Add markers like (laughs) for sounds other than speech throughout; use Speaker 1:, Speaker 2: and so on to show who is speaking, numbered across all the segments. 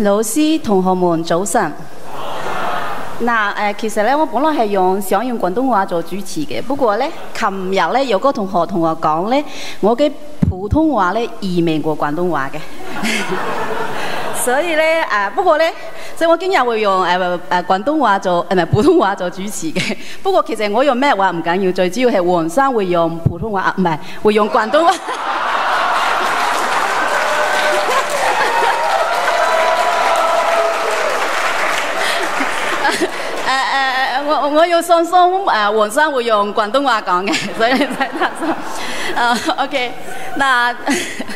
Speaker 1: 老師、同學們，早晨。嗱，誒、呃，其實咧，我本來係用想用廣東話做主持嘅，不過咧，琴日咧有個同學同我講咧，我嘅普通話咧優勝過廣東話嘅， (laughs) 所以咧，誒、呃，不過咧，所以我今日會用誒誒、呃啊、廣東話做誒唔係普通話做主持嘅。 (laughs) 不過其實我用咩話唔緊要，最主要係黃生會用普通話唔係會用廣東話。 (laughs) 我有信心誒，黃生會用廣東話講嘅，所以喺度講，誒、 (laughs) uh, OK，嗱。 (laughs)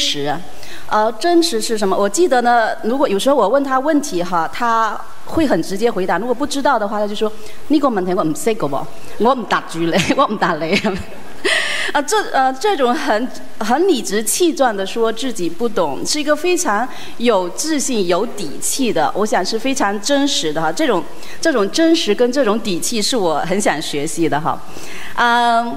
Speaker 1: 實，呃，真實是什麼？我記得呢。如果有時候我問他問題哈，他會很直接回答。如果不知道的話，他就說：“呢個問題我唔識㗎噃我唔答住你，我唔答你。打”啊、 (laughs) 呃，這呃，這種很很理直氣壯的說自己不懂，是一個非常有自信、有底氣的。我想是非常真實的哈。這種這種真實跟這種底氣，是我很想學習的哈，嗯。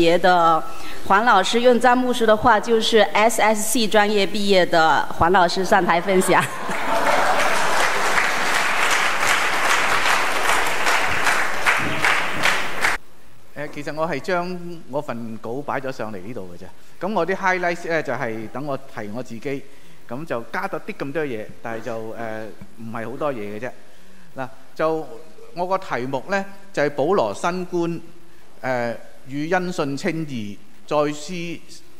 Speaker 1: 別的黃老師用張牧師的話，就是 S S C 專業畢業的黃老師上台分享。
Speaker 2: 其實我係將我份稿擺咗上嚟呢度嘅啫。咁我啲 highlight 咧就係等我提我自己，咁就加多啲咁多嘢，但係就誒唔係好多嘢嘅啫。嗱、呃，就我個題目呢，就係、是、保羅新觀，誒、呃。與因信稱義，再思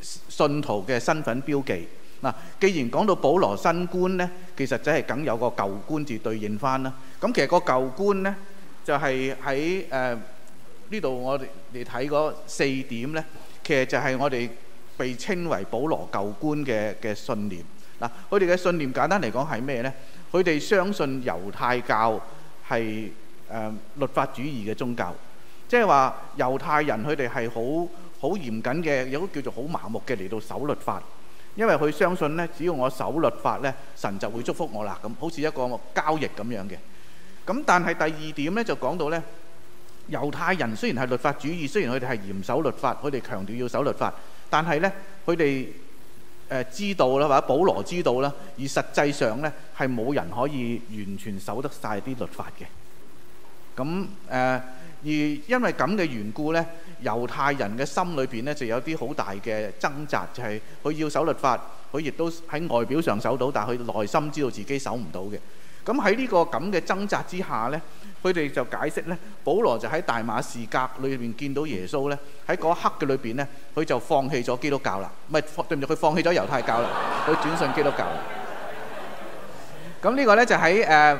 Speaker 2: 信徒嘅身份標記嗱。既然講到保羅新觀咧，其實就係梗有個舊觀字對應返啦。咁其實個舊觀咧，就係喺誒呢度我哋睇嗰四點咧，其實就係我哋被稱為保羅舊觀嘅嘅信念嗱。佢哋嘅信念簡單嚟講係咩咧？佢哋相信猶太教係誒律法主義嘅宗教。即係話猶太人佢哋係好好嚴謹嘅，有啲叫做好麻木嘅嚟到守律法，因為佢相信呢，只要我守律法呢，神就會祝福我啦。咁好似一個交易咁樣嘅。咁但係第二點呢，就講到呢，猶太人雖然係律法主義，雖然佢哋係嚴守律法，佢哋強調要守律法，但係呢，佢哋知道啦，或者保羅知道啦，而實際上呢，係冇人可以完全守得晒啲律法嘅。咁誒。呃而因為咁嘅緣故咧，猶太人嘅心裏邊咧就有啲好大嘅掙扎，就係佢要守律法，佢亦都喺外表上守到，但係佢內心知道自己守唔到嘅。咁喺呢個咁嘅掙扎之下咧，佢哋就解釋咧，保羅就喺大馬士革裏邊見到耶穌咧，喺嗰一刻嘅裏邊咧，佢就放棄咗基督教啦，唔係，對唔住。佢放棄咗猶太教啦，佢轉信基督教。咁呢個咧就喺誒，而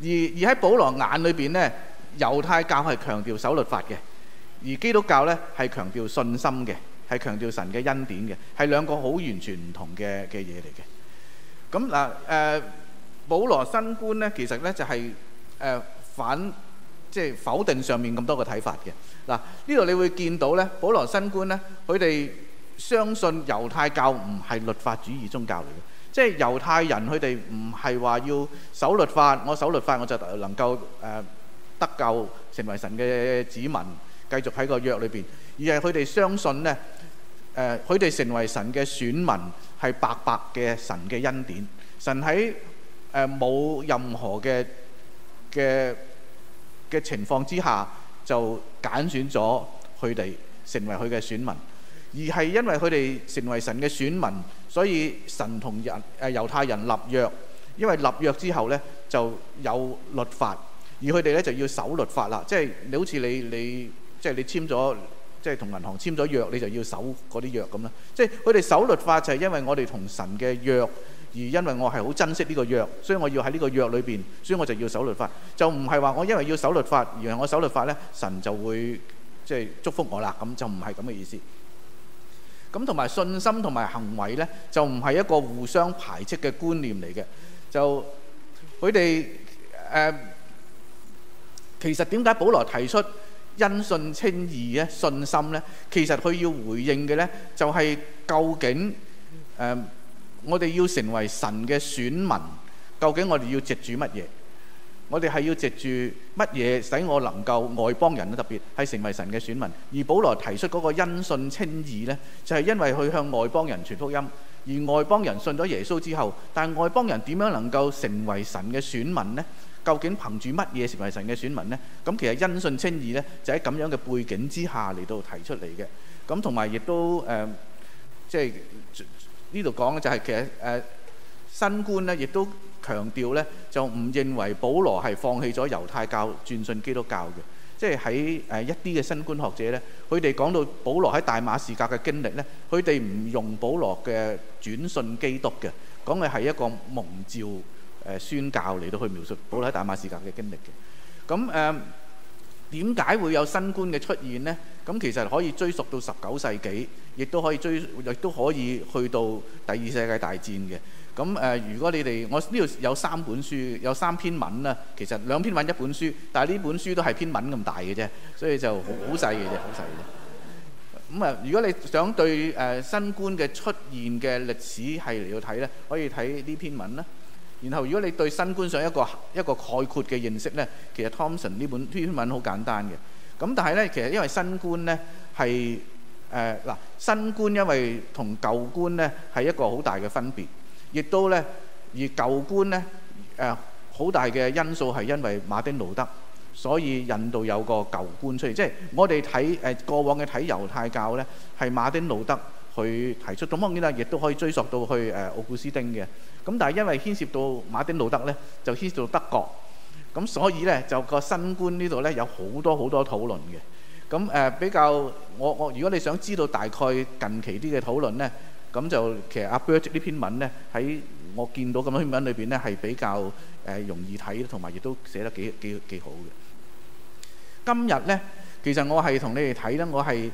Speaker 2: 而喺保羅眼裏邊咧。猶太教係強調守律法嘅，而基督教呢係強調信心嘅，係強調神嘅恩典嘅，係兩個好完全唔同嘅嘅嘢嚟嘅。咁嗱誒，保羅新觀呢，其實呢就係誒反即係否定上面咁多個睇法嘅。嗱呢度你會見到呢，保羅新觀呢，佢哋相信猶太教唔係律法主義宗教嚟嘅，即係猶太人佢哋唔係話要守律法，我守律法我就能夠誒。得救成為神嘅子民，繼續喺個約裏邊，而係佢哋相信呢，呃、佢哋成為神嘅選民係白白嘅神嘅恩典。神喺呃、冇任何嘅嘅嘅情況之下，就揀選咗佢哋成為佢嘅選民。而係因為佢哋成為神嘅選民，所以神同人誒猶太人立約。因為立約之後呢，就有律法。而佢哋咧就要守律法啦，即係你好似你你即係你簽咗即係同銀行簽咗約，你就要守嗰啲約咁啦。即係佢哋守律法就係因為我哋同神嘅約，而因為我係好珍惜呢個約，所以我要喺呢個約裏邊，所以我就要守律法。就唔係話我因為要守律法而我守律法咧，神就會即係祝福我啦。咁就唔係咁嘅意思。咁同埋信心同埋行為咧，就唔係一個互相排斥嘅觀念嚟嘅。就佢哋誒。其實點解保羅提出因信稱義咧，信心呢？其實佢要回應嘅呢，就係究竟，呃、我哋要成為神嘅選民，究竟我哋要藉住乜嘢？我哋係要藉住乜嘢使我能夠，外邦人特別係成為神嘅選民？而保羅提出嗰個因信稱義呢，就係、是，因為佢向外邦人傳福音，而外邦人信咗耶穌之後，但外邦人點樣能夠成為神嘅選民呢？究竟憑住乜嘢成為神嘅選民咧？咁其實因信稱義咧，就喺咁樣嘅背景之下嚟到提出嚟嘅。咁同埋亦都誒，即係呢度講嘅，就係其實誒新觀咧，亦都強調咧，就唔認為保羅係放棄咗猶太教轉信基督教嘅。即係喺誒一啲嘅新觀學者咧，佢哋講到保羅喺大馬士革嘅經歷咧，佢哋唔用保羅嘅轉信基督嘅，講嘅係一個蒙召宣教嚟到去描述保羅喺大馬士革嘅經歷嘅。咁誒，點解會有新觀嘅出現呢？咁其實可以追溯到十九世紀，亦都可以追，亦都可以去到第二世界大戰嘅咁誒。如果你哋，我呢度有三本書，有三篇文啦，其實兩篇文一本書，但係呢本書都係篇文咁大嘅啫，所以就好好細嘅啫，好細嘅啫。咁啊，如果你想對誒、呃、新觀嘅出現嘅歷史係嚟到睇呢，可以睇呢篇文啦。然後，如果你對新觀上一個一個概括嘅認識呢，其實湯森呢本篇文好簡單嘅。咁但係呢，其實因為新觀呢係誒嗱新觀，因為同舊觀呢係一個好大嘅分別，亦都呢，而舊觀呢誒好、呃、大嘅因素係因為馬丁路德，所以引到有個舊觀出嚟。即係我哋睇誒過往嘅睇猶太教呢，係馬丁路德去提出。咁當然啦，亦都可以追溯到去誒奧、呃、古斯丁嘅。咁但係因為牽涉到馬丁路德呢，就牽涉到德國，咁所以呢，就個新觀呢度呢，有好多好多討論嘅。咁誒比較我我如果你想知道大概近期啲嘅討論呢，咁就其實阿 Bird 呢篇文呢，喺我見到咁多篇文裏邊呢，係比較誒容易睇同埋亦都寫得幾幾幾好嘅。今日呢，其實我係同你哋睇呢，我係。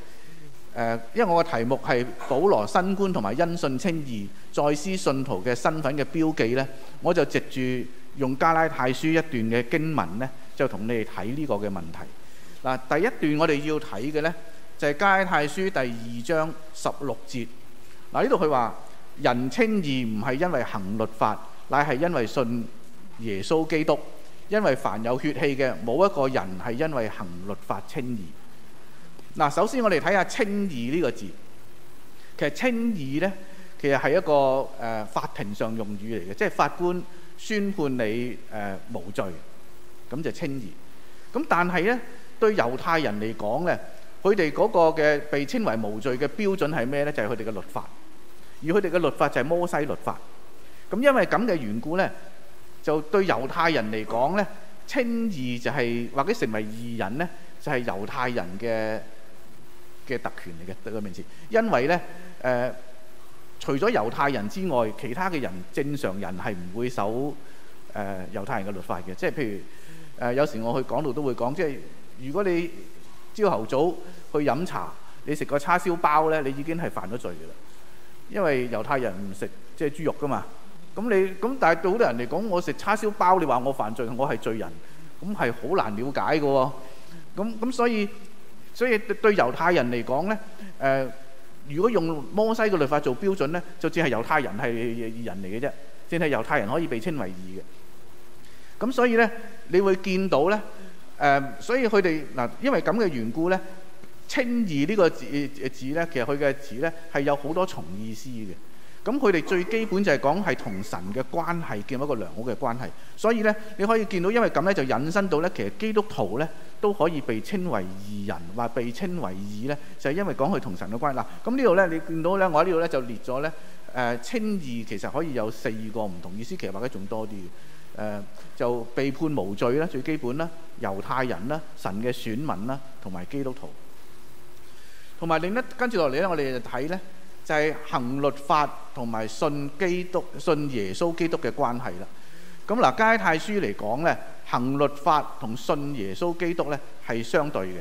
Speaker 2: 誒，因為我個題目係保羅新觀同埋因信稱義，再思信徒嘅身份嘅標記，呢我就藉住用加拉太書一段嘅經文呢，就同你哋睇呢個嘅問題。嗱，第一段我哋要睇嘅呢，就係加拉太書第二章十六節。嗱，呢度佢話：人稱義唔係因為行律法，乃係因為信耶穌基督。因為凡有血氣嘅，冇一個人係因為行律法稱義。嗱，首先我哋睇下稱義呢個字。其實稱義呢，其實係一個誒法庭上用語嚟嘅，即係法官宣判你誒無罪，咁就稱義。咁但係呢，對猶太人嚟講呢，佢哋嗰個嘅被稱為無罪嘅標準係咩呢？就係佢哋嘅律法。而佢哋嘅律法就係摩西律法。咁因為咁嘅緣故呢，就對猶太人嚟講呢，「稱義就係、是、或者成為義人呢，就係猶太人嘅嘅特權嚟嘅。對佢面前，因為呢，誒、呃，除咗猶太人之外，其他嘅人正常人係唔會守誒猶、呃、太人嘅律法嘅。即係譬如誒、呃，有時我去講道都會講，即係如果你朝頭早去飲茶，你食個叉燒包呢，你已經係犯咗罪嘅啦。因為猶太人唔食即係豬肉噶嘛。咁你咁，但係對好多人嚟講，我食叉燒包，你話我犯罪，我係罪人，咁係好難了解嘅喎、哦。咁咁所以。所以對對猶太人嚟講咧，誒、呃，如果用摩西嘅律法做標準咧，就只係猶太人係義人嚟嘅啫，先係猶太人可以被稱為義嘅。咁所以咧，你會見到咧，誒、呃，所以佢哋嗱，因為咁嘅緣故咧，稱義呢個字字咧，其實佢嘅字咧係有好多重意思嘅。咁佢哋最基本就係講係同神嘅關係，建立一個良好嘅關係。所以呢，你可以見到，因為咁呢就引申到呢，其實基督徒呢都可以被稱為義人，或被稱為義呢，就係、是、因為講佢同神嘅關係嗱。咁呢度呢，你見到呢，我喺呢度呢就列咗呢，誒稱義其實可以有四個唔同意思，其實或者仲多啲嘅、呃。就被判無罪啦，最基本啦，猶太人啦，神嘅選民啦，同埋基督徒，同埋另一跟住落嚟呢，我哋就睇呢。就係、是、行律法同埋信基督、信耶穌基督嘅關係啦。咁嗱，加拉太書嚟講咧，行律法同信耶穌基督咧係相對嘅。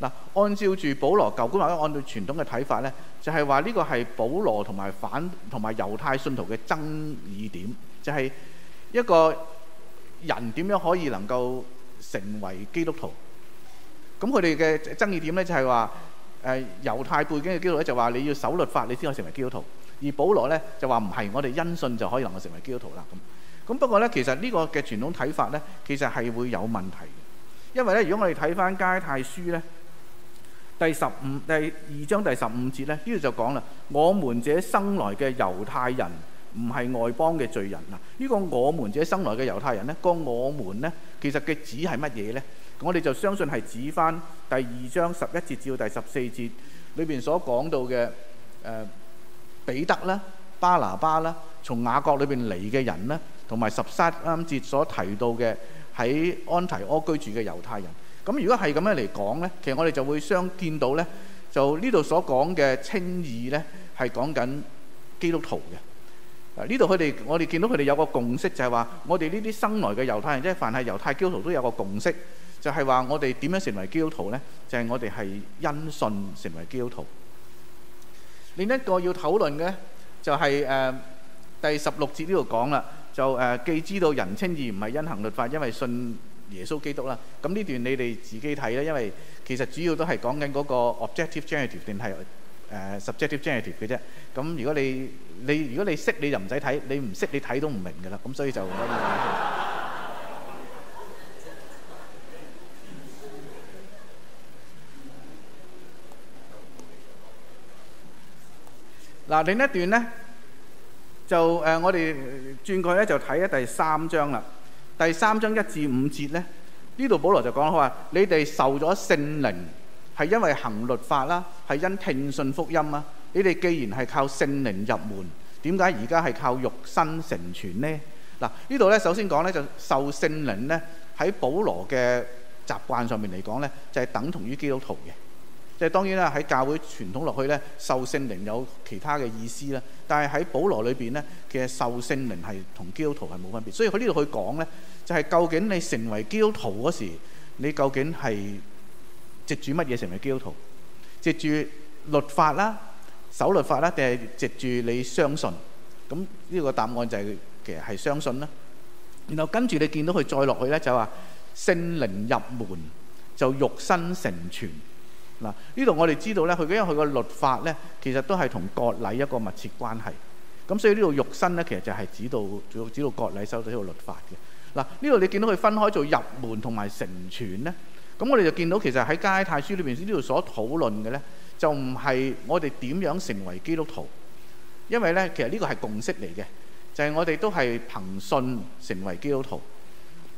Speaker 2: 嗱，按照住保羅舊觀或者按照傳統嘅睇法咧，就係話呢個係保羅同埋反同埋猶太信徒嘅爭議點，就係、是、一個人點樣可以能夠成為基督徒？咁佢哋嘅爭議點咧就係話。誒猶太背景嘅基督徒咧就話，你要守律法你先可以成為基督徒，而保羅呢，就話唔係，我哋因信就可以能夠成為基督徒啦。咁咁不過呢，其實呢個嘅傳統睇法呢，其實係會有問題嘅，因為呢，如果我哋睇翻《加拉太書》呢，第十五第二章第十五節呢，呢度就講啦，我們這生來嘅猶太人唔係外邦嘅罪人啊。呢、這個我們這生來嘅猶太人呢、那個我們呢，其實嘅指係乜嘢呢？我哋就相信係指翻第二章十一節至到第十四節裏邊所講到嘅誒彼得啦、巴拿巴啦，從雅各裏邊嚟嘅人咧，同埋十三啱啱節所提到嘅喺安提阿居住嘅猶太人。咁如果係咁樣嚟講咧，其實我哋就會相見到咧，就呢度所講嘅稱義咧係講緊基督徒嘅。啊，呢度佢哋我哋見到佢哋有個共識，就係話我哋呢啲生來嘅猶太人，即係凡係猶太基督徒都有個共識。就係話我哋點樣成為基督徒呢？就係我哋係因信成為基督徒。另一個要討論嘅就係誒第十六節呢度講啦，就誒既知道人稱義唔係因行律法，因為信耶穌基督啦。咁呢段你哋自己睇啦，因為其實主要都係講緊嗰個 objective genitive 定係誒 subjective genitive 嘅啫。咁如果你你如果你識，你就唔使睇，你唔識，你睇都唔明㗎啦。咁所以就～嗱，另一段咧就誒，我哋轉過去咧就睇咧第三章啦。第三章一至五節咧，呢度保羅就講，佢話你哋受咗聖靈，係因為行律法啦，係因聽信福音啊。你哋既然係靠聖靈入門，點解而家係靠肉身成全咧？嗱，呢度咧首先講咧就受聖靈咧，喺保羅嘅習慣上面嚟講咧，就係等同於基督徒嘅。即係當然啦，喺教會傳統落去咧，受聖靈有其他嘅意思啦。但係喺保羅裏邊咧，其實受聖靈係同基督徒係冇分別。所以佢呢度去講咧，就係究竟你成為基督徒嗰時，你究竟係藉住乜嘢成為基督徒？藉住律法啦、守律法啦，定係藉住你相信？咁呢個答案就係其實係相信啦。然後跟住你見到佢再落去咧，就話聖靈入門就肉身成全。嗱，呢度我哋知道咧，佢因為佢個律法咧，其實都係同割禮一個密切關係。咁所以呢度肉身咧，其實就係指到指到割禮收到呢個律法嘅。嗱，呢度你見到佢分開做入門同埋成全咧，咁我哋就見到其實喺《加拉太書》裏邊呢度所討論嘅咧，就唔係我哋點樣成為基督徒，因為咧，其實呢個係共識嚟嘅，就係我哋都係憑信成為基督徒。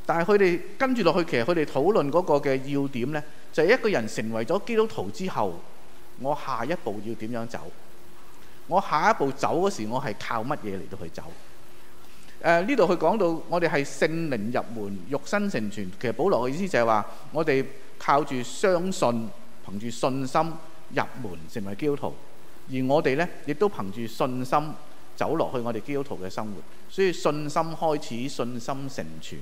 Speaker 2: 但係佢哋跟住落去，其實佢哋討論嗰個嘅要點呢？就係、是、一個人成為咗基督徒之後，我下一步要點樣走？我下一步走嗰時候，我係靠乜嘢嚟到去走？誒呢度佢講到我哋係聖靈入門，肉身成全。其實保羅嘅意思就係話，我哋靠住相信，憑住信心入門成為基督徒，而我哋呢亦都憑住信心走落去我哋基督徒嘅生活。所以信心開始，信心成全。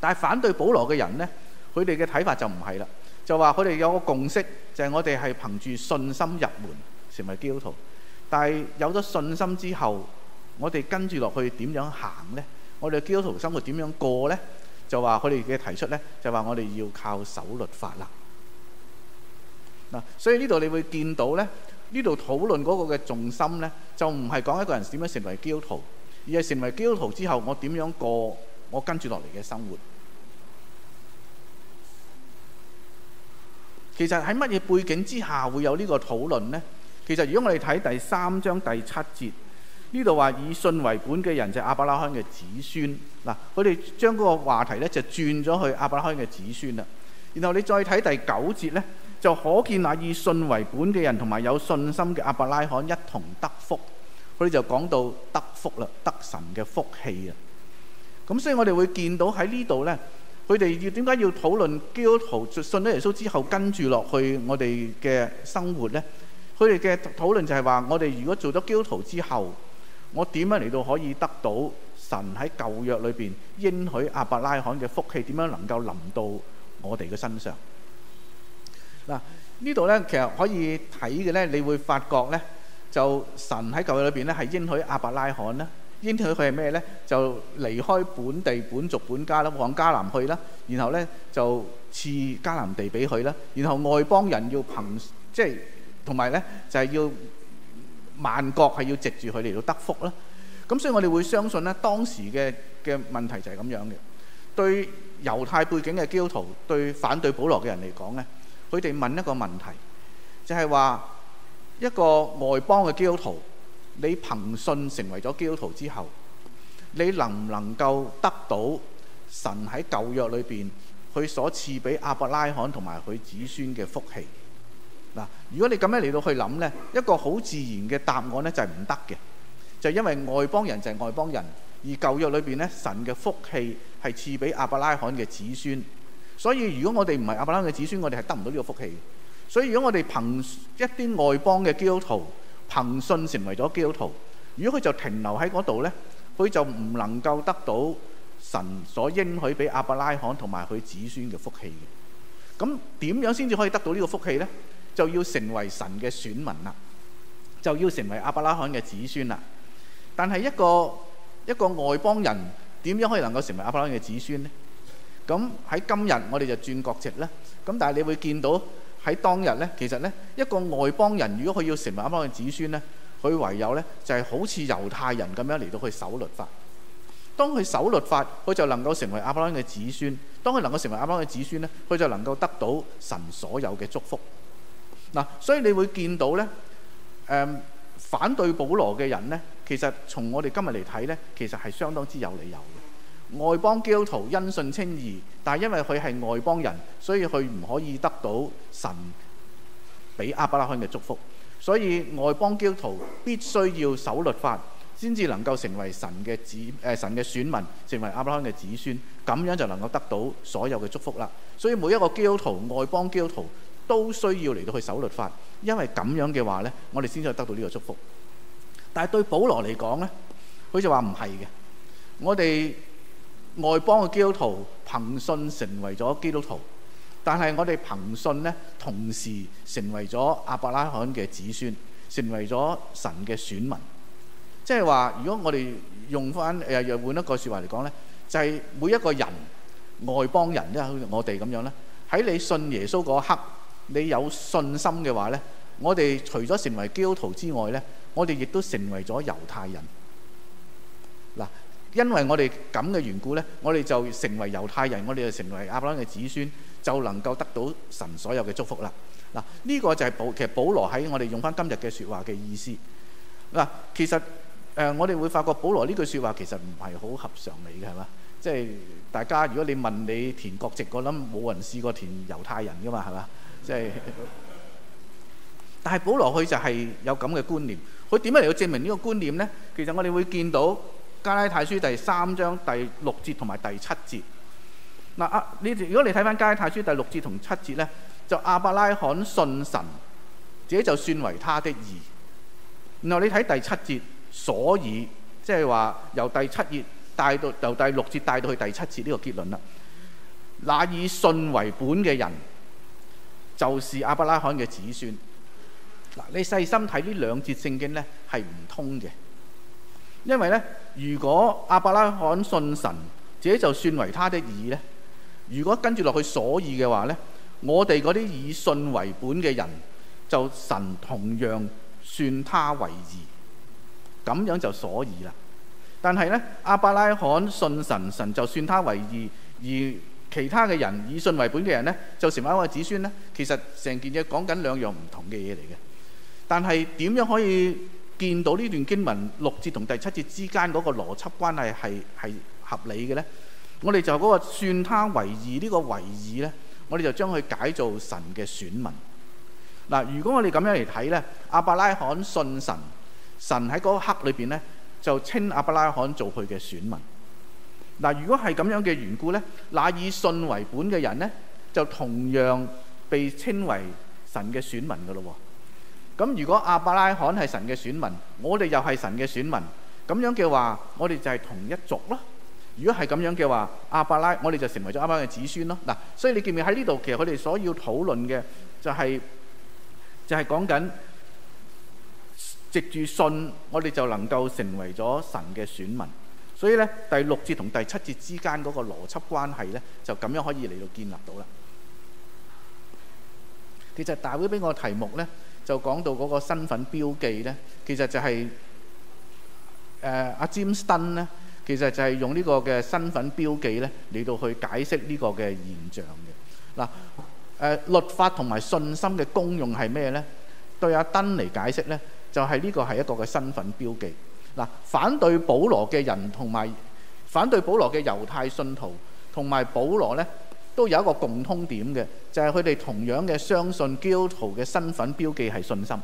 Speaker 2: 但係反對保羅嘅人呢，佢哋嘅睇法就唔係啦，就話佢哋有個共識，就係我哋係憑住信心入門成為基督徒。但係有咗信心之後，我哋跟住落去點樣行呢？我哋基督徒生活點樣過呢？就話佢哋嘅提出呢，就話我哋要靠守律法啦。嗱，所以呢度你會見到呢，呢度討論嗰個嘅重心呢，就唔係講一個人點樣成為基督徒，而係成為基督徒之後我點樣過，我跟住落嚟嘅生活。其實喺乜嘢背景之下會有呢個討論呢？其實如果我哋睇第三章第七節，呢度話以信為本嘅人就係亞伯拉罕嘅子孫。嗱，佢哋將嗰個話題呢就轉咗去亞伯拉罕嘅子孫啦。然後你再睇第九節呢，就可見，嗱以信為本嘅人同埋有信心嘅亞伯拉罕一同得福，佢哋就講到得福啦，得神嘅福氣啊。咁所以我哋會見到喺呢度呢。佢哋要點解要討論基督徒信咗耶穌之後跟住落去我哋嘅生活呢？佢哋嘅討論就係話：我哋如果做咗基督徒之後，我點樣嚟到可以得到神喺舊約裏邊應許亞伯拉罕嘅福氣？點樣能夠臨到我哋嘅身上？嗱，呢度呢，其實可以睇嘅呢，你會發覺呢，就神喺舊約裏邊呢，係應許亞伯拉罕呢。應許佢係咩呢？就離開本地本族本家啦，往迦南去啦，然後呢就賜迦南地俾佢啦。然後外邦人要憑即係同埋呢，就係要萬國係要藉住佢嚟到得福啦。咁所以我哋會相信呢，當時嘅嘅問題就係咁樣嘅。對猶太背景嘅基督徒對反對保羅嘅人嚟講呢，佢哋問一個問題，就係話一個外邦嘅基督徒。你憑信成為咗基督徒之後，你能唔能夠得到神喺舊約裏邊佢所賜俾亞伯拉罕同埋佢子孫嘅福氣？嗱，如果你咁樣嚟到去諗呢，一個好自然嘅答案呢就係唔得嘅，就係因為外邦人就係外邦人，而舊約裏邊呢，神嘅福氣係賜俾亞伯拉罕嘅子孫，所以如果我哋唔係亞伯拉罕嘅子孫，我哋係得唔到呢個福氣。所以如果我哋憑一啲外邦嘅基督徒，憑信成為咗基督徒，如果佢就停留喺嗰度呢，佢就唔能夠得到神所應許俾亞伯拉罕同埋佢子孫嘅福氣嘅。咁點樣先至可以得到呢個福氣呢？就要成為神嘅選民啦，就要成為亞伯拉罕嘅子孫啦。但係一個一個外邦人點樣可以能夠成為亞伯拉罕嘅子孫呢？咁喺今日我哋就轉國籍啦。咁但係你會見到。喺當日呢，其實呢，一個外邦人，如果佢要成為亞伯拉罕嘅子孫呢，佢唯有呢，就係好似猶太人咁樣嚟到去守律法。當佢守律法，佢就能夠成為亞伯拉罕嘅子孫。當佢能夠成為亞伯拉罕嘅子孫呢，佢就能夠得到神所有嘅祝福嗱。所以你會見到呢，誒、反對保羅嘅人呢，其實從我哋今日嚟睇呢，其實係相當之有理由。外邦基督徒因信稱義，但係因為佢係外邦人，所以佢唔可以得到神俾亞伯拉罕嘅祝福。所以外邦基督徒必須要守律法，先至能夠成為神嘅子，誒、呃、神嘅選民，成為亞伯拉罕嘅子孫，咁樣就能夠得到所有嘅祝福啦。所以每一個基督徒、外邦基督徒都需要嚟到去守律法，因為咁樣嘅話呢，我哋先至可以得到呢個祝福。但係對保羅嚟講呢，佢就話唔係嘅，我哋。外邦嘅基督徒憑信成為咗基督徒，但係我哋憑信呢，同時成為咗亞伯拉罕嘅子孫，成為咗神嘅選民。即係話，如果我哋用翻誒、呃、換一個説話嚟講呢，就係、係、每一個人外邦人呢，好似我哋咁樣呢，喺你信耶穌嗰刻，你有信心嘅話呢，我哋除咗成為基督徒之外呢，我哋亦都成為咗猶太人。因為我哋咁嘅緣故咧，我哋就成為猶太人，我哋就成為亞伯拉罕嘅子孫，就能夠得到神所有嘅祝福啦。嗱，呢個就係保其實保羅喺我哋用翻今日嘅説話嘅意思。嗱，其實誒我哋會發覺保羅呢句説話其實唔係好合常理嘅，係嘛？即係大家如果你問你填國籍，我諗冇人試過填猶太人噶嘛，係嘛？即係，但係保羅佢就係有咁嘅觀念。佢點樣嚟到證明呢個觀念咧？其實我哋會見到。加拉太書第三章第六節同埋第七節，嗱啊，呢？如果你睇翻加拉太書第六節同七節咧，就阿伯拉罕信神，自己就算為他的兒。然後你睇第七節，所以即係話由第七頁帶到由第六節帶到去第七節呢個結論啦。那以信為本嘅人，就是阿伯拉罕嘅子孫。嗱，你細心睇呢兩節聖經咧，係唔通嘅，因為咧。如果亞伯拉罕信神，這就算為他的義呢。如果跟住落去所以嘅話呢，我哋嗰啲以信為本嘅人，就神同樣算他為義，咁樣就所以啦。但係呢，亞伯拉罕信神，神就算他為義，而其他嘅人以信為本嘅人呢，就成為亞伯子孫呢。其實成件嘢講緊兩樣唔同嘅嘢嚟嘅，但係點樣可以見到呢段經文六節同第七節之間嗰個邏輯關係係係合理嘅呢，我哋就嗰個算他為義呢，呢個為義呢，我哋就將佢解做神嘅選民。嗱，如果我哋咁樣嚟睇呢，阿伯拉罕信神，神喺嗰刻裏邊呢，就稱阿伯拉罕做佢嘅選民。嗱，如果係咁樣嘅緣故呢，那以信為本嘅人呢，就同樣被稱為神嘅選民噶咯喎。咁如果亞伯拉罕係神嘅選民，我哋又係神嘅選民，咁樣嘅話，我哋就係同一族咯。如果係咁樣嘅話，亞伯拉，我哋就成為咗亞伯拉罕嘅子孫咯。嗱，所以你見唔見喺呢度？其實佢哋所要討論嘅就係就係講緊藉住信，我哋就能夠成為咗神嘅選民。所以咧，第六節同第七節之間嗰個邏輯關係咧，就咁樣可以嚟到建立到啦。其實大會俾我嘅題目咧。就講到嗰個身份標記呢，其實就係誒，阿詹姆斯呢，其實就係用呢個嘅身份標記呢嚟到去解釋呢個嘅現象嘅。嗱誒，律法同埋信心嘅功用係咩呢？對阿登嚟解釋呢，就係呢個係一個嘅身份標記。嗱，反對保羅嘅人同埋反對保羅嘅猶太信徒同埋保羅呢。都有一個共通點嘅，就係佢哋同樣嘅相信基督徒嘅身份標記係信心，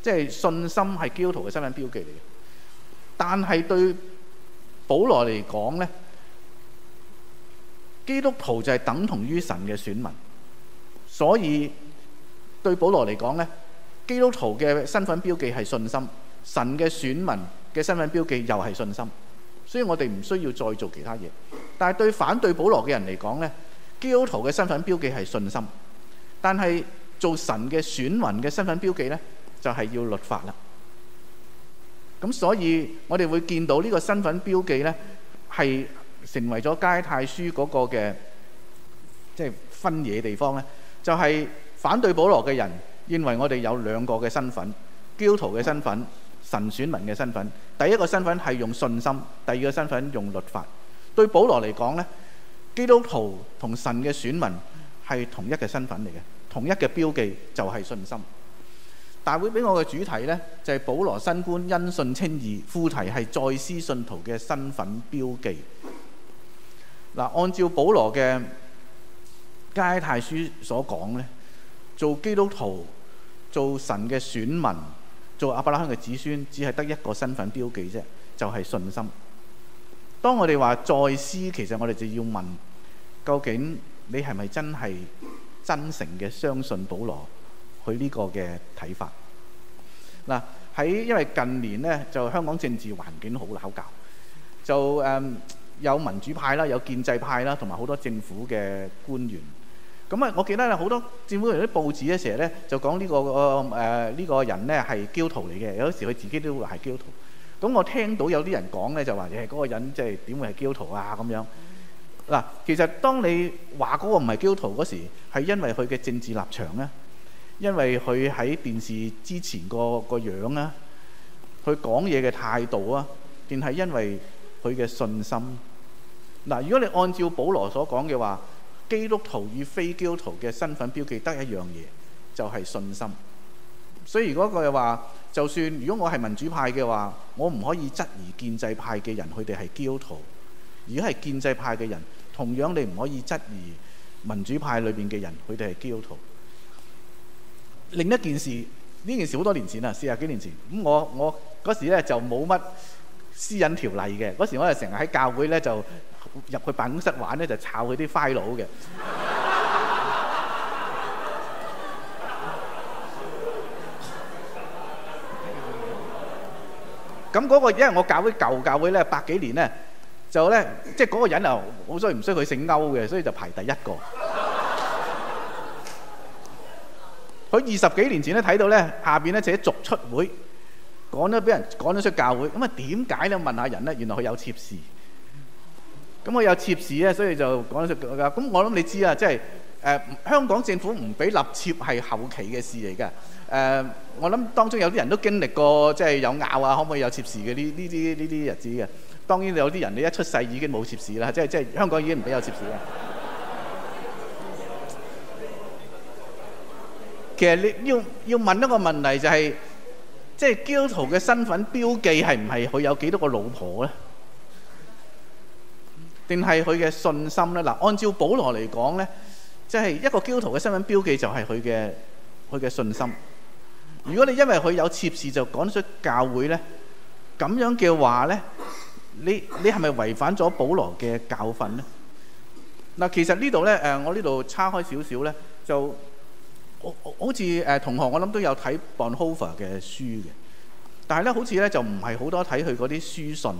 Speaker 2: 即係信心係基督徒嘅身份標記嚟嘅。但係對保羅嚟講咧，基督徒就係等同於神嘅選民，所以對保羅嚟講咧，基督徒嘅身份標記係信心，神嘅選民嘅身份標記又係信心。所以我哋唔需要再做其他嘢，但係對反對保羅嘅人嚟講咧，基督徒嘅身份標記係信心，但係做神嘅選民嘅身份標記咧，就係要律法啦。咁所以我哋會見到呢個身份標記咧，係成為咗《加拉太書》嗰個嘅即係分野地方咧，就係反對保羅嘅人認為我哋有兩個嘅身份，基督徒嘅身份、神選民嘅身份。第一個身份係用信心，第二個身份用律法。對保羅嚟講呢，基督徒同神嘅選民係同一嘅身份嚟嘅，同一嘅標記就係信心。大會俾我嘅主題呢，就係、是、保羅新觀因信稱義，副題係再思信徒嘅身份標記。嗱，按照保羅嘅加拉太書所講呢，做基督徒、做神嘅選民。做亞伯拉罕嘅子孫，只係得一個身份標記啫，就係、是、信心。當我哋話再思，其實我哋就要問，究竟你係咪真係真誠嘅相信保羅佢呢個嘅睇法？嗱，喺因為近年呢，就香港政治環境好攪搞，就誒有民主派啦，有建制派啦，同埋好多政府嘅官員。咁啊，我記得咧好多政府嗰啲報紙咧，成日咧就講呢個個誒呢個人咧係基督徒嚟嘅，有時佢自己都話係基督徒。咁我聽到有啲人講咧就話誒嗰個人即係點會係基督徒啊咁樣。嗱，其實當你話嗰個唔係基督徒嗰時，係因為佢嘅政治立場啊，因為佢喺電視之前個個樣啊，佢講嘢嘅態度啊，定係因為佢嘅信心。嗱，如果你按照保羅所講嘅話，基督徒與非基督徒嘅身份標記得一樣嘢，就係信心。所以如果佢哋話，就算如果我係民主派嘅話，我唔可以質疑建制派嘅人佢哋係基督徒；如果係建制派嘅人，同樣你唔可以質疑民主派裏邊嘅人佢哋係基督徒。另一件事，呢件事好多年前啦，四十幾年前。咁我我嗰時咧就冇乜私隱條例嘅，嗰時我就成日喺教會呢就。入去辦公室玩咧，就抄佢啲 file 嘅。咁嗰個，因為我教會舊教會咧，百幾年咧，就咧，即係嗰個人啊，好衰唔衰，佢姓歐嘅，所以就排第一個。佢二十幾年前咧睇到咧，下邊咧就逐出會，趕咗俾人趕咗出教會。咁啊，點解咧？問下人咧，原來佢有妾侍。咁我有妾事咧，所以就講出一。咁我諗你知啊，即係、呃、香港政府唔俾立妾係後期嘅事嚟嘅，呃。我諗當中有啲人都經歷過，即係有拗啊，可唔可以有妾事嘅呢？呢啲呢啲日子嘅。當然有啲人你一出世已經冇妾事啦，即係即係香港已經唔俾有妾事啊。 (laughs) 其實你要要問一個問題，就係，就係即係基督徒嘅身份標記係唔係佢有幾多個老婆咧？定係佢嘅信心呢？嗱，按照保羅嚟講呢，即係一個基督徒嘅身份標記就係佢嘅佢嘅信心。如果你因為佢有妾侍就趕出教會呢，咁樣嘅話呢，你你係咪違反咗保羅嘅教訓呢？嗱，其實呢度呢，誒，我呢度叉開少少呢，就好似誒同學，我諗都有睇 Bonhoeffer 嘅書嘅，但係呢，好似呢就唔係好多睇佢嗰啲書信。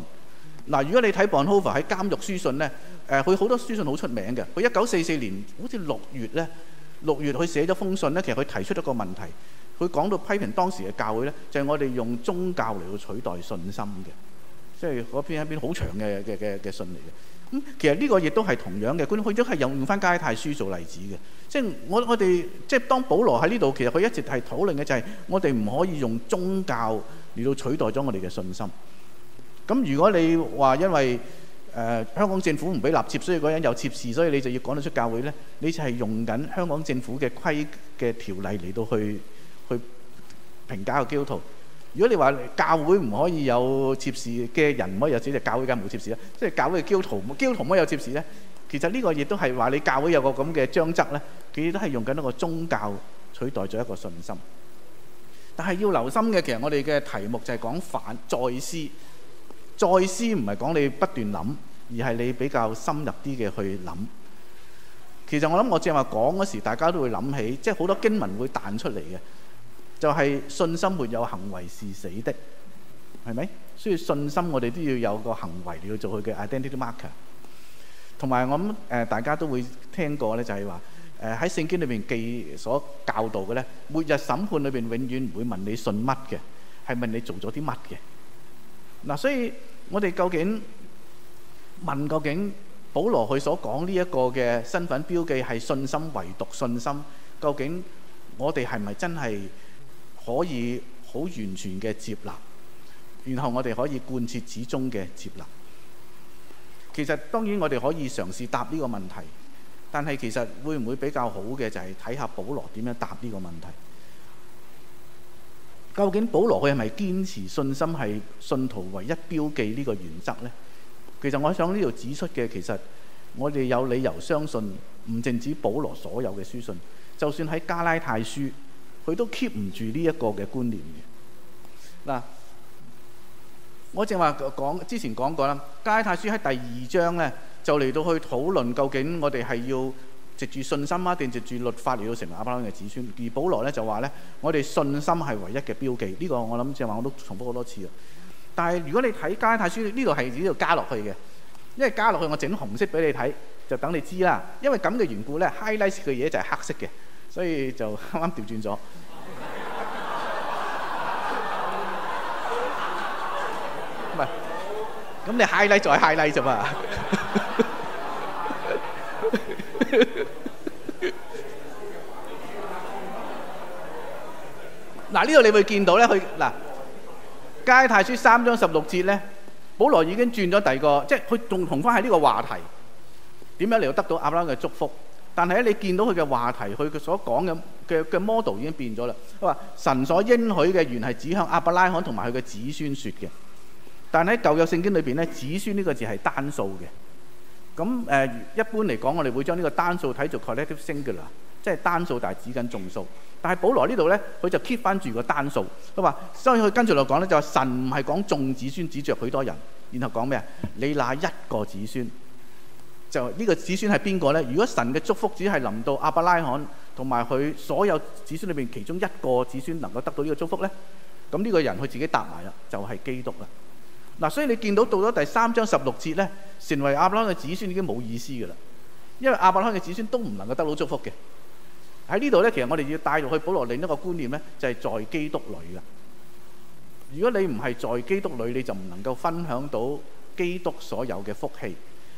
Speaker 2: 嗱，如果你睇 Bonhoeffer 喺監獄書信呢，誒，佢好多書信好出名嘅。佢一九四四年好似六月呢，六月佢寫咗封信呢，其實佢提出咗個問題，佢講到批評當時嘅教會呢，就係、是、我哋用宗教嚟到取代信心嘅，即係嗰篇一篇好長嘅嘅嘅嘅信嚟嘅。咁其實呢個亦都係同樣嘅觀點，佢都係用用翻加拉太書做例子嘅、就是。即係我我哋即係當保羅喺呢度，其實佢一直係討論嘅就係我哋唔可以用宗教嚟到取代咗我哋嘅信心。咁如果你話因為誒、呃、香港政府唔俾立妾，所以嗰人有妾侍，所以你就要趕到出教會呢，你就係用緊香港政府嘅規嘅條例嚟到去去評價個基督徒。如果你話教會唔可以有妾侍嘅人，唔可以有，自己教會梗無妾侍咧，即係教會嘅基督徒，基督徒，有，徒有妾侍咧？其實呢個亦都係話你教會有個咁嘅章則呢，佢都係用緊一個宗教取代咗一個信心。但係要留心嘅，其實我哋嘅題目就係講反再思。再思唔係講你不斷諗，而係你比較深入啲嘅去諗。其實我諗我正話講嗰時，大家都會諗起，即係好多經文會彈出嚟嘅，就係信心沒有行為是死的，係咪？所以信心我哋都要有個行為，你要做佢嘅，identity marker。同埋我諗誒，大家都會聽過呢，就係話誒喺聖經裏邊記所教導嘅呢，末日審判裏邊永遠唔會問你信乜嘅，係問你做咗啲乜嘅。嗱，所以我哋究竟問，究竟保羅佢所講呢一個嘅身份標記係信心、唯獨信心，究竟我哋係咪真係可以好完全嘅接納，然後我哋可以貫徹始終嘅接納。其實當然我哋可以嘗試答呢個問題，但係其實會唔會比較好嘅就係睇下保羅點樣答呢個問題。究竟保羅佢係咪堅持信心係信徒唯一標記呢個原則呢？其實我想呢度指出嘅，其實我哋有理由相信，唔淨止保羅所有嘅書信，就算喺加拉太書，佢都 keep 唔住呢一個嘅觀念嘅。嗱，我正話講之前講過啦，加拉太書喺第二章呢，就嚟到去討論究竟我哋係要。藉住信心啊，定藉住律法嚟到成為亞伯拉罕嘅子孫。而保羅咧就話咧，我哋信心係唯一嘅標記。呢個我諗即係話我都重複好多次啊。但係如果你睇加拉太書，呢度係呢度加落去嘅，因為加落去我整紅色俾你睇，就等你知啦。因為咁嘅緣故咧，high light 嘅嘢就係黑色嘅，所以就啱啱調轉咗。唔 (laughs) 係，咁你 high light 再 high light 咋嘛？ (laughs) 嗱、 (laughs) 啊，呢度你會見到咧，佢嗱《加太書》三章十六節咧，保羅已經轉咗第二個，即係佢仲同翻喺呢個話題，點樣嚟到得到阿伯拉罕嘅祝福？但係咧，你見到佢嘅話題，佢所講嘅嘅嘅 model 已經變咗啦。佢話神所應許嘅原係指向阿伯拉罕同埋佢嘅子孫說嘅，但係喺舊約聖經裏邊咧，子孫呢個字係單數嘅。咁、呃、一般嚟講，我哋會將呢個單數睇做 collective singular 即係單數，但係指緊眾數。但係保羅呢度呢，佢就 keep 翻住個單數。佢話，所以佢跟住嚟講呢，就係、神唔係講眾子孫指着許多人，然後講咩啊？你那一個子孫，就呢個子孫係邊個呢？如果神嘅祝福只係臨到亞伯拉罕同埋佢所有子孫裏面其中一個子孫能夠得到呢個祝福呢，咁呢個人佢自己答埋啦，就係、係、基督啦。嗱，所以你見到到咗第三章十六節呢，成為亞伯拉罕嘅子孫已經冇意思嘅啦，因為亞伯拉罕嘅子孫都唔能夠得到祝福嘅。喺呢度呢，其實我哋要帶入去保羅另一個觀念呢，就係在基督裏啦。如果你唔係在基督裏，你就唔能夠分享到基督所有嘅福氣，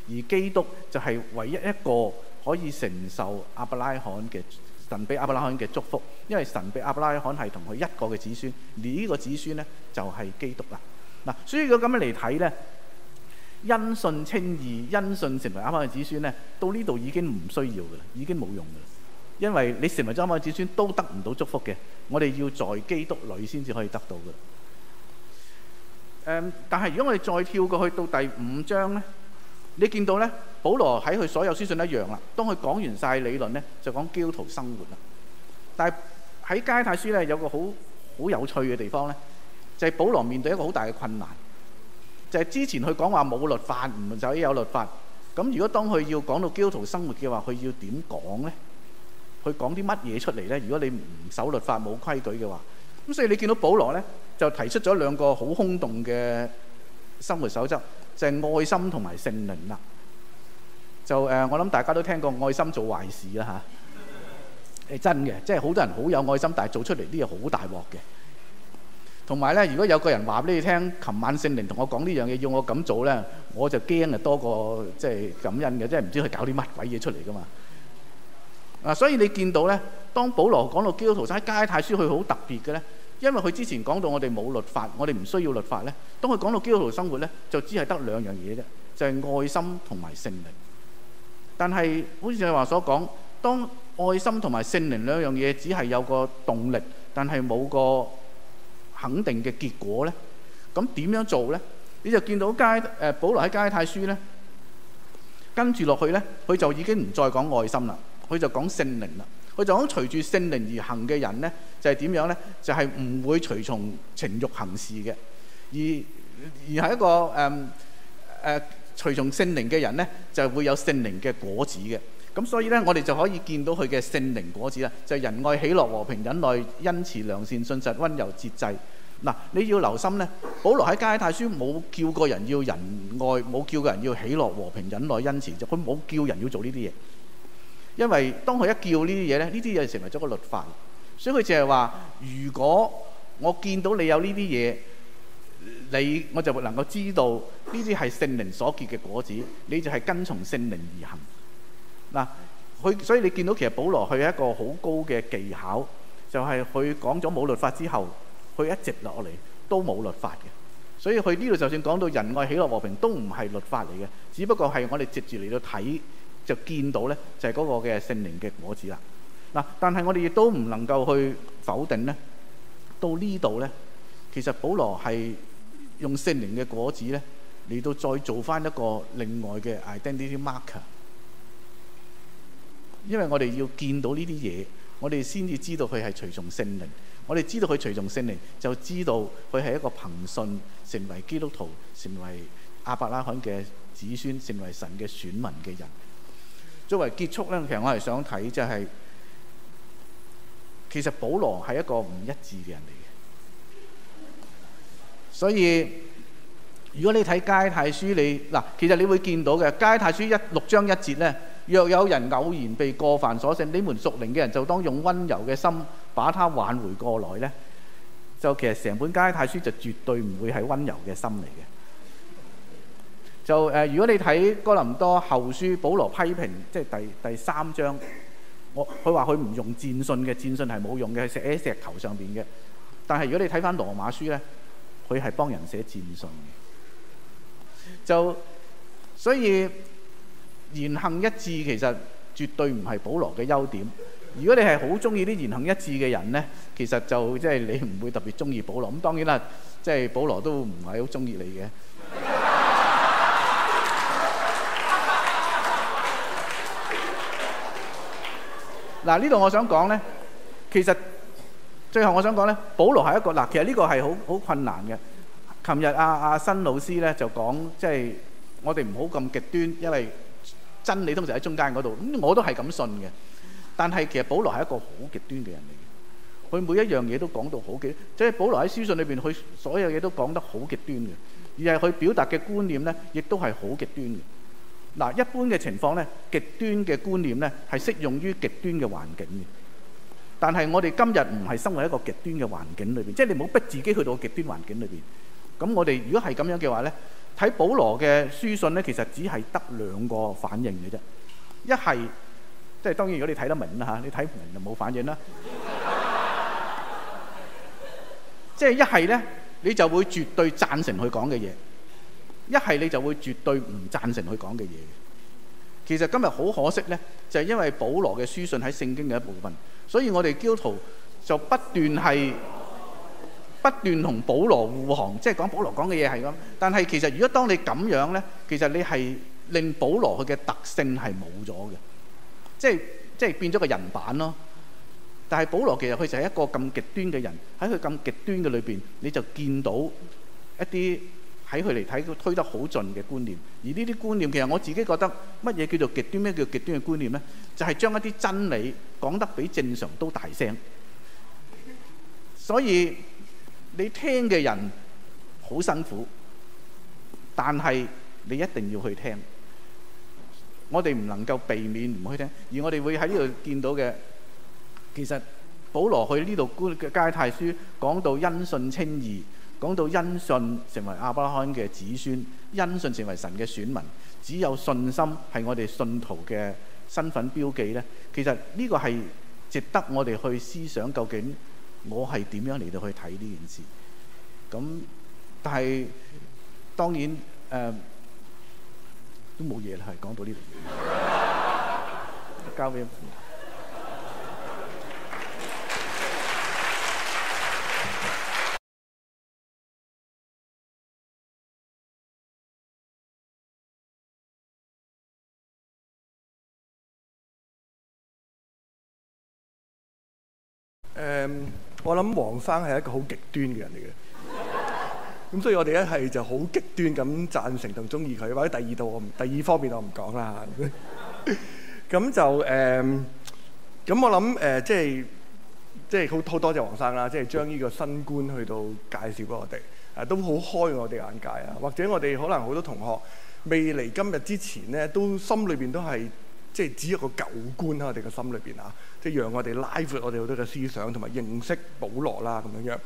Speaker 2: 而基督就係唯一一個可以承受亞伯拉罕嘅神俾亞伯拉罕嘅祝福，因為神俾亞伯拉罕係同佢一個嘅子孫，而呢個子孫呢，就係基督啦。嗱、啊，所以如果咁樣嚟睇咧，因信稱義、因信成為亞伯嘅子孫咧，到呢度已經唔需要噶啦，已經冇用噶啦，因為你成為咗亞伯嘅子孫都得唔到祝福嘅，我哋要在基督裏先至可以得到噶啦。誒、嗯，但係如果我哋再跳過去到第五章咧，你見到咧，保羅喺佢所有書信一樣啦，當佢講完晒理論咧，就講基督徒生活啦。但係喺加拉太書咧有個好好有趣嘅地方咧。就係保羅面對一個好大嘅困難，就係之前佢講話冇律法，唔使有律法，咁如果當佢要講到基督徒生活嘅話，佢要點講呢？佢講啲乜嘢出嚟呢？如果你唔守律法冇規矩嘅話，咁所以你見到保羅呢就提出咗兩個好空洞嘅生活守則，就係愛心同埋聖靈啦。就誒，我諗大家都聽過愛心做壞事啦嚇，係真嘅，即係好多人好有愛心，但係做出嚟啲嘢好大鑊嘅。同埋咧，如果有個人話俾你聽，琴晚聖靈同我講呢樣嘢，要我咁做咧，我就驚啊，多過即係感恩嘅，即係唔知佢搞啲乜鬼嘢出嚟噶嘛啊！所以你見到咧，當保羅講到基督徒喺加太書去好特別嘅咧，因為佢之前講到我哋冇律法，我哋唔需要律法咧。當佢講到基督徒生活咧，就只係得兩樣嘢啫，就係愛心同埋聖靈。但係好似你話所講，當愛心同埋聖靈兩樣嘢只係有個動力，但係冇個。肯定嘅結果呢，咁點樣做呢？你就見到街誒、呃，保羅喺《加拉太書》咧，跟住落去呢，佢就已經唔再講愛心啦，佢就講聖靈啦。佢就講隨住聖靈而行嘅人呢，就係、是、點樣呢？就係、是、唔會隨從情慾行事嘅，而而係一個誒誒隨從聖靈嘅人呢，就會有聖靈嘅果子嘅。咁所以呢，我哋就可以見到佢嘅聖靈果子啦，就係仁愛、喜樂、和平、忍耐、恩慈、良善、信實、温柔、節制。嗱、啊，你要留心呢，保羅喺加拉太書冇叫個人要仁愛，冇叫個人要喜樂、和平、忍耐、恩慈，就佢冇叫人要做呢啲嘢，因為當佢一叫呢啲嘢呢，呢啲嘢成為咗個律法。所以佢就係話：如果我見到你有呢啲嘢，你我就能夠知道呢啲係聖靈所結嘅果子，你就係跟從聖靈而行。嗱、啊，所以你見到其實保羅佢一個好高嘅技巧，就係、是、佢講咗冇律法之後，佢一直落嚟都冇律法嘅。所以佢呢度就算講到仁愛、喜樂、和平，都唔係律法嚟嘅，只不過係我哋接住嚟到睇就見到呢就係、是、嗰個嘅聖靈嘅果子啦。嗱、啊，但係我哋亦都唔能夠去否定呢。到呢度呢，其實保羅係用聖靈嘅果子呢嚟到再做返一個另外嘅 identity marker。因為我哋要見到呢啲嘢，我哋先至知道佢係隨從聖靈。我哋知道佢隨從聖靈，就知道佢係一個憑信成為基督徒、成為亞伯拉罕嘅子孫、成為神嘅選民嘅人。作為結束呢，其實我係想睇就係、是，其實保羅係一個唔一致嘅人嚟嘅。所以如果你睇加太書，你嗱，其實你會見到嘅加太書一六章一節呢。若有人偶然被過犯所勝，你們屬靈嘅人就當用温柔嘅心把他挽回過來。呢就其實成本加拉太書就絕對唔會係温柔嘅心嚟嘅。就誒、呃，如果你睇哥林多後書，保羅批評即係第第三章，佢話佢唔用戰信嘅，戰信係冇用嘅，寫喺石頭上邊嘅。但係如果你睇返羅馬書呢，佢係幫人寫戰信嘅。就所以。言行一致其實絕對唔係保羅嘅優點。如果你係好中意啲言行一致嘅人咧，其實就即係你唔會特別中意保羅。咁當然啦，即係保羅都唔係好中意你嘅。嗱，呢度我想講咧，其實最後我想講咧，保羅係一個。嗱，其實呢個係好好困難嘅。琴日阿阿新老師咧就講，即係我哋唔好咁極端，因為真理通常喺中間嗰度，咁我都係咁信嘅。但係其實保羅係一個好極端嘅人嚟嘅，佢每一樣嘢都講到好極。即係保羅喺書信裏邊，佢所有嘢都講得好極端嘅，而係佢表達嘅觀念咧，亦都係好極端嘅。嗱，一般嘅情況咧，極端嘅觀念咧，係適用於極端嘅環境嘅。但係我哋今日唔係生活喺一個極端嘅環境裏邊，即係你唔好逼自己去到極端環境裏邊。咁我哋如果係咁樣嘅話咧。睇保羅嘅書信呢，其實只係得兩個反應嘅啫。一係即係當然，如果你睇得明啦嚇，你睇唔明就冇反應啦。即係一係呢，你就會絕對贊成佢講嘅嘢；一係你就會絕對唔贊成佢講嘅嘢。其實今日好可惜呢，就係、是、因為保羅嘅書信喺聖經嘅一部分，所以我哋基督徒就不斷係。不斷同保羅護航，即係講保羅講嘅嘢係咁。但係其實如果當你咁樣呢，其實你係令保羅佢嘅特性係冇咗嘅，即係即係變咗個人版咯。但係保羅其實佢就係一個咁極端嘅人，喺佢咁極端嘅裏邊，你就見到一啲喺佢嚟睇佢推得好盡嘅觀念。而呢啲觀念其實我自己覺得，乜嘢叫做極端？咩叫極端嘅觀念呢？就係將一啲真理講得比正常都大聲。所以你聽嘅人好辛苦，但係你一定要去聽。我哋唔能夠避免唔去聽，而我哋會喺呢度見到嘅，其實保羅去呢度《官嘅加拉太書》講到因信稱義，講到因信成為亞伯拉罕嘅子孫，因信成為神嘅選民。只有信心係我哋信徒嘅身份標記咧。其實呢個係值得我哋去思想究竟。我係點樣嚟到去睇呢件事？咁，但係當然誒、呃、都冇嘢係講到呢度。 (laughs) 交俾誒。嗯 (noise)
Speaker 3: um, 我諗黃生係一個好極端嘅人嚟嘅，咁所以我哋一係就好極端咁贊成同鍾意佢，或者第二度我唔，第二方面我唔講啦咁就誒，咁、呃、我諗誒，即係即係好好多謝黃生啦，即係將呢個新觀去到介紹俾我哋，誒、啊、都好開我哋眼界啊。或者我哋可能好多同學未嚟今日之前咧，都心裏邊都係。即係只有一個舊觀喺我哋嘅心裏邊嚇，即係讓我哋拉闊我哋好多嘅思想同埋認識保羅啦咁樣樣。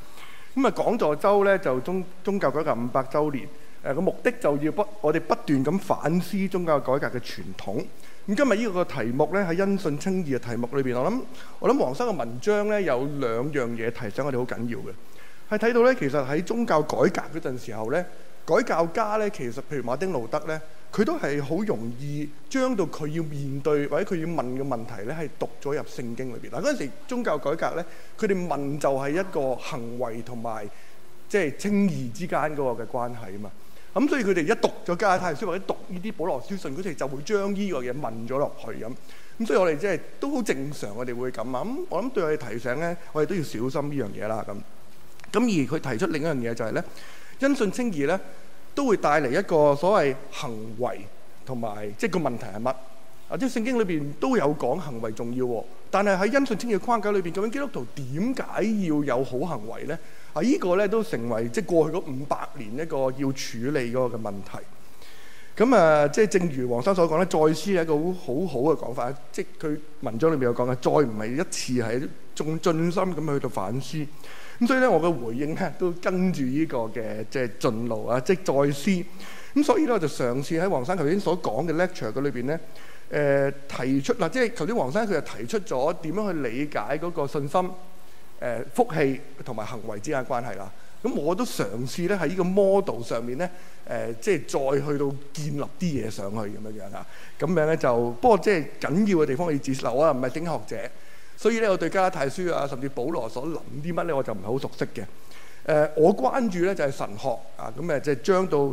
Speaker 3: 咁啊講座周咧就宗宗教改革五百週年，誒、呃、個目的就要不我哋不斷咁反思宗教改革嘅傳統。咁今日呢個題目咧喺因信稱義嘅題目裏邊，我諗我諗黃生嘅文章咧有兩樣嘢提醒我哋好緊要嘅。係睇到咧，其實喺宗教改革嗰陣時候咧，改教家咧其實譬如馬丁路德咧。佢都係好容易將到佢要面對或者佢要問嘅問題咧，係讀咗入聖經裏邊嗱。嗰陣時宗教改革咧，佢哋問就係一個行為同埋即係稱義之間嗰個嘅關係啊嘛。咁所以佢哋一讀咗加拉太書或者讀呢啲保羅書信嗰陣就會將呢個嘢問咗落去咁。咁所以我哋即係都好正常，我哋會咁啊。咁我諗對我哋提醒咧，我哋都要小心呢樣嘢啦。咁咁而佢提出另一樣嘢就係、是、咧，因信稱義咧。都會帶嚟一個所謂行為同埋，即係個問題係乜？啊，即係聖經裏邊都有講行為重要喎。但係喺因信稱義框架裏邊，究竟基督徒點解要有好行為呢？啊，依、呢個呢，都成為即係過去嗰五百年一個要處理嗰個問題。咁啊，即係正如黃生所講咧，再思係一個很好好好嘅講法。即係佢文章裏面有講嘅，再唔係一次係仲盡心咁去到反思。咁所以咧，我嘅回應咧都跟住呢個嘅即係進路啊，即係再思。咁所以咧，我就嘗試喺黃生頭先所講嘅 lecture 嘅裏邊咧，誒提出嗱，即係頭先黃生佢就提出咗點樣去理解嗰個信心、誒福氣同埋行為之間關係啦。咁我都嘗試咧喺呢個 model 上面咧，誒即係再去到建立啲嘢上去咁樣樣啊。咁樣咧就不過即係緊要嘅地方要接受啊，唔係頂學者。所以咧，我對加拉太書啊，甚至保羅所諗啲乜咧，我就唔係好熟悉嘅。誒，我關注咧就係神學啊，咁誒即係將到誒，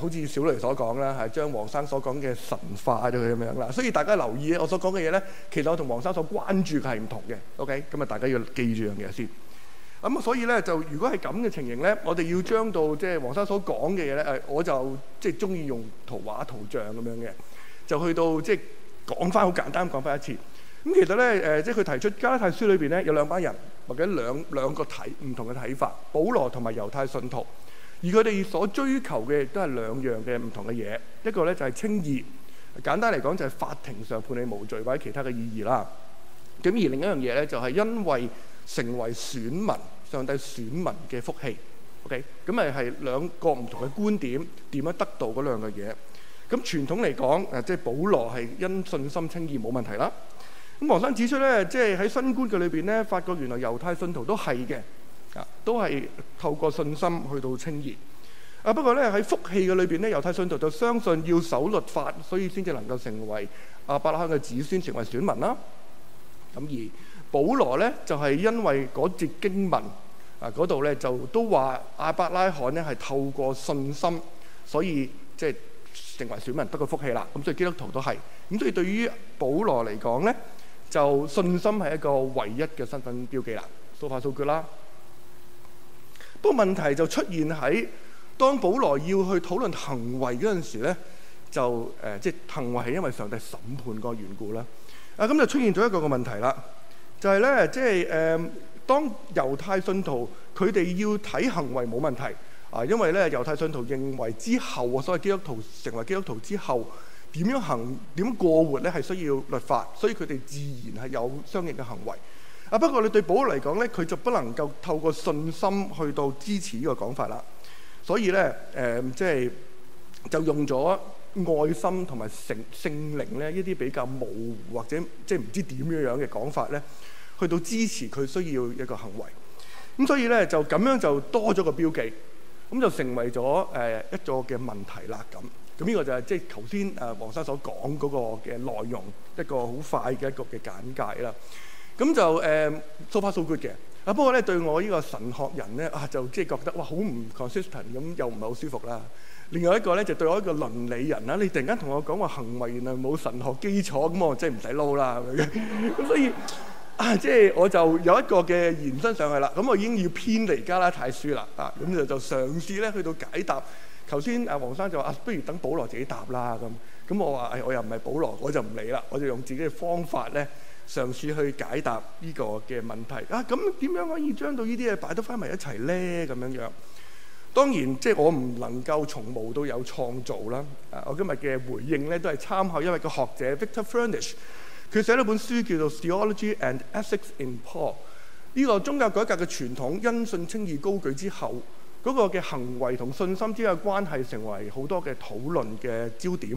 Speaker 3: 好似小雷所講啦，係將黃生所講嘅神化咗佢咁樣啦。所以大家留意我所講嘅嘢咧，其實我同黃生所關注嘅係唔同嘅。OK，咁啊，大家要記住樣嘢先。咁啊，所以咧就如果係咁嘅情形咧，我哋要將到即係黃生所講嘅嘢咧，誒，我就即係鍾意用圖畫、圖像咁樣嘅，就去到即係講翻好簡單，講翻一次。咁其實咧，誒、呃，即係佢提出加拉太書裏邊咧，有兩班人或者兩兩個睇唔同嘅睇法。保羅同埋猶太信徒，而佢哋所追求嘅都係兩樣嘅唔同嘅嘢。一個咧就係、是、稱義，簡單嚟講就係法庭上判你無罪或者其他嘅意義啦。咁而另一樣嘢咧就係、是、因為成為選民，上帝選民嘅福氣。OK，咁咪係兩個唔同嘅觀點點樣得到嗰兩樣嘢？咁傳統嚟講，誒，即係保羅係因信心稱義冇問題啦。咁黃生指出咧，即係喺新觀嘅裏邊咧，發覺原來猶太信徒都係嘅啊，都係透過信心去到稱義啊。不過咧喺福氣嘅裏邊咧，猶太信徒就相信要守律法，所以先至能夠成為亞伯拉罕嘅子孫，成為選民啦。咁而保羅咧就係、是、因為嗰節經文啊嗰度咧就都話亞伯拉罕咧係透過信心，所以即係成為選民得個福氣啦。咁所以基督徒都係咁，所以對於保羅嚟講咧，就信心係一個唯一嘅身份標記啦，速法速決啦。不過問題就出現喺當保羅要去討論行為嗰陣時咧，就誒即係行為係因為上帝審判個緣故咧。啊咁、嗯、就出現咗一個個問題啦，就係咧即係誒當猶太信徒佢哋要睇行為冇問題啊，因為咧猶太信徒認為之後啊，所謂基督徒成為基督徒之後。點樣行點樣過活咧？係需要律法，所以佢哋自然係有相應嘅行為。啊，不過你對保羅嚟講咧，佢就不能夠透過信心去到支持呢個講法啦。所以咧，誒、呃、即係就用咗愛心同埋性、性靈咧一啲比較模糊或者即係唔知點樣樣嘅講法咧，去到支持佢需要一個行為。咁所以咧就咁樣就多咗個標記，咁就成為咗誒、呃、一個嘅問題啦咁。咁、這、呢個就係即係頭先誒黃生所講嗰個嘅內容，一個好快嘅一個嘅簡介啦。咁就誒 so far so good 嘅，啊不過咧對我呢個神學人咧啊就即係覺得哇好唔 consistent，咁又唔係好舒服啦。另外一個咧就對我一個倫理人啦，你突然間同我講話行為原來冇神學基礎，咁我即係唔使撈啦，咁所以即係我就有一個嘅延伸上去啦。咁我已經要偏離加拉太書啦啊，咁就就嘗試咧去到解答。頭先啊，黃生就話啊，不如等保羅自己答啦咁。咁我話誒、哎，我又唔係保羅，我就唔理啦。我就用自己嘅方法咧，嘗試去解答呢個嘅問題啊。咁點樣可以將到這些放在一起呢啲嘢擺得翻埋一齊咧？咁樣樣當然即係我唔能夠從無到有創造啦。啊，我今日嘅回應咧都係參考，因為一個學者 Victor Furnish 佢寫咗本書叫做《Theology and Ethics in Paul》。呢、呢個宗教改革嘅傳統因信稱義高舉之後。嗰個嘅行為同信心之間嘅關係成為好多嘅討論嘅焦點。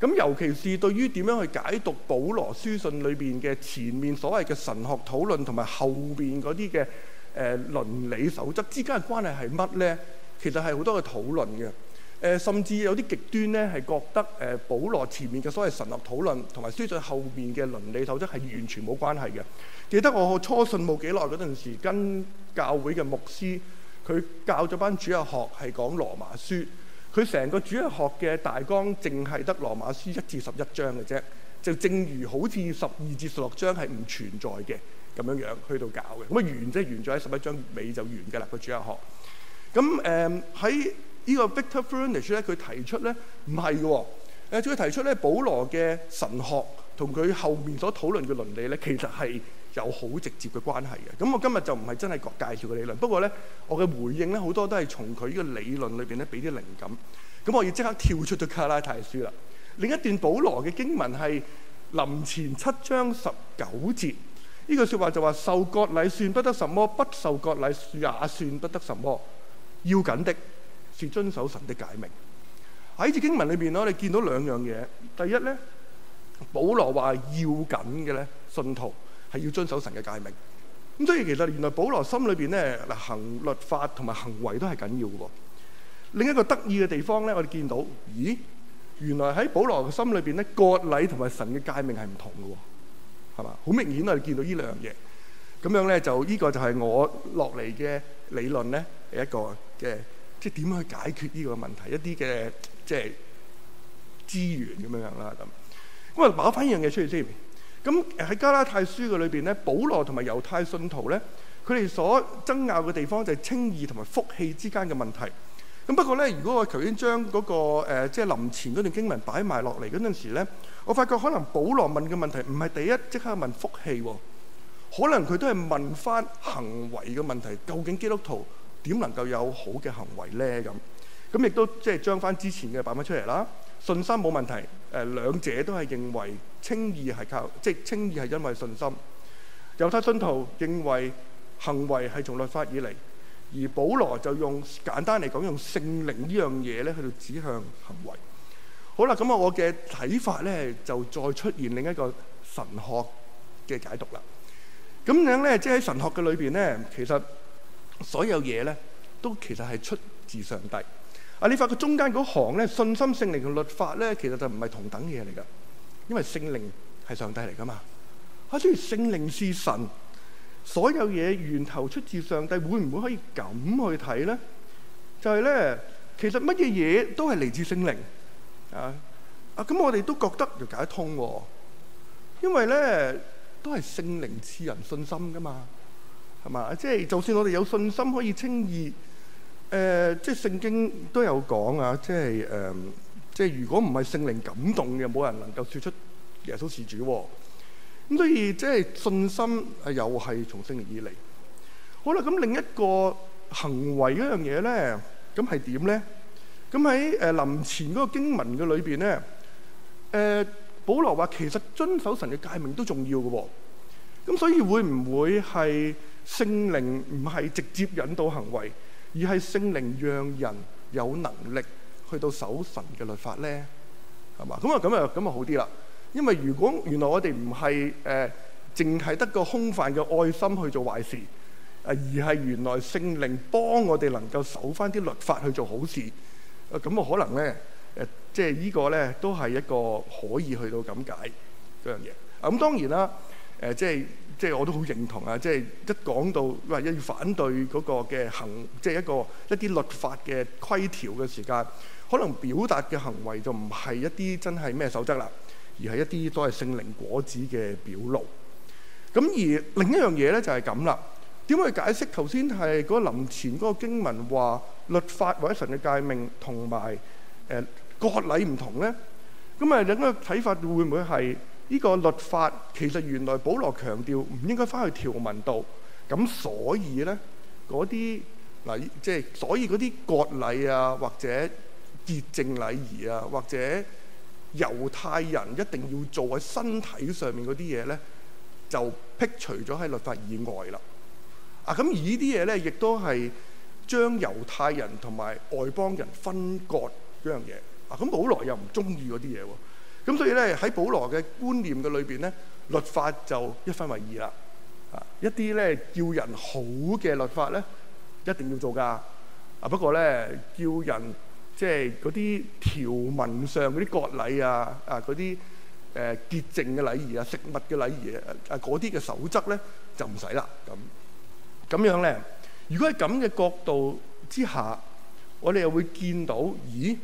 Speaker 3: 咁尤其是對於點樣去解讀《保羅書信》裏邊嘅前面所謂嘅神學討論，同埋後面嗰啲嘅誒倫理守則之間嘅關係係乜呢？其實係好多嘅討論嘅。誒，甚至有啲極端呢，係覺得誒保羅前面嘅所謂嘅神學討論，同埋書信後面嘅倫理守則係完全冇關係嘅。記得我初信冇幾耐嗰陣時，跟教會嘅牧師。佢教咗班主日學係講羅馬書，佢成個主日學嘅大綱淨係得羅馬書一至十一章嘅啫，就正如好似十二至十六章係唔存在嘅咁樣樣去到教嘅，咁啊完，即係完咗喺十一章尾就完㗎啦個主日學。咁誒喺呢個 Victor Furnish 咧，佢提出咧，唔係嘅，誒仲、哦、提出咧，保羅嘅神學同佢後面所討論嘅倫理咧，其實係。有好直接嘅關係嘅咁，我今日就唔係真係介紹個理論。不過呢，我嘅回應咧好多都係從佢呢個理論裏邊咧俾啲靈感。咁我要即刻跳出咗《加拉太書》啦。另一段保羅嘅經文係林前七章十九節，呢句説話就話受割禮算不得什麼，不受割禮也算不得什麼。要緊的是遵守神的誡命。喺呢段經文裏邊，我哋見到兩樣嘢。第一呢，保羅話要緊嘅呢，信徒，係要遵守神嘅誡命，咁所以其實原來保羅心裏邊咧，嗱，行律法同埋行為都係緊要嘅。另一個得意嘅地方咧，我哋見到，咦，原來喺保羅嘅心裏邊咧，割禮的同埋神嘅誡命係唔同嘅，係嘛？好明顯我哋見到這兩這樣呢兩樣嘢，咁樣咧就呢、這個就係我落嚟,嘅理論咧，係一個嘅即係點樣去解決呢個問題，一啲嘅即係資源咁樣樣啦咁。咁啊，把翻一樣嘢出嚟先。咁喺加拉太書嘅裏邊咧，保羅同埋猶太信徒咧，佢哋所爭拗嘅地方就係稱義同埋福氣之間嘅問題。咁不過咧，如果我頭先將嗰個誒即係臨前嗰段經文擺埋落嚟嗰陣時咧，我發覺可能保羅問嘅問題唔係第一即刻問福氣喎，可能佢都係問翻行為嘅問題。究竟基督徒點能夠有好嘅行為咧？咁咁亦都即係將翻之前嘅擺翻出嚟啦。信心冇問題，誒兩者都係認為。稱義係靠，即係稱義係因為信心。猶太信徒認為行為係從律法以嚟，而保羅就用簡單嚟講，用聖靈這件事呢樣嘢咧，去到指向行為。好啦，咁啊，我嘅睇法咧，就再出現另一個神學嘅解讀啦。咁樣咧，即喺神學嘅裏邊咧，其實所有嘢咧，都其實係出自上帝。啊，你發覺中間嗰行咧，信心、聖靈同律法咧，其實就唔係同等嘢嚟㗎。因為聖靈係上帝嚟噶嘛，啊，所以聖靈是神，所有嘢源頭出自上帝，會唔會可以咁去睇咧？就係咧，其實乜嘢嘢都係嚟自聖靈，啊啊，咁我哋都覺得就解得通、啊，因為咧都係聖靈賜人信心噶嘛，係嘛？即係就算我哋有信心可以稱義，誒、呃，即係聖經都有講啊，即係誒。呃即係如果唔係聖靈感動嘅，冇人能夠説出耶穌係主。咁所以即係信心又係從聖靈以嚟。好啦，咁另一個行為嗰樣嘢咧，咁係點咧？咁喺誒臨前嗰個經文嘅裏邊咧，誒保羅話其實遵守神嘅誡命都重要嘅。咁所以會唔會係聖靈唔係直接引導行為，而係聖靈讓人有能力？去到守神嘅律法咧，係嘛？咁啊，咁啊，咁啊，好啲啦。因為如果原來我哋唔係誒，淨、呃、係得個空泛嘅愛心去做壞事，誒、呃、而係原來聖靈幫我哋能夠守翻啲律法去做好事，誒咁啊，可能咧誒、呃，即係呢個咧都係一個可以去到咁解嗰樣嘢。啊，咁當然啦，誒、呃，即係即係我都好認同啊，即係一講到話要、哎、反對嗰個嘅行，即係一個一啲律法嘅規條嘅時間。可能表達嘅行為就唔係一啲真係咩守則啦，而係一啲都係聖靈果子嘅表露。咁而另一樣嘢咧就係咁啦。點去解釋頭先係嗰臨前嗰個經文話律法或者神嘅戒命同埋誒割禮唔同咧？咁啊，你嗰個睇法會唔會係呢個律法其實原來保羅強調唔應該翻去條文度？咁所以咧嗰啲嗱即係所以嗰啲割禮啊或者潔淨禮儀啊，或者猶太人一定要做喺身體上面嗰啲嘢咧，就辟除咗喺律法以外啦。啊，咁而這些呢啲嘢咧，亦都係將猶太人同埋外邦人分割嗰樣嘢。啊，咁、啊、保羅又唔中意嗰啲嘢喎。咁所以咧喺保羅嘅觀念嘅裏邊咧，律法就一分為二啦。啊，一啲咧叫人好嘅律法咧，一定要做㗎。啊，不過咧叫人即係嗰啲條文上嗰啲割禮啊啊嗰啲誒潔淨嘅禮儀啊食物嘅禮儀啊啊嗰啲嘅守則咧就唔使啦咁咁樣咧，如果喺咁嘅角度之下，我哋又會見到，咦誒、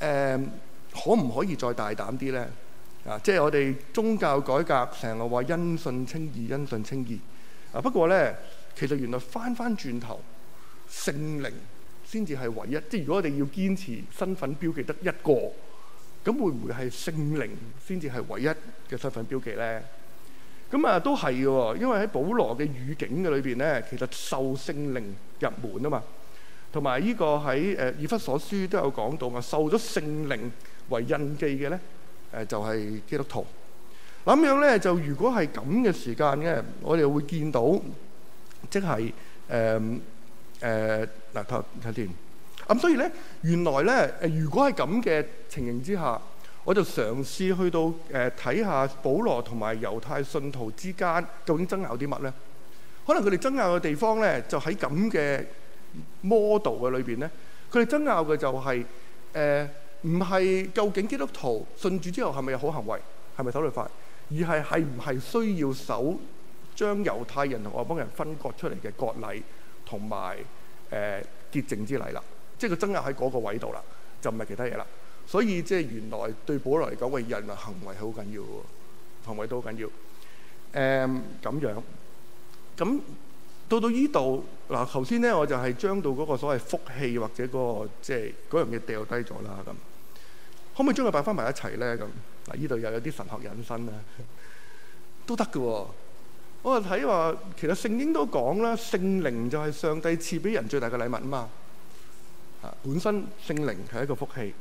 Speaker 3: 嗯，可唔可以再大膽啲咧？啊，即係我哋宗教改革成日話因信稱義，因信稱義啊。不過咧，其實原來翻翻轉頭聖靈。先至係唯一，即係如果我哋要堅持身份標記得一個，咁會唔會係聖靈先至係唯一嘅身份標記咧？咁啊，都係嘅，因為喺保羅嘅語境嘅裏邊咧，其實受聖靈入門啊嘛，同埋呢個喺誒以弗所書都有講到嘛，受咗聖靈為印記嘅咧，誒就係基督徒。咁樣咧，就如果係咁嘅時間咧，我哋會見到，即係誒。誒、嗯、嗱，睇睇先。咁所以咧，原來咧，誒如果係咁嘅情形之下，我就嘗試去到誒睇下保羅同埋猶太信徒之間究竟爭拗啲乜咧？可能佢哋爭拗嘅地方咧，就喺咁嘅 model 嘅裏邊咧。佢哋爭拗嘅就係誒唔係究竟基督徒信主之後係咪有好行為，係咪守律法，而係係唔係需要守將猶太人同外邦人分割出嚟嘅割禮？同埋誒潔淨之禮啦，即係佢增壓喺嗰個位度啦，就唔係其他嘢啦。所以即係原來對保羅嚟講，個人行為係好緊要喎，行為都好緊要。誒、嗯、咁樣咁到到依度嗱，頭先咧我就係將到嗰個所謂福氣或者嗰、嗰個即係嗰樣嘢掉低咗啦。咁、就是、可唔可以將佢擺翻埋一齊咧？咁嗱，依度又有啲神學引申啦，都得㗎喎。我就睇話，其實聖經都講啦，聖靈就係上帝賜俾人最大嘅禮物啊嘛。本身聖靈係一個福氣，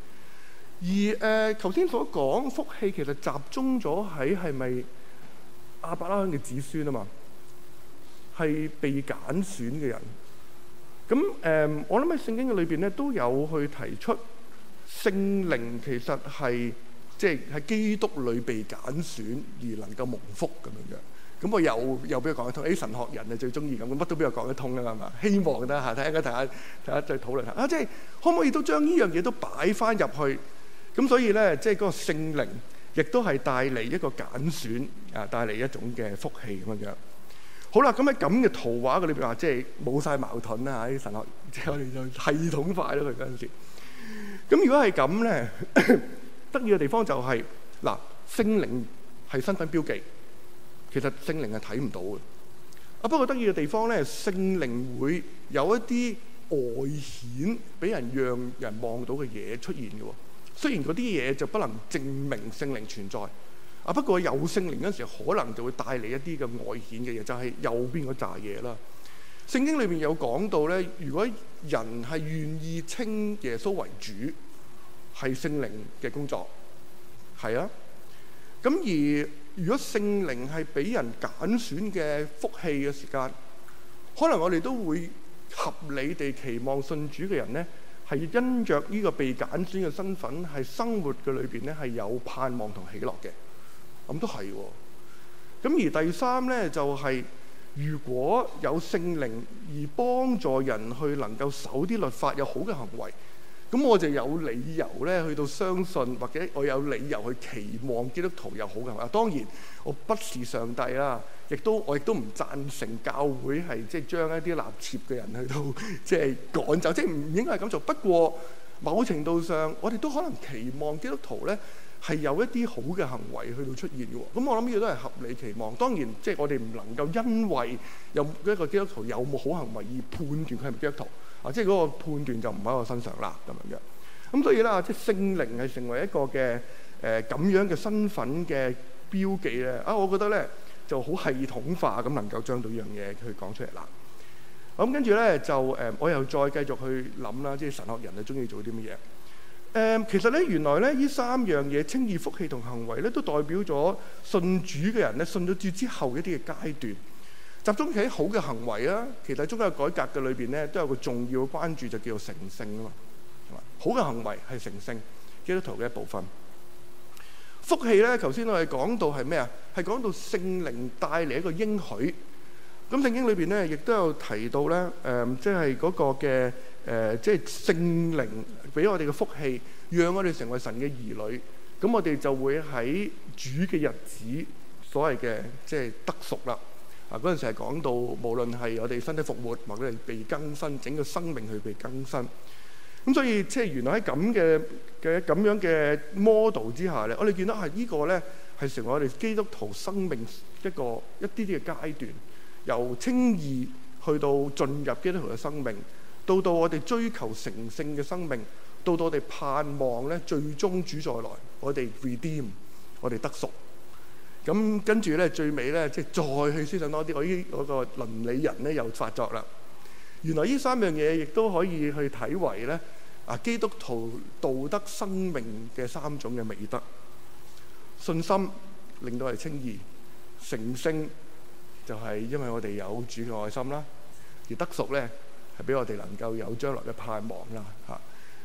Speaker 3: 而誒頭先所講福氣其實集中咗喺係咪亞伯拉罕嘅子孫啊嘛，係被揀選嘅人。咁誒、呃，我諗喺聖經嘅裏面咧都有去提出聖靈其實係即係喺基督裏被揀選而能夠蒙福咁樣。咁我又又俾佢講得通，啲、哎、神學人啊最中意咁，乜都俾佢講得通啦，係嘛？希望啦嚇，睇下而家大家大家再討論下啊，即係可唔可以都將呢樣嘢都擺翻入去？咁所以咧，即係嗰個聖靈亦都係帶嚟一個揀選啊，帶嚟一種嘅福氣咁樣。好啦，咁喺咁嘅圖畫嗰裏邊話，即係冇晒矛盾啦喺、啊、神學，即係我哋就系統化咗佢嗰陣時。咁如果係咁咧，得意嘅地方就係、是、嗱、啊，聖靈係身份標記。其實聖靈係睇唔到嘅，啊不過得意嘅地方咧，聖靈會有一啲外顯，俾人讓人望到嘅嘢出現嘅喎。雖然嗰啲嘢就不能證明聖靈存在，啊不過有聖靈嗰陣時，可能就會帶嚟一啲嘅外顯嘅嘢，就係右邊嗰扎嘢啦。聖經裏面有講到咧，如果人係願意稱耶穌為主，係聖靈嘅工作，係啊，咁而。如果聖靈係俾人揀選嘅福氣嘅時間，可能我哋都會合理地期望信主嘅人呢，係因着呢個被揀選嘅身份，係生活嘅裏面呢係有盼望同喜樂嘅。咁都係喎。咁而第三呢，就係、是，如果有聖靈而幫助人去能夠守啲律法有好嘅行為。咁我就有理由咧，去到相信或者我有理由去期望基督徒有好嘅行為。當然我不是上帝啦，亦都我亦都唔贊成教會係即係將一啲立妾嘅人去到即係、就是、趕走，即係唔應該係咁做。不過某程度上，我哋都可能期望基督徒咧係有一啲好嘅行為去到出現嘅喎。咁我諗呢個都係合理期望。當然即係、就是、我哋唔能夠因為有一個基督徒有冇好行為而判斷佢係咪基督徒。啊！即係嗰個判斷就唔喺我身上啦，咁樣樣。咁所以咧，即係聖靈係成為一個嘅誒咁樣嘅身份嘅標記咧。啊，我覺得咧就好系統化咁能夠將到呢樣嘢去講出嚟啦。咁跟住咧就誒、呃，我又再繼續去諗啦，即係神學人係中意做啲乜嘢？誒、呃，其實咧原來咧呢三樣嘢，稱義福氣同行為咧都代表咗信主嘅人咧信咗主之後一啲嘅階段。集中喺好嘅行為啦。其實，宗教改革嘅裏邊咧，都有個重要關注，就叫做成聖咯。同埋好嘅行為係成聖基督徒嘅一部分。福氣咧，頭先我哋講到係咩啊？係講到聖靈帶嚟一個應許。咁聖經裏邊咧，亦都有提到咧，誒，即係嗰個嘅誒，即係聖靈俾我哋嘅福氣，讓我哋成為神嘅兒女。咁我哋就會喺主嘅日子，所謂嘅即係得熟啦。嗱，嗰陣時係講到，無論係我哋身體復活，或者係被更新，整個生命去被更新。咁所以即係原來喺咁嘅嘅咁樣嘅 model 之下咧，我哋見到係呢個咧係成為我哋基督徒生命一個一啲啲嘅階段，由輕易去到進入基督徒嘅生命，到到我哋追求成聖嘅生命，到到我哋盼望咧最終主再來，我哋 redeem，我哋得贖。咁跟住呢最尾呢，即係再去思想多啲，我呢嗰個倫理人呢又發作啦。原來呢三樣嘢亦都可以去睇為呢，基督徒道德生命嘅三種嘅美德。信心令到係稱義，成聖，就係因為我哋有主嘅愛心啦，而得熟呢係俾我哋能夠有將來嘅盼望啦。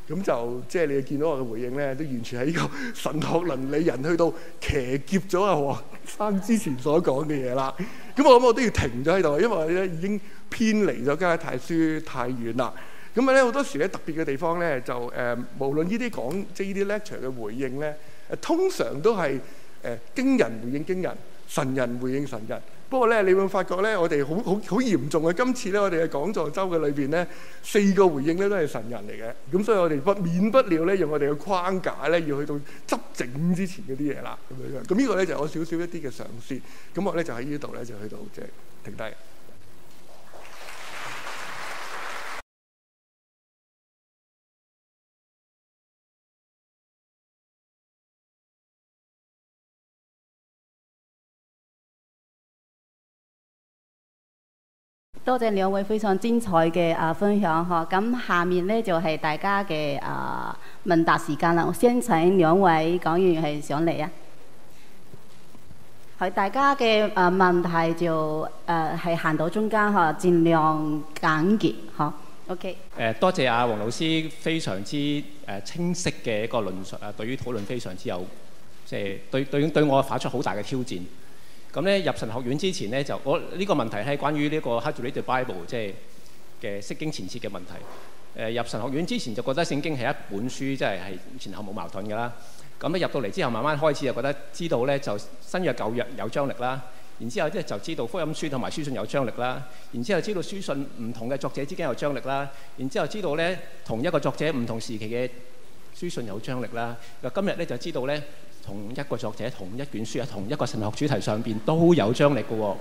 Speaker 3: 咁就即係、就是、你見到我嘅回應咧，都完全係呢個神學倫理人去到騎劫咗阿黃生之前所講嘅嘢啦。咁我諗我都要停咗喺度，因為咧已經偏離咗加拉太書太遠啦。咁咧好多時咧特別嘅地方咧，就誒、呃、無論呢啲講即係呢啲 lecture 嘅回應咧、呃，通常都係誒經人回應經人，神人回應神人。不過咧，你會發覺咧，我哋好好好嚴重啊！今次咧，我哋嘅講座周嘅裏面咧，四個回應咧都係神人嚟嘅，咁所以我哋不免不了咧，用我哋嘅框架咧，要去到執整之前嗰啲嘢啦，咁樣樣。咁呢個咧就我少少一啲嘅嘗試。咁我咧就喺呢度咧，就去到即係、就是、停低。
Speaker 1: 多謝兩位非常精彩嘅啊分享呵，咁下面呢，就係大家嘅啊問答時間啦。我先請兩位講員係上嚟啊。喺大家嘅啊問題就誒係行到中間呵，儘量簡潔呵。OK。誒
Speaker 4: 多謝阿黃老師非常之誒清晰嘅一個論述啊，對於討論非常之有，即係對對對我發出好大嘅挑戰。咁咧入神學院之前咧就我呢、呢個問題係關於呢個 Hebrew Bible 即係嘅釋經前設嘅問題。誒、呃、入神學院之前就覺得聖經係一本書，即係係前後冇矛盾㗎啦。咁咧入到嚟之後，慢慢開始就覺得知道咧就新約舊約有張力啦。然之後即係就知道福音書同埋書信有張力啦。然之後知道書信唔同嘅作者之間有張力啦。然之後知道咧同一個作者唔同時期嘅書信有張力啦。嗱今日咧就知道咧。同一個作者、同一卷書啊、同一個神學主題上邊都有張力嘅喎、哦。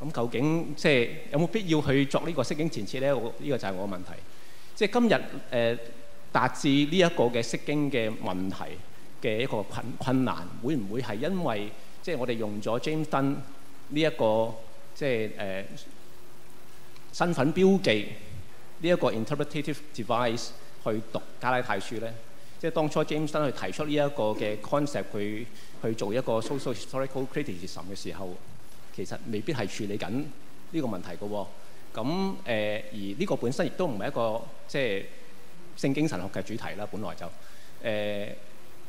Speaker 4: 咁究竟即係有冇必要去作呢個釋經前設咧？呢、這個就係我嘅問題。即係今日達、呃、至呢一個嘅釋經嘅問題嘅一個困困難，會唔會係因為即係我哋用咗 James Dunn 呢、這、一個即係、呃、身份標記呢一、這個 interpretative device 去讀加拉太書咧？即係當初 James Dunn 去提出呢一個嘅 concept，佢去做一個 social historical criticism 嘅時候，其實未必係處理緊呢個問題嘅喎。咁誒、呃，而呢個本身亦都唔係一個即係聖經神學嘅主題啦。本來就誒，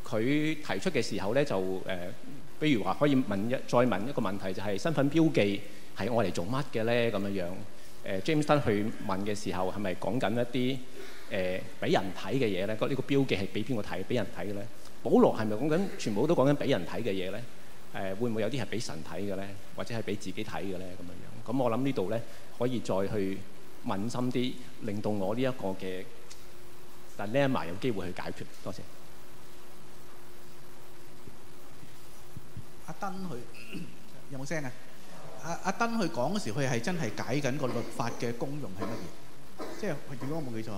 Speaker 4: 佢、呃、提出嘅時候咧，就、呃、誒，比如話可以問一再問一個問題，就係身份標記係我嚟做乜嘅咧？咁樣樣誒、呃、James Dunn 去問嘅時候係咪講緊一啲？誒俾人睇嘅嘢咧，嗰呢個標記係俾邊個睇？俾人睇嘅咧，保羅係咪講緊全部都講緊俾人睇嘅嘢咧？誒會唔會有啲係俾神睇嘅咧，或者係俾自己睇嘅咧咁樣？咁我諗呢度咧可以再去問深啲，令到我呢一個嘅但孏埋有機會去解決。多謝
Speaker 2: 阿登，佢有冇聲啊？阿阿登佢講嗰時，佢係真係解緊個律法嘅功用係乜嘢？即係如果我冇記錯。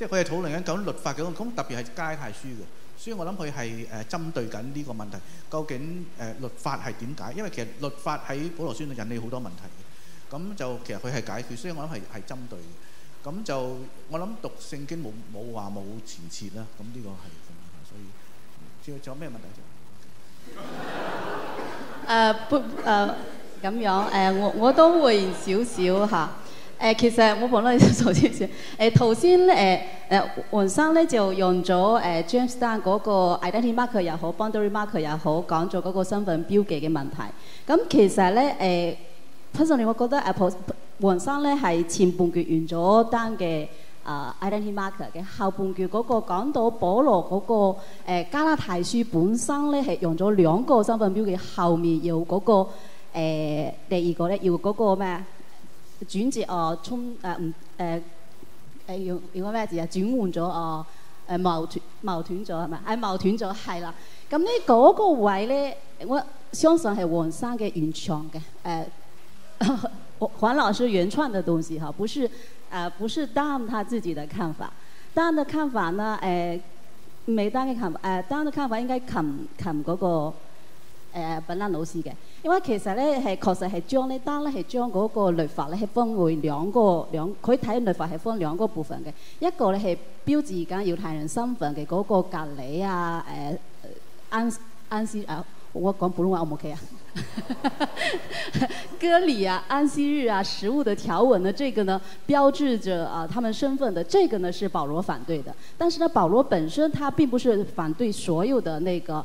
Speaker 2: 即係佢係討論緊究竟律法嘅咁，特別係迦太書嘅，所以我諗佢係誒針對緊呢個問題，究竟誒律法係點解？因為其實律法喺《保羅書》引起好多問題嘅，咁就其實佢係解決，所以我諗係係針對嘅。咁就我諗讀聖經冇冇話冇前設啦，咁呢個係，所以即係仲有咩問題？誒，誒
Speaker 1: 誒咁樣誒，我我都會少少嚇。誒其實我本來頭先先，誒頭先誒誒黃生咧就用咗誒 James Dunn 嗰個 Identity Marker 又好 Boundary Marker 又好講咗嗰個身份標記嘅問題。咁其實咧誒，潘生你我覺得 Apple 黃生咧係前半句完咗單嘅啊 Identity Marker 嘅，後半句嗰個講到保羅嗰個加拉太書本身咧係用咗兩個身份標記，後面有嗰、那個第二個咧，要嗰個咩？轉折哦，衝唔誒誒用用個咩字啊？轉換咗哦，誒矛盾矛盾咗係咪？係矛盾咗係啦。咁呢嗰個位咧，我相信係黃生嘅原創嘅誒，呃、 (laughs) 黃老師原創嘅東西，不是、呃、不是 Dan 他自己嘅看法。Dan 的看法呢？誒、呃，沒 Dan 嘅看法，誒 Dan 的看法應該看看嗰個。呃、本品丹老師嘅，因為其實咧係確實係將呢單，咧係將嗰個律法咧係分為兩個兩佢睇律法係分兩個部分嘅，一個咧係標誌而家猶太人身份嘅嗰、那個隔離啊誒、呃、安安息啊，我講普通話 O 唔 O K 啊？割 (laughs) (laughs) 禮啊，安息日啊，食物的條文呢，這個呢，標誌着啊，他們身份的，這個呢是保羅反對的，但是呢，保羅本身他並不是反對所有的那個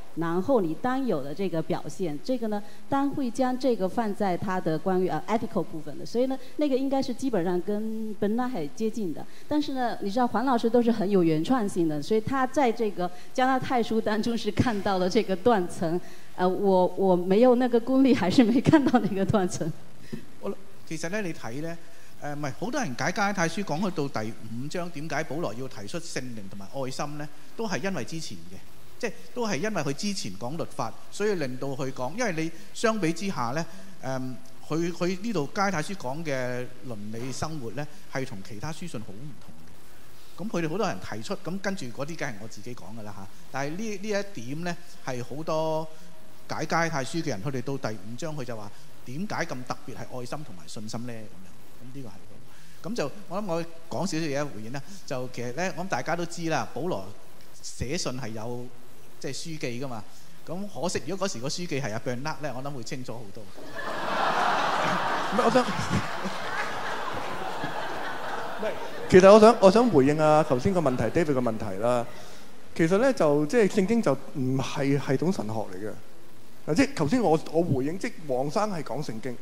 Speaker 1: 然後你單有的這個表現，這個呢，單會將這個放在他的關於啊 ethical 部分的，所以呢，那個應該是基本上跟本拉黑接近的。但是呢，你知道黃老師都是很有原創性的，所以他在這個加拉太書當中是看到了這個斷層。呃、我我沒有那個功力，還是沒看到那個斷層。
Speaker 2: 我其實呢，你睇呢，誒、呃，唔係好多人解加拉太，太書，講去到第五章，點解保羅要提出聖靈同埋愛心呢？都係因為之前嘅。即係都係因為佢之前講律法，所以令到佢講，因為你相比之下咧，誒，佢佢呢度《加太書》講嘅倫理生活咧，係同其他書信好唔同嘅。咁佢哋好多人提出，咁跟住嗰啲，梗係我自己講㗎啦嚇。但係呢呢一點咧，係好多解《加太書》嘅人，佢哋到第五章，佢就話點解咁特別係愛心同埋信心咧？咁樣，咁呢個係咁。咁就我諗我講少少嘢回應啦。就其實咧，我諗大家都知啦，保羅寫信係有。即係書記噶嘛？咁可惜，如果嗰時個書記係阿 Ben 呢，我諗會清楚好多。
Speaker 3: 唔係我想，其實我想，我想回應啊頭先個問題，David 嘅問題啦。其實咧就即係、就是、聖經就唔係系統神學嚟嘅。即係頭先我我回應，即係黃生係講聖經，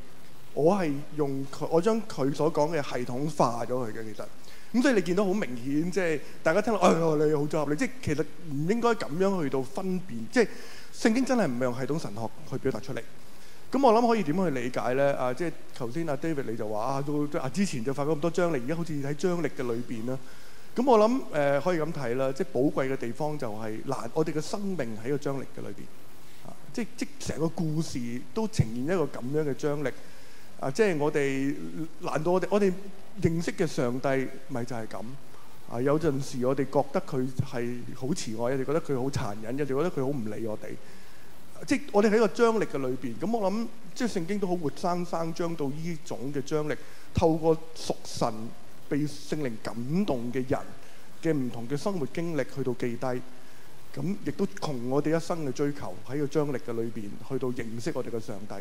Speaker 3: 我係用佢，我將佢所講嘅系統化咗佢嘅，其實。咁所以你見到好明顯，即係大家聽落，哎呀，你好作合，你即係其實唔應該咁樣去到分辨，即係聖經真係唔係用系統神學去表達出嚟。咁我諗可以點樣去理解咧？啊，即係頭先阿 David 你就話啊，都啊之前就發咗咁多張力，而家好似喺張力嘅裏邊啦。咁我諗誒、呃、可以咁睇啦，即係寶貴嘅地方就係難，我哋嘅生命喺個張力嘅裏邊啊，即係即成個故事都呈現一個咁樣嘅張力啊，即係我哋難道我哋我哋認識嘅上帝咪就係咁啊！有陣時我哋覺得佢係好慈愛，有時覺得佢好殘忍嘅，又覺得佢好唔理我哋。即係我哋喺個張力嘅裏邊，咁我諗即係聖經都好活生生將到呢種嘅張力，透過屬神被聖靈感動嘅人嘅唔同嘅生活經歷去到記低，咁亦都從我哋一生嘅追求喺個張力嘅裏邊，去到認識我哋嘅上帝。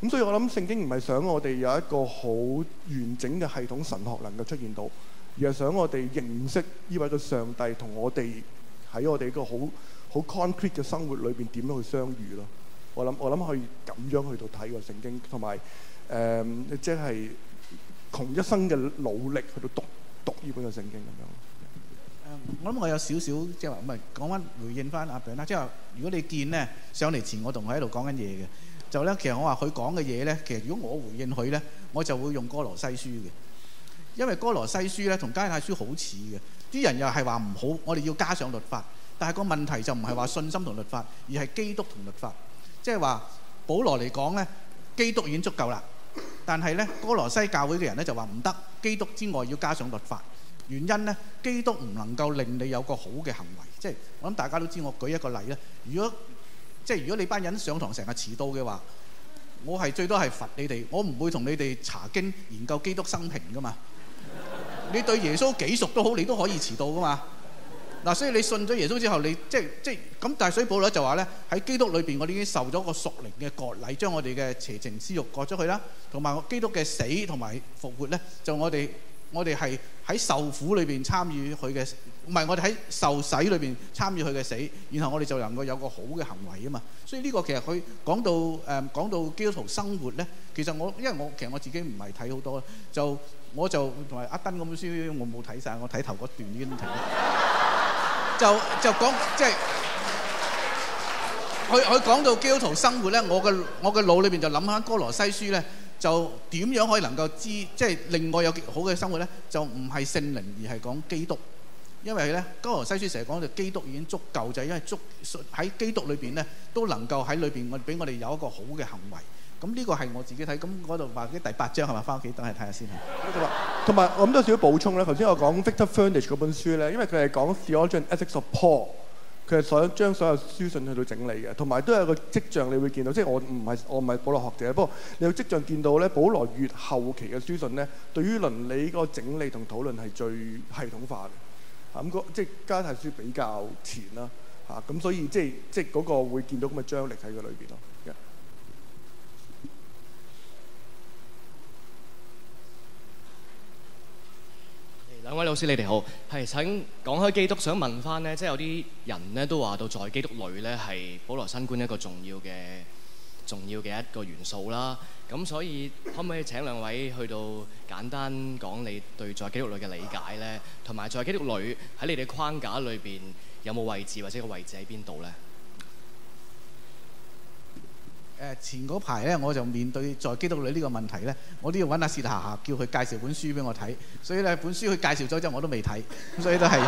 Speaker 3: 咁所以我諗聖經唔係想我哋有一個好完整嘅系統神學能夠出現到，而係想我哋認識呢位嘅上帝同我哋喺我哋一個好好 concrete 嘅生活裏邊點樣去相遇咯。我諗我諗可以咁樣去到睇個聖經，同埋誒即係窮一生嘅努力去到讀讀呢本嘅聖經咁樣。誒、呃，我諗我有少少即係話唔係，講翻回，回應翻阿 Ben 啦，
Speaker 2: 即係如果你見咧上嚟前我，我同我喺度講緊嘢嘅。就咧，其實我話佢講嘅嘢呢，其實如果我回應佢呢，我就會用《哥羅西書》嘅，因為《哥羅西書》呢同《加拉太書》好似嘅，啲人又係話唔好，我哋要加上律法。但係個問題就唔係話信心同律法，而係基督同律法。即係話保羅嚟講呢，基督已經足夠啦。但係呢，哥羅西教會嘅人呢，就話唔得，基督之外要加上律法。原因呢，基督唔能夠令你有個好嘅行為。即係我諗大家都知，我舉一個例啦。如果即係如果你班人上堂成日遲到嘅話，我係最多係罰你哋，我唔會同你哋查經研究基督生平噶嘛。 (laughs) 你對耶穌幾熟都好，你都可以遲到噶嘛。嗱、啊，所以你信咗耶穌之後，你即係即係咁。但係《聖經》就話咧，喺基督裏面，我哋已經受咗個屬靈嘅割禮，將我哋嘅邪情私慾割出去啦。同埋基督嘅死同埋復活咧，就我哋我哋係喺受苦裏面參與佢嘅。唔係我哋喺受洗裏邊參與佢嘅死，然後我哋就能夠有個好嘅行為啊嘛。所以呢個其實佢講到誒講到基督徒生活咧，其實我因為我其實我自己唔係睇好多，就我就同埋阿登嗰本書我冇睇曬，我睇頭嗰段已經睇到，就就講即係佢佢講到基督徒生活咧，我嘅我嘅腦裏邊就諗翻《哥羅西書》咧，就點樣可以能夠知即係令我有好嘅生活咧？就唔係聖靈而係講基督。因為咧，《歌羅西書》成日講就基督已經足夠，就係因為足喺基督裏邊咧，都能夠喺裏邊我俾我哋有一個好嘅行為。咁、嗯、呢、這個係我自己
Speaker 3: 睇咁嗰度話啲第八章係咪翻屋企等係睇下先。同埋我諗多少少補充咧，頭先我講 Victor Furnish 嗰本書咧，因為佢係講《Theology and Ethics in Paul》，佢係想將所有書信去到整理嘅。同埋都有一個跡象，你會見到即係我唔係我唔係保羅學者，不過你有跡象見到咧，保羅越後期嘅書信咧，對於倫理個整理同討論係最系統化嘅。咁個即係加太書比較甜啦，嚇咁所以即係即係嗰個會見到咁嘅張力喺佢裏邊咯。Yeah.
Speaker 5: 兩位老師，你哋好，係請講開基督，想問翻咧，即係有啲人咧都話到在基督裏咧係保羅新觀一個重要嘅。重要嘅一個元素啦，咁所以可唔可以請兩位去到簡單講你對在基督裏嘅理解呢？同埋在基督裏喺你哋框架裏邊有冇位置或者個位置喺邊度呢？
Speaker 2: 前嗰排呢，我就面對在基督裏呢個問題呢，我都要揾阿薛霞叫佢介紹本書俾我睇，所以呢本書佢介紹咗之後我都未睇，所以都係。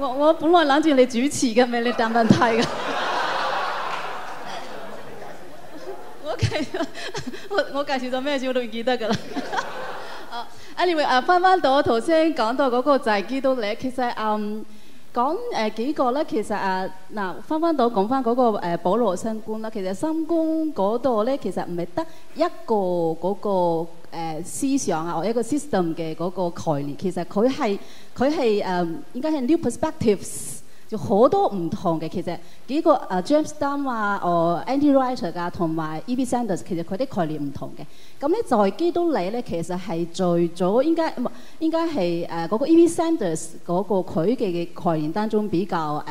Speaker 1: 我我本來諗住你主持嘅，咪你答問題㗎。我我介紹咗咩嘢我都唔記得㗎啦。啊 (laughs) ，anyway，啊，翻翻到頭先講到嗰、嗰個就係基督咧。其實啊，講、嗯、誒、呃、幾個咧，其實啊嗱，翻、啊、翻到講翻嗰個、呃、保羅新觀啦。其實新觀嗰度咧，其實唔係得一個嗰、嗰個。思想啊，或一個 system 嘅嗰個概念，其實佢係佢係誒，是 um, 應該係 new perspectives，就好多唔同嘅。其實幾個誒、uh, James Dunn 啊、誒 N.T. Wright 啊同埋 Ev Sanders，其實佢啲概念唔同嘅。咁咧，在基督裏咧，其實係最早應該唔應該係誒嗰個 Ev Sanders 嗰個佢嘅嘅概念當中比較誒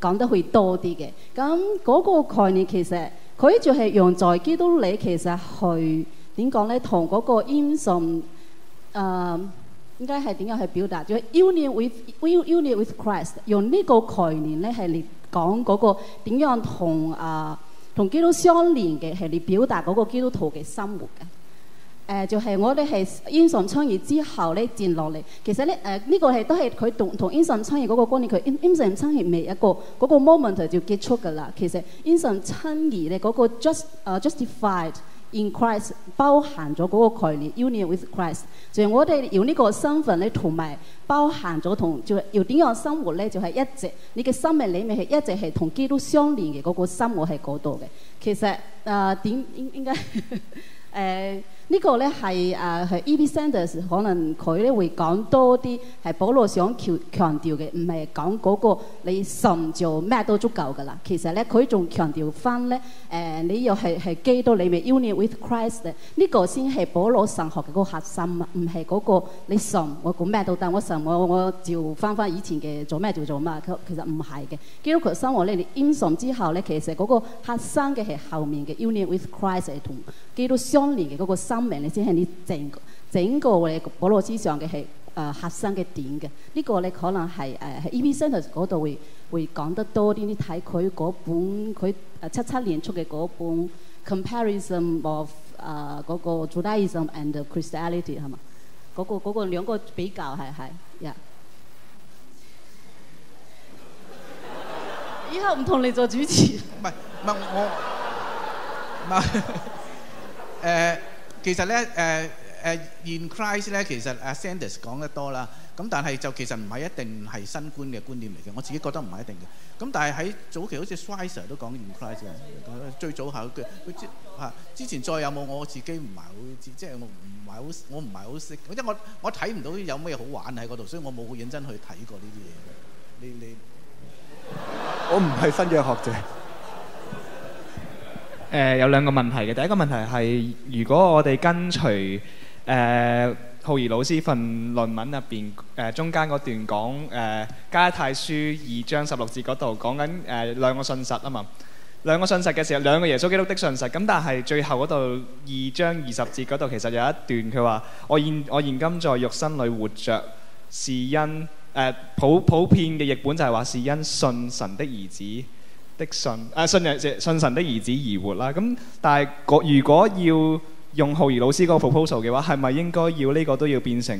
Speaker 1: 講、呃、得會多啲嘅。咁嗰個概念其實佢就係用在基督裏，其實去。點講咧？同嗰個因信，誒應該係點樣去表達？就係、是、union with、嗯、union with Christ，用呢個概念咧係嚟講嗰個點樣同誒同、呃、基督相連嘅係嚟表達嗰個基督徒嘅生活嘅。誒、呃、就係、是、我咧係因信稱義之後咧墊落嚟。其實咧誒呢、呃這個係都係佢同同因信稱義嗰個觀念，佢因因信稱義未一個嗰、那個 moment 就結束㗎啦。其實因信稱義咧嗰個 just 誒、uh, justified。In Christ 包含咗嗰個概念，Union with Christ，就係我哋用呢個身份咧，同埋包含咗同，就係要點樣生活咧？就係、是、一直你嘅生命裏面係一直係同基督相連嘅嗰、那個生活，我係嗰度嘅。其實誒點、呃、應該應該誒？ (laughs) 哎這個、呢個咧係誒、啊、係 E.P. Sanders 可能佢咧會講多啲係保羅想強強調嘅，唔係講嗰個你信就咩都足夠噶啦。其實咧佢仲強調翻咧誒你又係係基督裡面 union with Christ 嘅，呢、這個先係保羅神學嘅個核心，啊、那個，唔係個你信我講咩都得，我信我我照翻翻以前嘅做咩就做嘛。佢其實唔係嘅，基督徒生活咧你堅信之後咧，其實個核心嘅係後面嘅 union with Christ 同基督相連嘅個個心。明你先係你整整個嘅《保羅思想》嘅係誒核心嘅點嘅，呢個咧可能係誒喺 E.P. Sanders 嗰度會會講得多啲。你睇佢嗰本佢七七年出嘅嗰本《Comparison of 誒嗰個 Judaism and Christianity》係嘛？嗰個嗰個兩個比較係係。以後唔同你做主持。唔係，唔係我，唔
Speaker 2: 係。其實咧，誒誒 In Christ 咧，其實阿 Sanders 講得多啦。咁但係就其實唔係一定係新觀嘅觀點嚟嘅。我自己覺得唔係一定嘅。咁但係喺早期好似 Schweizer 都講 In Christ 最早係佢佢之嚇之前再有冇？我自己唔係好知，即係我唔係好，我唔係好識。因為我我睇唔到有咩好玩喺嗰度，所以我冇認真去睇過呢啲嘢。你你，
Speaker 5: (laughs) 我唔係新約學者。誒、呃、有兩個問題嘅，第一個問題係如果我哋跟隨誒、呃、浩儀老師份論文入邊誒中間嗰段講誒、呃、加拉太書二章十六節嗰度講緊誒兩個信實啊嘛，兩個信實嘅時候，兩個耶穌基督的信實，咁但係最後嗰度二章二十節嗰度其實有一段，佢話我現我現今在肉身裏活着是因誒、呃、普普遍嘅譯本就係話是因信神的兒子的信，啊，信，信神的兒子而活啦。咁但係，如果要用浩儀老師的 proposal 嘅話，係咪應該要呢個都要變成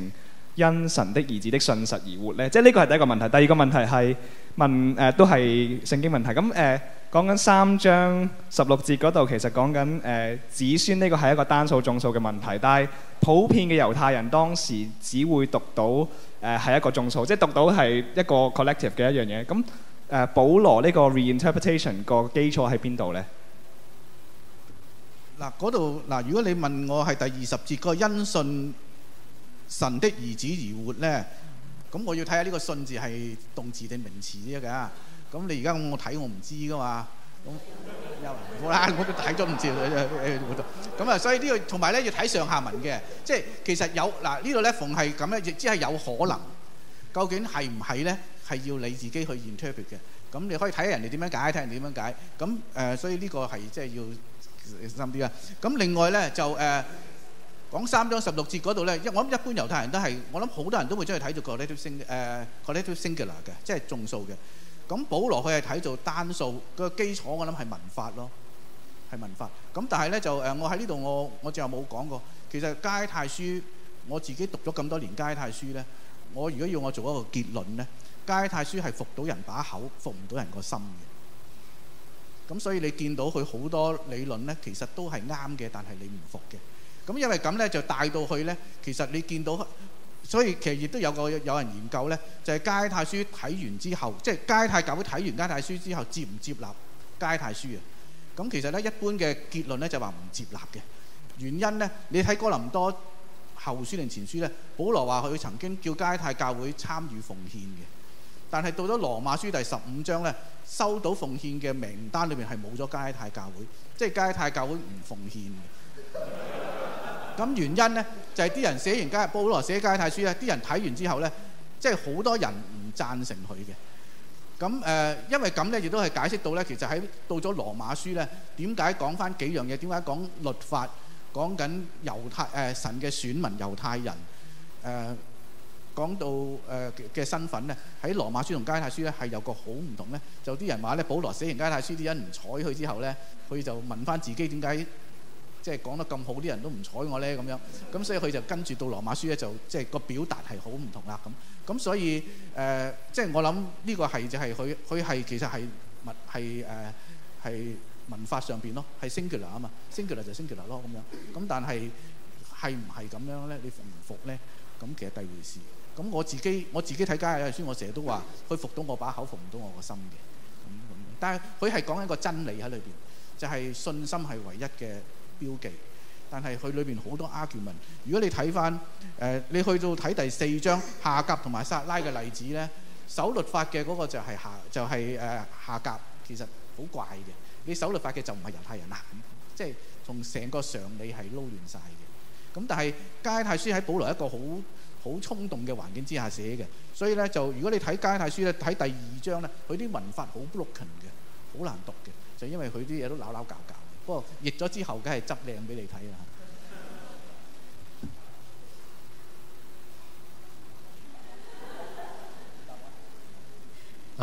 Speaker 5: 因神的兒子的信實而活呢？即係呢個係第一個問題。第二個問題係問，誒，都係聖經問題。咁，誒，講緊三章十六節嗰度，其實講緊，誒，子孫呢個係一個單數眾數嘅問題。但係普遍嘅猶太人當時只會讀到，誒，係一個眾數，即係讀到係一個 collective 嘅一樣嘢。咁，誒、呃，保羅呢個 reinterpretation 個基礎喺邊度咧？
Speaker 2: 嗱、啊，嗰度嗱，如果你問我係第二十節、個因信神的兒子而活咧，咁我要睇下呢個信字係動詞定名詞啫㗎、啊。咁你而家我睇我唔知㗎嘛。咁又辛苦啦，我都睇咗唔知啦。咁 (laughs) 啊，所以、這個、呢個同埋咧要睇上下文嘅，即、就、係、是、其實有嗱、啊、呢度咧，逢係咁咧，亦只係有可能，究竟係唔係咧？係要你自己去 interpret 嘅，咁你可以睇下人哋點樣解，睇下人哋點樣解。咁誒、呃，所以呢個係即係要深啲啦。咁另外呢，就誒、呃、講三章十六節嗰度呢，一我諗一般猶太人都係我諗好多人都會將佢睇做個 collective sing 誒個 collective singular 嘅、mm-hmm. uh,，即係眾數嘅。咁保羅佢係睇做單數嘅、嗰個、基礎，我諗係文法咯，係文法。咁但係呢，就誒，我喺呢度我我就冇講過。其實《加太書》，我自己讀咗咁多年《加太書》呢，我如果要我做一個結論呢。加拉太書》係服到人把口，服唔到人個心嘅。咁所以你見到佢好多理論呢，其實都係啱嘅，但係你唔服嘅。咁因為咁呢，就帶到去呢。其實你見到，所以其實亦都有個有人研究呢，就係《加拉太書》睇完之後，即係加拉太教會睇完《加拉太書》之後，接唔接納《加拉太書》啊？咁其實呢，一般嘅結論呢，就話唔接納嘅。原因呢，你睇哥林多後書定前書呢，保羅話佢曾經叫加拉太教會參與奉獻嘅。但係到咗羅馬書第十五章呢，收到奉獻嘅名單裏面係冇咗加拉太教會，即係加拉太教會唔奉獻嘅。咁 (laughs) 原因呢，就係、是、啲人寫完加日報、寫加拉太書咧，啲人睇完之後呢，即係好多人唔贊成佢嘅。咁誒、呃，因為咁呢，亦都係解釋到呢，其實喺到咗羅馬書呢，點解講返幾樣嘢？點解講律法？講緊猶太誒、呃、神嘅選民猶太人誒？呃講到誒嘅身份咧，喺羅馬書,和太書同加泰書咧係有個好唔同咧。就啲人話咧，保羅寫完加泰書啲人唔睬佢之後咧，佢就問翻自己點解即係講得咁好，啲人都唔睬我咧？咁樣咁，所以佢就跟住到羅馬書咧，就即係個表達係好唔同啦。咁咁，所以、呃、即係我諗呢個係就係佢佢係其實係文法文化上邊咯，係 singular 啊嘛，singular 就 singular 咯咁樣咁，但係係唔係咁樣咧？你服唔服咧？咁其實第二回事。咁我自己我自己睇《加拉太書》我，我成日都話佢服到我把口，服唔到我個心嘅。咁咁，但係佢係講一個真理喺裏邊，就係、是、信心係唯一嘅標記。但係佢裏邊好多 argument。如果你睇翻誒，你去到睇第四章夏甲同埋撒拉嘅例子呢，守律法嘅嗰個就係夏就係、是、誒、呃、夏甲，其實好怪嘅。你守律法嘅就唔係猶太人行，即係從成個常理係撈亂晒嘅。咁但係《加拉太書》喺保羅一個好好衝動嘅環境之下寫嘅，所以咧就如果你睇《加太書》咧，睇第二章咧，佢啲文法好 broken 嘅，好難讀嘅，就因為佢啲嘢都扭扭搞搞。不過譯咗之後，梗係執靚俾你睇啦。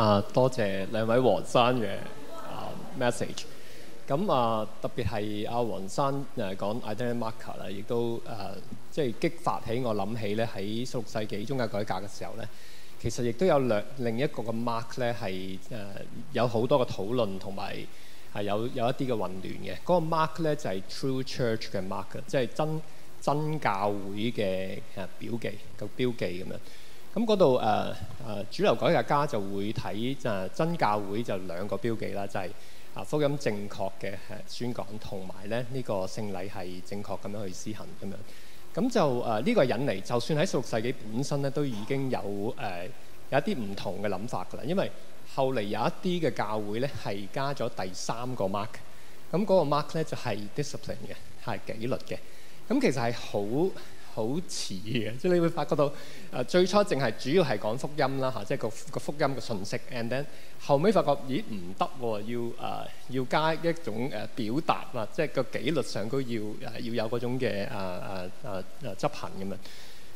Speaker 6: (laughs) 啊，多謝兩位黃生嘅、 (laughs) uh, message。咁啊，特別係阿黃生誒講 identity marker 啦，亦都誒即係激發起我諗起咧，喺十六世紀宗教改革嘅時候咧，其實亦都有兩另一個嘅 mark 咧，係誒有好多嘅討論同埋係有、啊、有，有一啲嘅混亂嘅。嗰、那個 mark 咧就係 true church 嘅 mark，即係真真教會嘅誒標記個標記咁樣。咁嗰度誒誒主流改革家就會睇誒真教會就係兩個標記啦，就係、係。啊，福音正確嘅宣講，同埋咧呢、呢個聖禮係正確咁樣去施行咁樣，咁就誒呢、呃呢個引嚟，就算喺十六世紀本身咧，都已經有誒、呃、有一啲唔同嘅諗法噶啦，因為後嚟有一啲嘅教會咧係加咗第三個 mark，咁嗰個 mark 咧就係、係、discipline 嘅，係紀律嘅，咁其實係好。好似嘅，即係你會發覺到誒，最初淨係主要係講福音啦嚇，即係個個福音嘅信息，and then 後尾發覺咦唔得喎，要誒、呃、要加一種誒表達嘛，即係個紀律上都要誒要有嗰種嘅誒誒誒誒執行咁樣。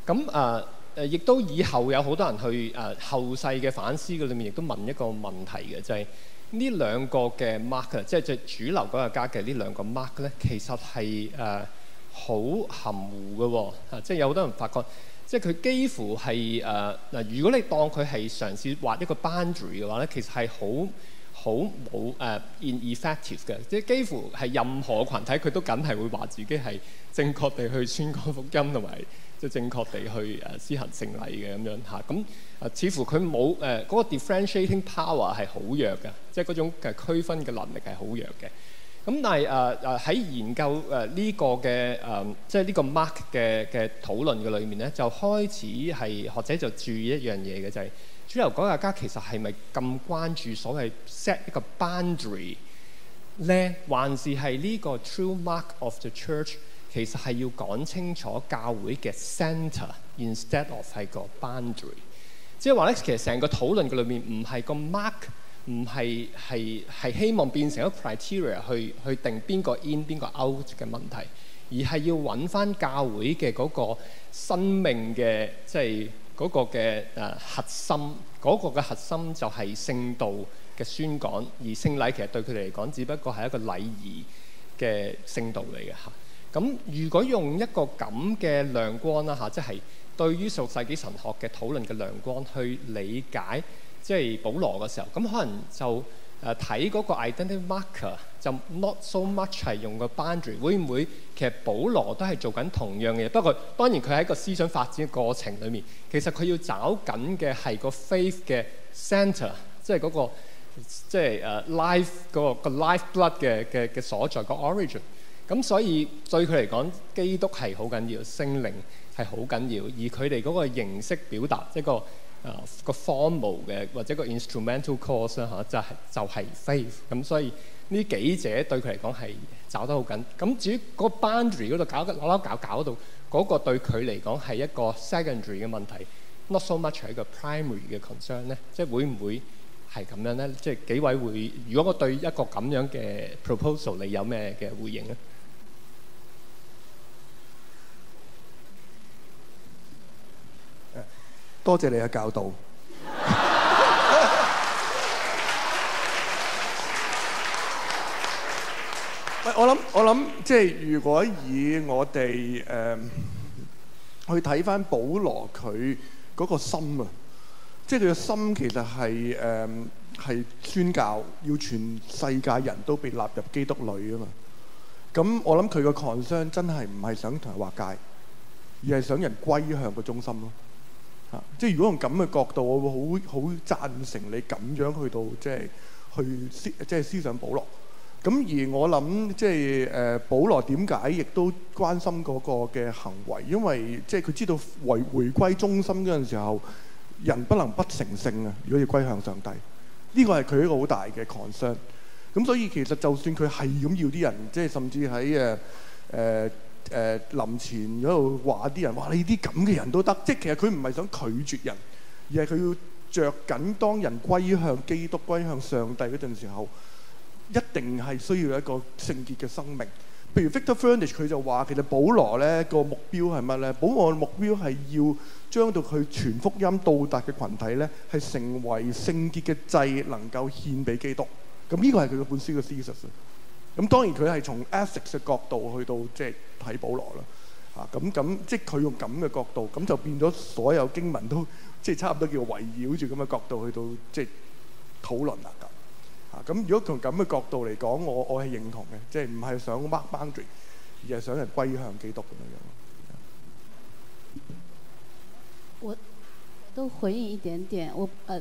Speaker 6: 咁誒誒亦都以後有好多人去誒、呃、後世嘅反思嘅裏面，亦都問一個問題嘅，就係呢兩個嘅 mark，即係最主流嗰個加嘅呢兩個 mark 咧，其實係誒。呃好含糊嘅喎、哦，即、就、係、是、有好多人發覺，即係佢幾乎係誒嗱，如果你當佢係嘗試劃一個 boundary 嘅話咧，其實係好好冇誒 ineffective 嘅，即、就、係、是、幾乎係任何個羣體，佢都梗係會話自己係正確地去宣講福音同埋，即係正確地去誒施行聖禮嘅咁樣吓，咁、嗯、啊似乎佢冇誒嗰個 differentiating power 係好弱嘅，即係嗰種嘅區分嘅能力係好弱嘅。咁、嗯、但係喺、呃呃、研究誒呢、呃呢個嘅誒、呃，即係呢個 mark 嘅嘅討論嘅裏面咧，就開始係學者就注意一樣嘢嘅就係、是、主流改革家其實係咪咁關注所謂 set 一個 boundary 咧，還是係呢個 true mark of the church 其實係要講清楚教會嘅 centre，instead of 係個 boundary，即係話咧其實成個討論嘅裏面唔係個 mark。唔係係係希望變成一個 criteria 去去定邊個 in 邊個 out 嘅問題，而係要揾翻教會嘅嗰個生命嘅即係嗰個嘅誒核心，嗰個嘅核心就係聖道嘅宣講，而聖禮其實對佢哋嚟講，只不過係一個禮儀嘅聖道嚟嘅嚇。咁如果用一個咁嘅亮光啦嚇，即係對於屬世紀神學嘅討論嘅亮光去理解。即係保羅嘅時候，咁可能就誒睇嗰個 identity marker 就 not so much 係用個 boundary，會唔會其實保羅都係做緊同樣嘅嘢？不過當然佢喺一個思想發展嘅過程裏面，其實佢要找緊嘅係個 faith 嘅 center，即係嗰個即係誒 life 嗰個個 life blood 嘅嘅嘅所在個 origin。咁所以對佢嚟講，基督係好緊要，聖靈係好緊要，而佢哋嗰個形式表達即個。啊個 formal 嘅或者個 instrumental course 啦、啊、嚇、啊，就係、就係 faith 咁，所以呢幾者對佢嚟講係找得好緊。咁至於個 boundary 嗰度搞攞攞搞搞，搞，搞得到嗰、嗰個對佢嚟講係一個 secondary 嘅問題，not so much 係一個 primary 嘅 concern 咧。即係會唔會係咁樣咧？即係紀委會，如果我對一個咁樣嘅 proposal，你有咩嘅回應咧？
Speaker 3: 多謝你嘅教導。 (laughs) 喂， (laughs) 我諗我諗，即係如果以我哋、嗯、去睇翻保羅佢嗰個心啊，即係佢嘅心其實係誒、嗯、宣教，要全世界人都被納入基督裏啊嘛。咁我諗佢個 concern 真係唔係想同人劃界，而係想人歸向個中心咯。即係如果用咁嘅角度，我會好好贊成你咁樣去到即係去思即係思想保羅。咁而我諗即係誒、呃、保羅點解亦都關心嗰個嘅行為，因為即係佢知道回回歸中心嗰陣時候，人不能不成聖啊！如果要歸向上帝，呢個係佢一個好大嘅 concern。咁所以其實就算佢係咁要啲人，即係甚至喺誒誒。呃誒、呃、臨前喺度話啲人，話你啲咁嘅人都得，即係其實佢唔係想拒絕人，而係佢要着緊當人歸向基督、歸向上帝嗰陣時候，一定係需要一個聖潔嘅生命。譬如 Victor Furnish 佢就話，其實保羅咧個目標係乜咧？保羅嘅目標係要將到佢全福音到達嘅群體咧，係成為聖潔嘅祭，能夠獻俾基督。咁呢個係佢嘅本書嘅事實。咁當然佢係從 ethics 嘅角度去到即係睇保羅啦，啊咁咁即係佢用咁嘅角度，咁就變咗所有經文都即係差唔多叫圍繞住咁嘅角度去到即係討論啊咁，啊咁如果從咁嘅角度嚟講，我我係認同嘅，即係唔係想 mark boundary，而係想人歸向基督咁樣樣。我
Speaker 1: 都回應一點點，我呃。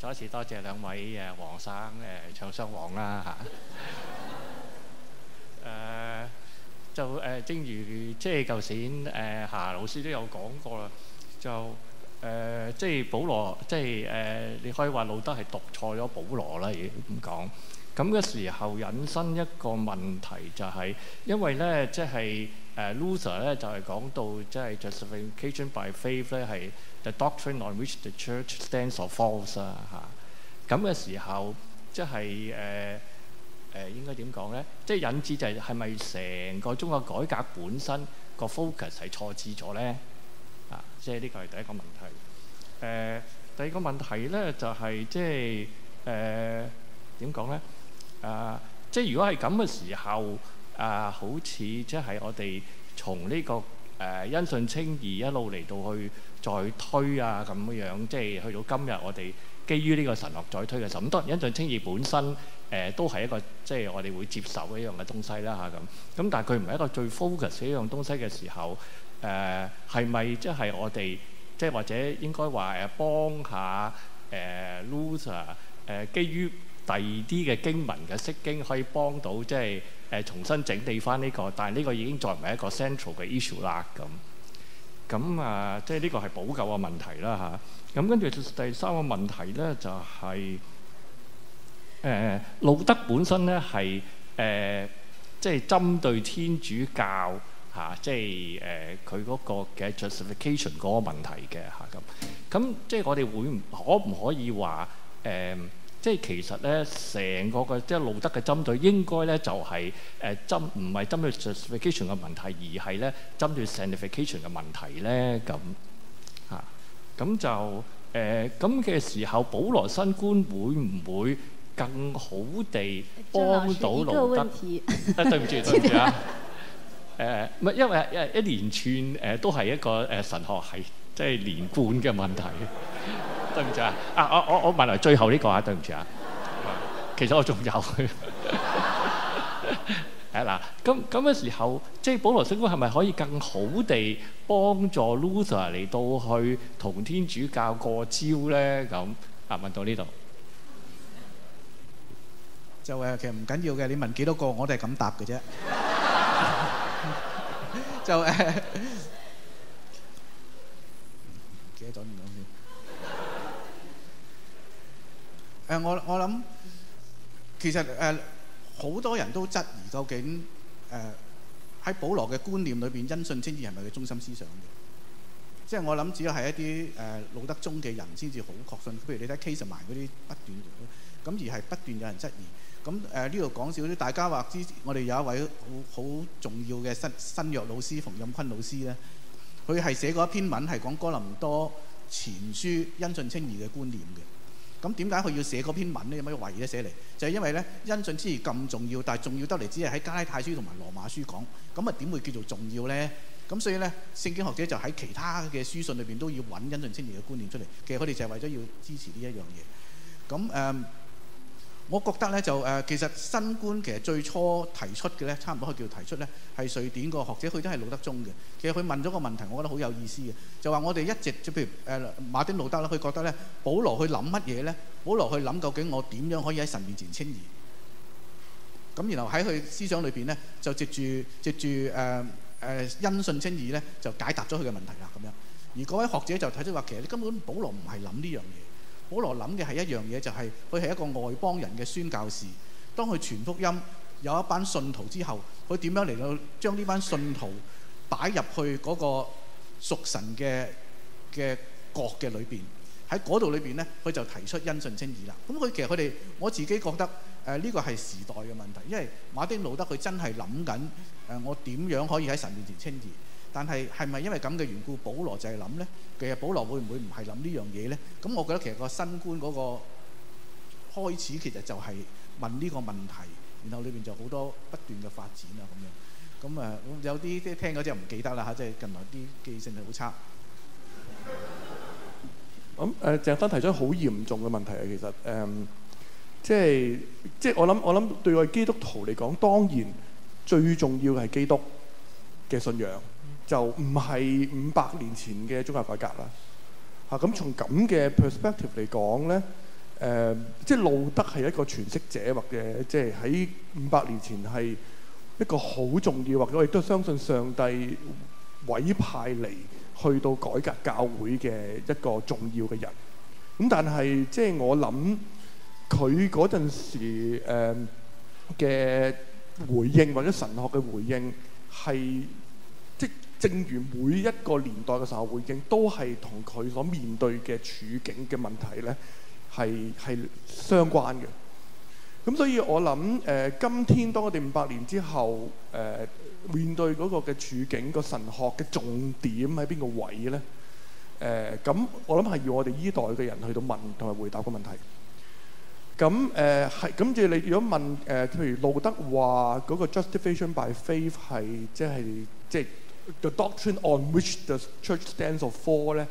Speaker 7: 再一次多謝兩位，誒黃生唱雙簧啦、啊啊 (laughs) (laughs) 啊、就、啊、正如即係舊時誒夏老師都有講過啦就。誒、呃，即係保羅，即係誒、呃，你可以話路德係讀錯咗保羅啦，而咁講。咁嘅時候引申一個問題就係、是，因為咧，即係誒 Luther 咧就係、是、講到即係 justification by faith 咧係 the doctrine on which the church stands or falls 啊嚇。咁嘅時候，即係誒誒，應該點講咧？即係引致就係係咪成個宗教改革本身個 focus 係錯置咗咧？即係呢個係第一個問題。誒、呃，第二個問題呢，就係即係誒點講呢？啊、呃，即係如果係咁嘅時候，啊、呃，好似即係我哋從呢個誒因、呃、信稱義一路嚟到去再推啊咁樣，即係去到今日我哋基於呢個神學再推嘅時候，咁當然因信稱義本身誒、呃、都係一個即係我哋會接受嘅一樣嘅東西啦嚇咁。咁但係佢唔係一個最 focus 嘅一樣東西嘅時候。誒係咪即係我哋即係或者應該話誒幫下誒 Luther 誒基於第二啲嘅經文嘅釋經可以幫到即係誒重新整理翻呢個，但係呢個已經再唔係一個 central 嘅 issue 啦咁。咁、呃就是、啊，即係呢個係補救嘅問題啦吓，咁跟住第三個問題咧就係、是、誒、呃、路德本身咧係誒即係針對天主教。嚇、啊，即係誒佢嗰個嘅 justification 嗰個問題嘅嚇咁，咁、啊、即係我哋會可唔可以話誒、呃？即係其實咧，成個嘅即係路德嘅針對，應該咧就係、是、誒、呃、針唔係針對 justification 嘅問題，而係咧針對 sanctification 嘅問題咧咁嚇，咁、啊啊、就誒咁嘅時候，保羅新觀會唔會更好地幫到路德？啊，對唔住，對唔住啊！ (laughs) 誒唔係因為一連串誒都係一個誒神學係即係連貫嘅問題，對唔住啊！啊我我我問嚟最後呢個啊，對唔住啊！其實我仲有誒 (laughs) 嗱、 (laughs) 啊，咁咁嘅時候，即係保羅新觀係咪可以更好地幫助 Luther 嚟到
Speaker 2: 去同天主教過招咧？咁啊問到呢度就誒，其實唔緊要嘅，你問幾多個，我哋係咁答嘅啫。就誒，記咗唔到先。誒，我我諗，其實誒好多人都質疑究竟誒喺保羅嘅觀念裏邊，因信稱義係咪佢中心思想嘅？即係我諗，只要係一啲誒路德宗嘅人先至好確信。譬如你睇 case 埋嗰啲不斷咁，而係不斷有人質疑。咁誒呢度講少啲，大家話知我哋有一位好好重要嘅新新約老師馮蔭坤老師咧，佢係寫過一篇文，係講哥林多前書因信稱義嘅觀念嘅。咁點解佢要寫嗰篇文咧？有乜嘢懷疑咧？寫嚟就係、是、因為咧，因信稱義咁重要，但係重要得嚟只係喺加拉太書同埋羅馬書講，咁啊點會叫做重要咧？咁所以咧，聖經學者就喺其他嘅書信裏邊都要揾因信稱義嘅觀念出嚟其實。佢哋就係為咗要支持呢一樣嘢。咁誒。呃我覺得呢，就誒，其實新觀其實最初提出嘅呢，差唔多佢叫提出呢，係瑞典個學者，佢都係路德宗嘅。其實佢問咗個問題，我覺得好有意思嘅，就話我哋一直即譬如誒馬丁路德啦，佢覺得呢，保羅去諗乜嘢呢？保羅去諗究竟我點樣可以喺神面前稱義？咁然後喺佢思想裏邊呢，就藉住藉住誒誒因信稱義呢，就解答咗佢嘅問題啦咁樣。而嗰位學者就提出話，其實根本保羅唔係諗呢樣嘢。保羅諗嘅係一樣嘢，就係佢係一個外邦人嘅宣教士。當佢傳福音，有一班信徒之後，佢點樣嚟到將呢班信徒擺入去嗰個屬神嘅嘅國嘅裏邊？喺嗰度裏邊呢，佢就提出因信稱義啦。咁佢其實佢哋，我自己覺得誒呢、呃這個係時代嘅問題，因為馬丁路德佢真係諗緊誒我點樣可以喺神面前稱義。但係係咪因為咁嘅緣故，保羅就係諗咧？其實保羅會唔會唔係諗呢樣嘢咧？咁我覺得其實個新觀嗰個開始，其實就係問呢個問題，然後裏邊就好多不斷嘅發展啊，咁樣咁誒，有啲即係聽嗰啲又唔記得啦嚇，即係近來啲記性係好差。
Speaker 3: 咁誒，鄭芬提出好嚴重嘅問題啊，其實誒，即係即係我諗我諗對我基督徒嚟講，當然最重要係基督嘅信仰。就唔係五百年前嘅宗教改革啦，嚇、嗯、咁從咁嘅 perspective 嚟講，咧、呃，誒即係路德係一個詮釋者或者即係喺五百年前係一個好重要或者我亦都相信上帝委派嚟去到改革教會嘅一個重要嘅人。咁、嗯、但係即係我諗佢嗰陣時誒嘅、呃、回應或者神學嘅回應係。正如每一個年代嘅神學環境，都係同佢所面對嘅處境嘅問題咧，係係相關嘅。咁所以我諗誒、呃，今天當我哋五百年之後誒、呃、面對嗰個嘅處境個神學嘅重點喺邊個位咧？誒、呃、咁我諗係要我哋依代嘅人去到問同埋回答個問題。咁誒係，咁、呃、即你如果問誒、呃，譬如路德話嗰個 justification by faith 係即係即係。就是就是 The doctrine on which the church stands or fall 咧，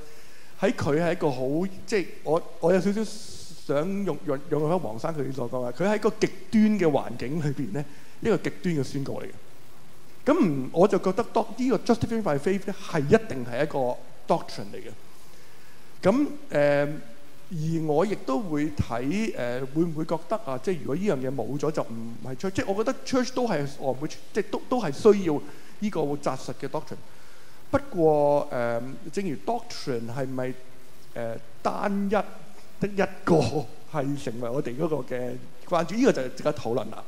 Speaker 3: 喺佢係一個好即係我我有少少想用用用喺黃生佢所講嘅。佢係一個極端嘅環境裏邊咧，一個極端嘅宣告嚟嘅。咁唔我就覺得 d 呢個 justifying faith 咧係一定係一個 doctrine 嚟嘅。咁誒、呃、而我亦都會睇誒、呃、會唔會覺得啊，即係如果呢樣嘢冇咗就唔係 church，即係我覺得 church 都係我唔會即係都都係需要。呢、這個會紮實嘅 doctrine，不過誒、呃，正如 doctrine 係咪誒單一的一個係成為我哋嗰個嘅關注？呢、這個就係值得討論啦。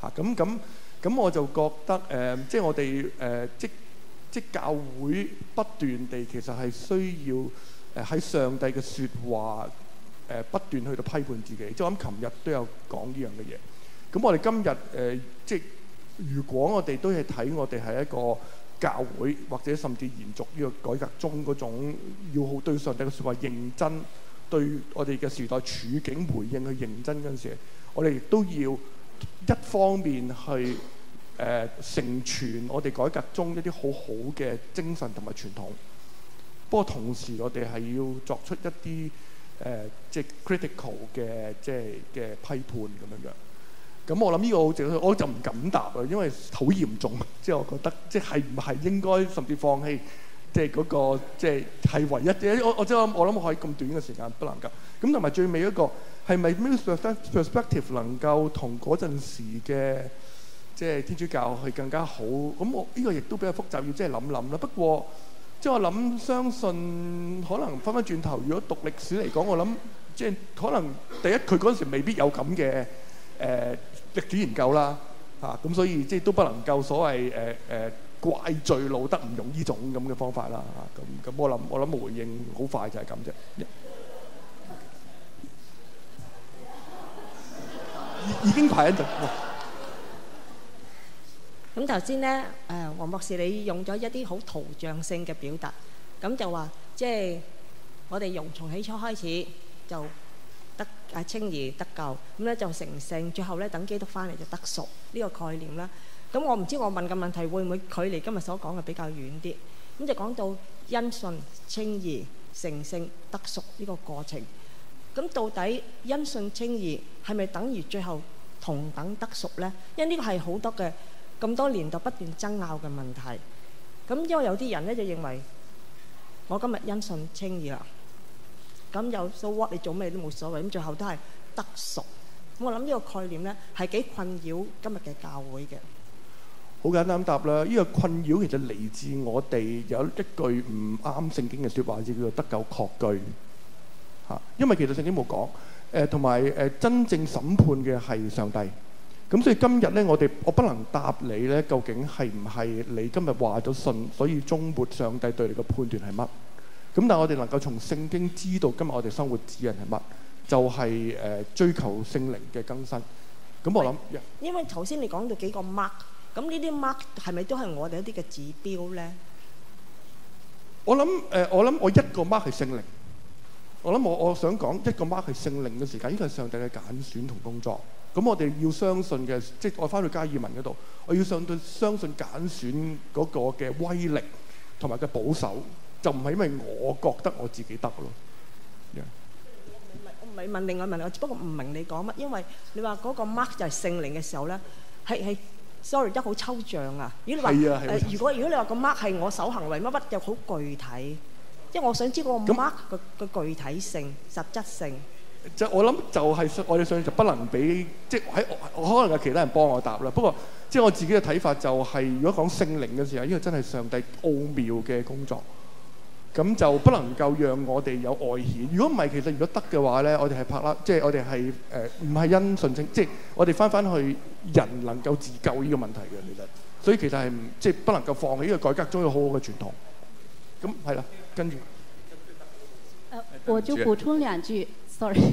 Speaker 3: 嚇、啊，咁咁咁，我就覺得誒、呃，即係我哋誒、呃，即即教會不斷地其實係需要誒喺上帝嘅説話誒、呃、不斷去到批判自己。即係我諗，琴日都有講呢樣嘅嘢。咁我哋今日誒、呃，即係。如果我哋都係睇我哋係一個教會或者甚至延續呢個改革宗嗰種要對上帝嘅說話認真，對我哋嘅時代處境回應去認真陣時，我哋亦都要一方面去誒、呃、成全我哋改革宗一啲好好嘅精神同埋傳統，不過同時我哋係要作出一啲誒、呃、即係 critical 嘅即係嘅批判咁樣樣。咁我諗呢個好重要，我就唔敢答啦，因為好嚴重，即係我覺得即係唔係應該甚至放棄，即係嗰個即係係唯一嘅。我我即係我諗可以咁短嘅時間不能夠。咁同埋最尾一個係咪 multi perspective 能夠同嗰陣時嘅即係天主教係更加好？咁我呢個亦都比較複雜，要即係諗諗啦。不過即係我諗相信可能翻返轉頭，如果讀歷史嚟講，我諗即係可能第一佢嗰陣時未必有咁嘅誒。歷史研究啦，嚇咁所以即係都不能夠所謂誒誒怪罪老得唔用呢種咁嘅方法啦，嚇咁咁我諗我諗回應好快就係咁啫，已已經排一陣咁。
Speaker 8: 咁頭先咧，誒黃博士你用咗一啲好圖像性嘅表達，咁就話即係我哋用從起初開始就。得啊，稱義得救咁咧就成聖，最後咧等基督返嚟就得屬呢個概念啦。咁我唔知我問嘅問題會唔會距離今日所講嘅比較遠啲？咁就講到因信稱義成聖得屬呢個過程。咁到底因信稱義係咪等於最後同等得屬咧？因為呢個係好多嘅咁多年度不斷爭拗嘅問題。咁因為有啲人咧就認為，我今日因信稱義啦。咁又 so what，你做咩都冇所謂，咁最後都係得救。咁我諗呢個概念咧係幾困擾今日嘅教會嘅。
Speaker 3: 好簡單答啦，呢個困擾其實嚟自我哋有一句唔啱聖經嘅説話，就叫做得救確據。嚇，因為其實聖經冇講，誒同埋誒真正審判嘅係上帝。咁所以今日咧，我哋我不能答你咧，究竟係唔係你今日話咗信，所以終末上帝對你嘅判斷係乜？咁但係我哋能夠從聖經知道今日我哋生活指引係乜，就係、是、誒追求聖靈嘅更新。咁我諗，
Speaker 8: 因為頭先你講到幾個 mark，咁呢啲 mark 係咪都係我哋一啲嘅指標咧？
Speaker 3: 我諗誒，我諗我一個 mark 係聖靈。我諗我我想講一個 mark 係聖靈嘅時間，應該係上帝嘅揀選同工作。咁我哋要相信嘅，即係我翻去加爾文嗰度，我要上到相信揀選嗰個嘅威力同埋嘅保守。就唔係因為我覺得我自己得咯。
Speaker 8: 我唔係問另外問，我只不過唔明你講乜。因為你話嗰個 mark 就係聖靈嘅時候咧，係係 sorry 得好抽象啊。如果你話如果如果你話個 mark 係我手行為乜乜，又好具體，因為我想知個 mark 嘅個具體性、實質性。
Speaker 3: 就我諗就係我哋想就不能俾即喺我可能有其他人幫我答啦。不過即係我自己嘅睇法就係，如果講聖靈嘅時候，呢個真係上帝奧妙嘅工作。咁就不能夠讓我哋有外顯。如果唔係，其實如果得嘅話咧，我哋係拍啦，即係我哋係誒唔係因信稱，即係我哋翻翻去人能夠自救呢個問題嘅其實。所以其實係唔即係不能夠放棄呢個改革中有好好嘅傳統。咁係啦，跟住。誒，
Speaker 1: 我就補充兩句，sorry。 (laughs)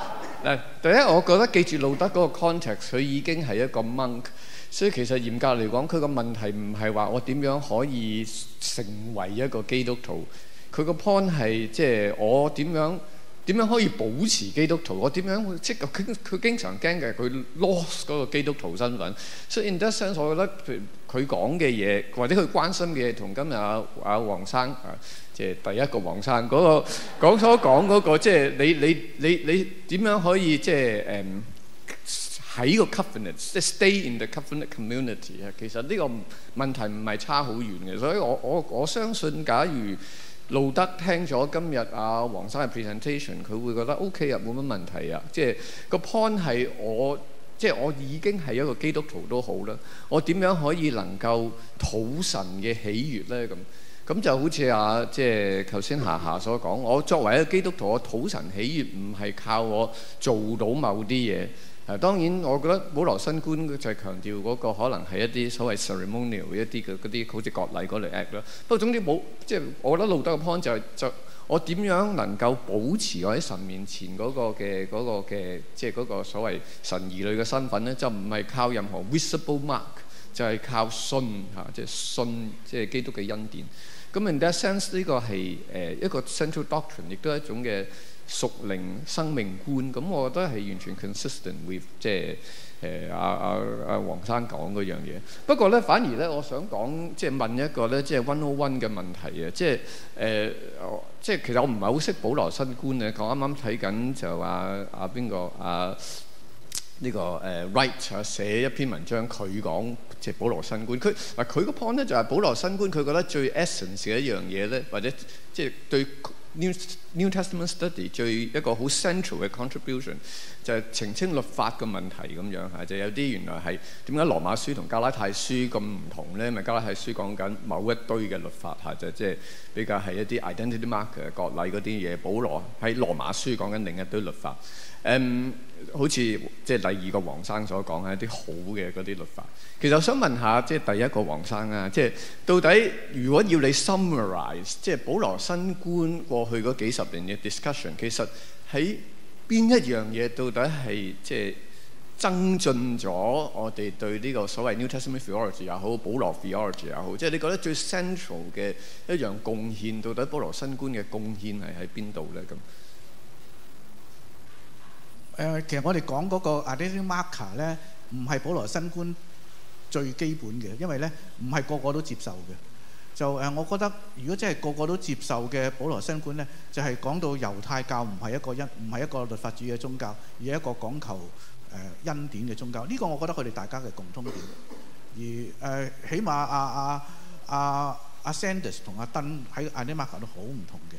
Speaker 9: 嗱，第一我覺得記住路德嗰個 context，佢已經係一個 monk，所以其實嚴格嚟講，佢個問題唔係話我點樣可以成為一個基督徒，佢個 point 係即係我點樣點樣可以保持基督徒，我點樣即係佢佢經常驚嘅佢 lose 嗰個基督徒身份，所以 in that sense，我覺得佢佢講嘅嘢或者佢關心嘅嘢，同今日阿啊黃生啊。啊誒第一個黃生嗰個講所講嗰個，即係你你你你點樣可以即係誒喺個 covenant，即係 stay in the covenant community 啊？其實呢個問題唔係差好遠嘅，所以我我我相信，假如路德聽咗今日阿黃生嘅 presentation，佢會覺得 OK 啊，冇乜問題啊。即係個 point 係我即係我已經係一個基督徒都好啦，我點樣可以能夠討神嘅喜悅咧？咁。咁就好似啊，即係頭先霞霞所講。我作為一個基督徒，我討神喜悦唔係靠我做到某啲嘢。誒，當然我覺得保羅新觀就係強調嗰個可能係一啲所謂 ceremonial 一啲嘅嗰啲好似割禮嗰類 act 啦。不過總之冇即係我覺得路德嘅 point 就係、是、就我點樣能夠保持我喺神面前嗰、那個嘅嗰嘅即係嗰個所謂神兒女嘅身份咧，就唔、是、係靠任何 visible mark，就係靠信吓，即係信即係、就是、基督嘅恩典。咁 in that sense 呢個係誒一個 central doctrine，亦都係一種嘅屬靈生命觀。咁我覺得係完全 consistent with 即係誒阿阿阿黃生講嗰樣嘢。不過咧，反而咧，我想講即係問一個咧即係 one-on-one 嘅問題啊！即係誒、呃，即係其實我唔係好識保羅新觀剛剛啊。我啱啱睇緊就係話阿邊個阿。啊呢、這個誒 write 啊寫一篇文章，佢講即係保羅新觀。佢嗱佢個 point 咧就係保羅新觀，佢覺得最 essence 嘅一樣嘢咧，或者即係對 New New Testament Study 最一個好 central 嘅 contribution 就係澄清律法嘅問題咁樣，或就有啲原來係點解羅馬書同加拉太書咁唔同咧？咪加拉太書講緊某一堆嘅律法嚇，就即、是、係比較係一啲 identity marker 嘅割禮嗰啲嘢。保羅喺羅馬書講緊另一堆律法。誒、嗯。好似即係第二個黃生所講嘅一啲好嘅嗰啲律法。其實我想問一下，即係第一個黃生啊，即係到底如果要你 summarize，即係保羅新觀過去嗰幾十年嘅 discussion，其實喺邊一樣嘢到底係即係增進咗我哋對呢個所謂 New Testament theology 又好，保羅 theology 又好，即係你覺得最 central 嘅一樣貢獻，到底保羅新觀嘅貢獻係喺邊度咧？咁。
Speaker 2: 誒，其實我哋講嗰個 identity marker 咧，唔係保羅新觀最基本嘅，因為咧唔係個個都接受嘅。就誒，我覺得如果真係個個都接受嘅保羅新觀咧，就係講到猶太教唔係一個一唔係一個律法主義嘅宗教，而係一個講求誒恩典嘅宗教。呢個我覺得佢哋大家嘅共通點。而誒，起碼阿阿阿阿 Sanders 同阿鄧喺 identity marker 都好唔同嘅。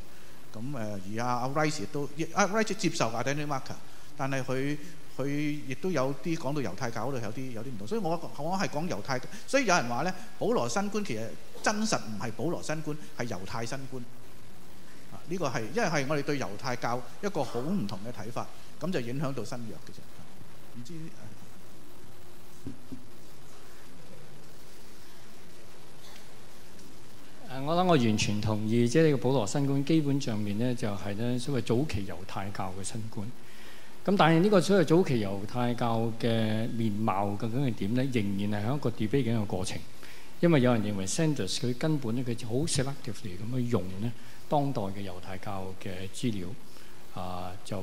Speaker 2: 咁誒，而阿阿 Rice 亦都阿 Rice 接受 identity marker。但係佢佢亦都有啲講到猶太教嗰度有啲有啲唔同，所以我講係講猶太教。所以有人話咧，保羅新觀其實真實唔係保羅新觀，係猶太新觀。呢、呢個係因為係我哋對猶太教一個好唔同嘅睇法，咁就影響到新約嘅啫。唔知啊？
Speaker 10: 誒，我諗我完全同意，即、呢、係個保羅新觀基本上面咧就係咧所謂早期猶太教嘅新觀。咁但係呢個所謂早期猶太教嘅面貌究竟係點咧？仍然係喺一個 debate 緊嘅一個過程，因為有人認為 Sanders 佢根本咧佢就好 selectively 咁去用呢當代嘅猶太教嘅資料啊，就誒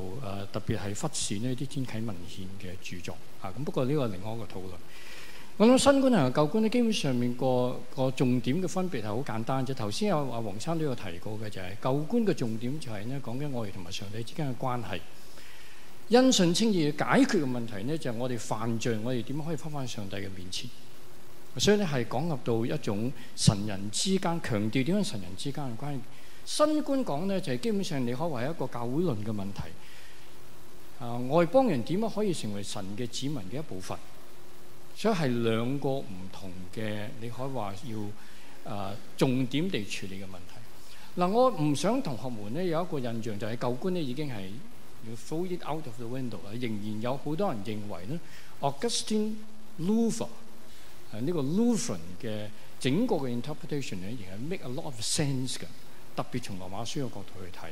Speaker 10: 特別係忽視呢啲天啟文獻嘅著作啊。咁不過呢個係另外一個討論。我諗新觀同舊觀咧基本上面個個重點嘅分別係好簡單啫。頭先阿啊黃生都有提過嘅，就係舊觀嘅重點就係呢講緊我哋同埋上帝之間嘅關係。因信稱義的解決嘅問題咧，就係、是、我哋犯罪，我哋點樣可以翻返上帝嘅面前？所以咧，係講入到一種神人之間，強調點樣神人之間嘅關係。新觀講咧，就係、是、基本上你可以話係一個教會論嘅問題。啊、呃，外邦人點樣可以成為神嘅子民嘅一部分？所以係兩個唔同嘅，你可以話要啊、呃、重點地處理嘅問題。嗱、呃，我唔想同學們咧有一個印象，就係、是、舊觀咧已經係，要 throw it out of the window 啊、uh,，仍然有好多人認為咧、uh,，Augustine Luther 呢個 Luther 嘅整個嘅 interpretation 咧、uh,，仍然 make a lot of sense 㗎。特別從羅馬書嘅角度去睇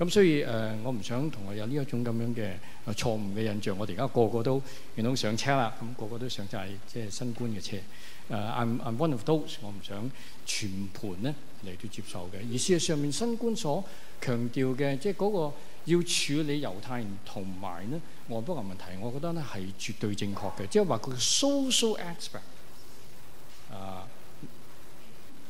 Speaker 10: 咁，所以誒、uh, uh,，我唔想同我有呢一種咁樣嘅錯誤嘅印象。我哋而家個個都見到 you know, 上車啦，咁、嗯、個個都上就係即係新觀嘅車。誒、uh,，I'm I'm one of those。我唔想全盤咧嚟到接受嘅，而事實上面新觀所強調嘅即係嗰、那個。要處理猶太人同埋咧外邦人問題，我覺得咧係絕對正確嘅，即係話佢 social aspect 啊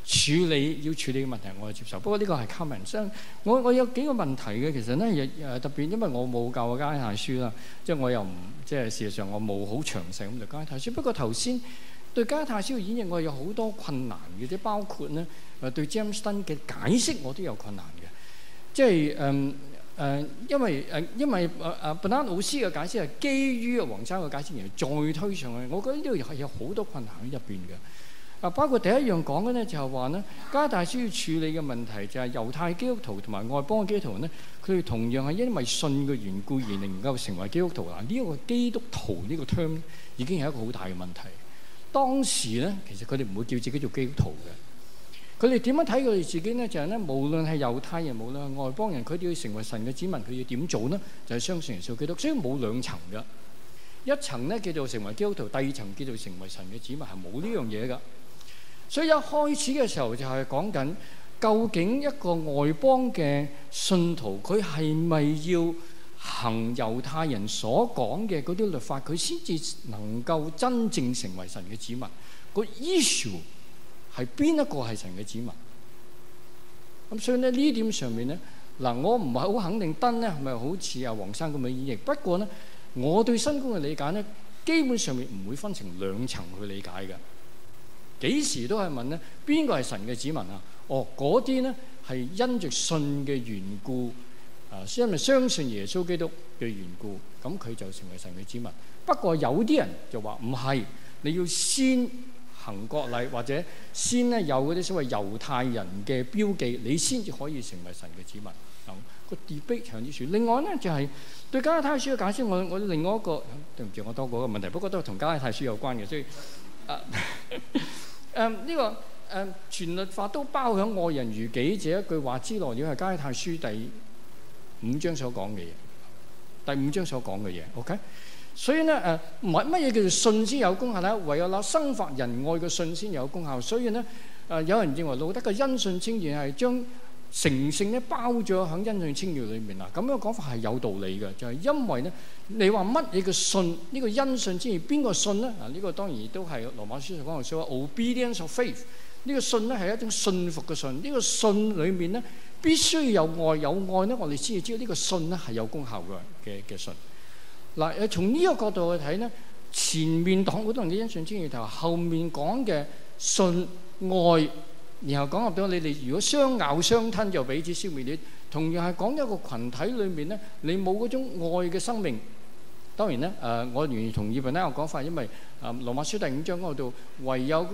Speaker 10: 處理要處理嘅問題，我係接受。不過呢個係 common。我我有幾個問題嘅，其實咧誒特別，因為我冇教過加拉太書啦，即係我又唔即係事實上我冇好詳細咁讀加拉太書。不過頭先對加拉太書嘅演繹，我有好多困難嘅，即包括咧誒對 James Dunn 嘅解釋，我都有困難嘅，即係嗯。誒，因為誒，因為阿阿布丹老師嘅解釋係基於黃生嘅解釋然後再推上去，我覺得呢度係有好多困難喺入邊嘅。啊，包括第一樣講嘅咧就係話咧，加大需要處理嘅問題就係猶太基督徒同埋外邦嘅基督徒咧，佢哋同樣係因為信嘅緣故而能夠成為基督徒。嗱，呢一個基督徒呢個 term 已經係一個好大嘅問題。當時咧，其實佢哋唔會叫自己做基督徒嘅。佢哋點樣睇佢哋自己咧？就係、是、咧，無論係猶太人，無論係外邦人，佢哋要成為神嘅子民，佢要點做呢？就係、是、相信耶穌基督。所以冇兩層嘅，一層咧叫做成為基督徒，第二層叫做成為神嘅子民，係冇呢樣嘢㗎。所以一開始嘅時候就係講緊究竟一個外邦嘅信徒，佢係咪要行猶太人所講嘅嗰啲律法，佢先至能夠真正成為神嘅子民？個 issue。係邊一個係神嘅子民？咁所以咧呢點上面咧，嗱我唔係好肯定，登咧係咪好似阿黃生咁嘅演繹？不過咧，我對新觀嘅理解咧，基本上面唔會分成兩層去理解嘅。幾時都係問咧，邊個係神嘅子民啊？哦，嗰啲咧係因着信嘅緣故，啊、呃，因為相信耶穌基督嘅緣故，咁佢就成為神嘅子民。不過有啲人就話唔係，你要先。行國禮或者先咧有嗰啲所謂猶太人嘅標記，你先至可以成為神嘅子民。咁個地碑強子書。另外咧就係、是、對加拉太書嘅解釋，我我另外一個，對唔住，我多過一個問題，不過都係同加拉太書有關嘅，所以誒誒呢個誒、嗯、全律法都包喺愛人如己這一句話之內，而係加拉太書第五章所講嘅嘢，第五章所講嘅嘢。OK。所以咧，誒唔係乜嘢叫做信先有功效咧？唯有嗱生發仁愛嘅信先有功效。所以咧，誒、呃、有人認為路德嘅因信稱義係將成聖咧包咗喺因信稱義裏面啊。咁樣講法係有道理嘅，就係、是、因為咧，你話乜嘢嘅信呢個因信稱義邊個信咧？啊呢、這個當然亦都係羅馬書講所謂 obedience of faith 呢個信咧係一種信服嘅信。呢、這個信裏面咧必須要有愛，有愛咧，我哋先要知道呢個信咧係有功效嘅嘅嘅信。嗱，誒從呢個角度去睇咧，前面講好多人啲因信稱義頭，後面講嘅信愛，然後講入到你哋，如果相咬相吞就彼此消滅你，同樣係講一個羣體裏面咧，你冇嗰種愛嘅生命，當然咧，誒我完全同意文拉我講法，因為誒羅馬書第五章嗰度唯有嗰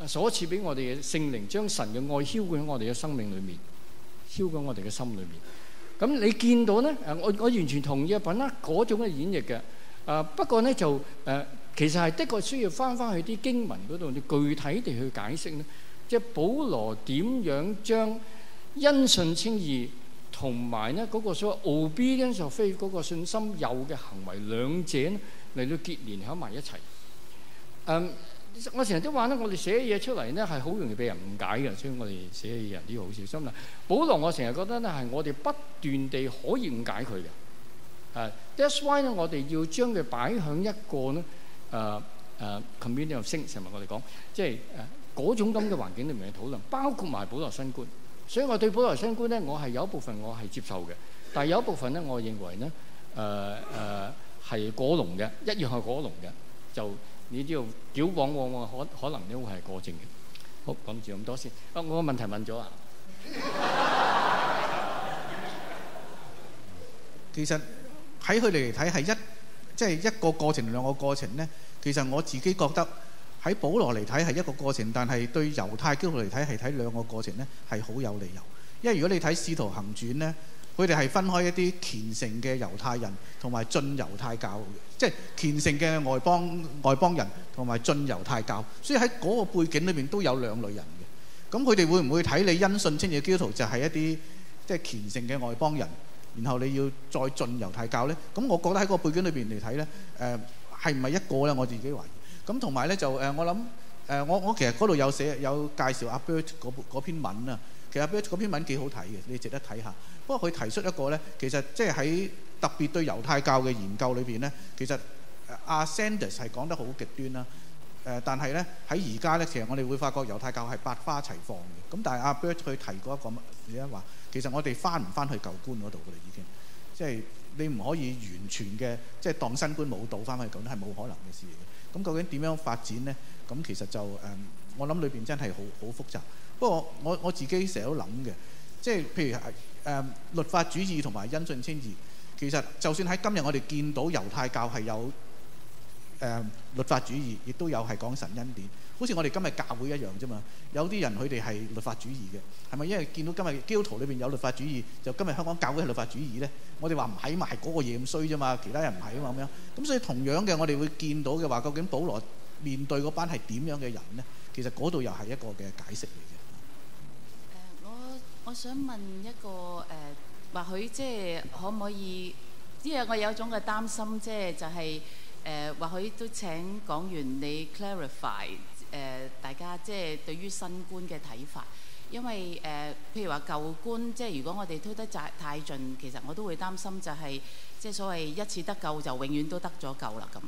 Speaker 10: 個所賜俾我哋嘅聖靈，將神嘅愛澆灌喺我哋嘅生命裏面，澆灌喺我哋嘅心裏面。咁你見到咧？誒，我我完全同意啊，品啦嗰種嘅演繹嘅。誒，不過咧就誒，其實係的確需要返返去啲經文嗰度，要具體地去解釋咧。即係保羅點樣將因信稱義同埋咧嗰個所謂 obedience of faith 嗰個信心有嘅行為兩者咧，嚟到結連喺埋一齊。嗯。我成日都話咧，我哋寫嘢出嚟咧係好容易俾人誤解嘅，所以我哋寫嘢人都好小心啦。保羅，我成日覺得咧係我哋不斷地可以誤解佢嘅。誒，that's why 咧，我哋要將佢擺響一個咧誒誒 convenient setting，同埋我哋講，即係誒嗰種咁嘅環境裡面去討論，包括埋保羅新觀。所以我對保羅新觀咧，我係有一部分我係接受嘅，但係有一部分咧，我認為咧誒誒係果籠嘅，一樣係果籠嘅就。你知道，矯枉往往往可可能呢會係過程嘅。好，講住咁多先。啊，我個
Speaker 2: 問題問咗啊。其實喺佢哋嚟睇係一即係一個過程，兩個過程咧。其實我自己覺得喺保羅嚟睇係一個過程，但係對猶太基督徒嚟睇係睇兩個過程咧，係好有理由。因為如果你睇《使徒行傳》咧。佢哋係分開一啲虔誠嘅猶太人同埋進猶太教嘅，即係虔誠嘅外邦外邦人同埋進猶太教，所以喺嗰個背景裏面都有兩類人嘅。咁佢哋會唔會睇你因信稱義基督徒就係一啲即係虔誠嘅外邦人，然後你要再進猶太教咧？咁我覺得喺個背景裏邊嚟睇咧，誒係唔係一個咧？我自己懷疑。咁同埋咧就誒，我諗誒，我我其實嗰度有寫有介紹阿 Bert 嗰部嗰篇文啊。其實阿 Bird 嗰篇文幾好睇嘅，你值得睇下。不過佢提出一個呢，其實即係喺特別對猶太教嘅研究裏邊呢，其實阿 Sanders 係講得好極端啦。但係呢，喺而家呢，其實我哋會發覺猶太教係百花齊放嘅。咁但係阿 Bird 佢提過一個乜嘢咧？話其實我哋翻唔翻去舊觀嗰度嘅已經，即係你唔可以完全嘅即係當新觀冇到翻返去舊觀係冇可能嘅事嚟嘅。咁究竟點樣發展呢？咁其實就誒，我諗裏邊真係好好複雜。不過我我自己成日都諗嘅，即係譬如係誒、呃、律法主義同埋因信稱義。其實就算喺今日，我哋見到猶太教係有誒、呃、律法主義，亦都有係講神恩典。好似我哋今日教會一樣啫嘛。有啲人佢哋係律法主義嘅，係咪因為見到今日基督徒裏邊有律法主義，就今日香港教會係律法主義呢，我哋話唔係埋嗰個嘢咁衰啫嘛，其他人唔係啊嘛咁樣。咁所以同樣嘅，我哋會見到嘅話，究竟保羅面對嗰班係點樣嘅人呢？其實嗰度又係一個嘅解釋。
Speaker 11: 我想問一個誒，或許即係可唔可以？因為我有一種嘅擔心，就是，即係就係誒，或許都請講完你 clarify 誒、呃，大家即係對於新觀嘅睇法，因為誒、呃，譬如話舊觀，即、就、係、是、如果我哋推得太太盡，其實我都會擔心就係即係所謂一次得救就永遠都得咗救啦咁。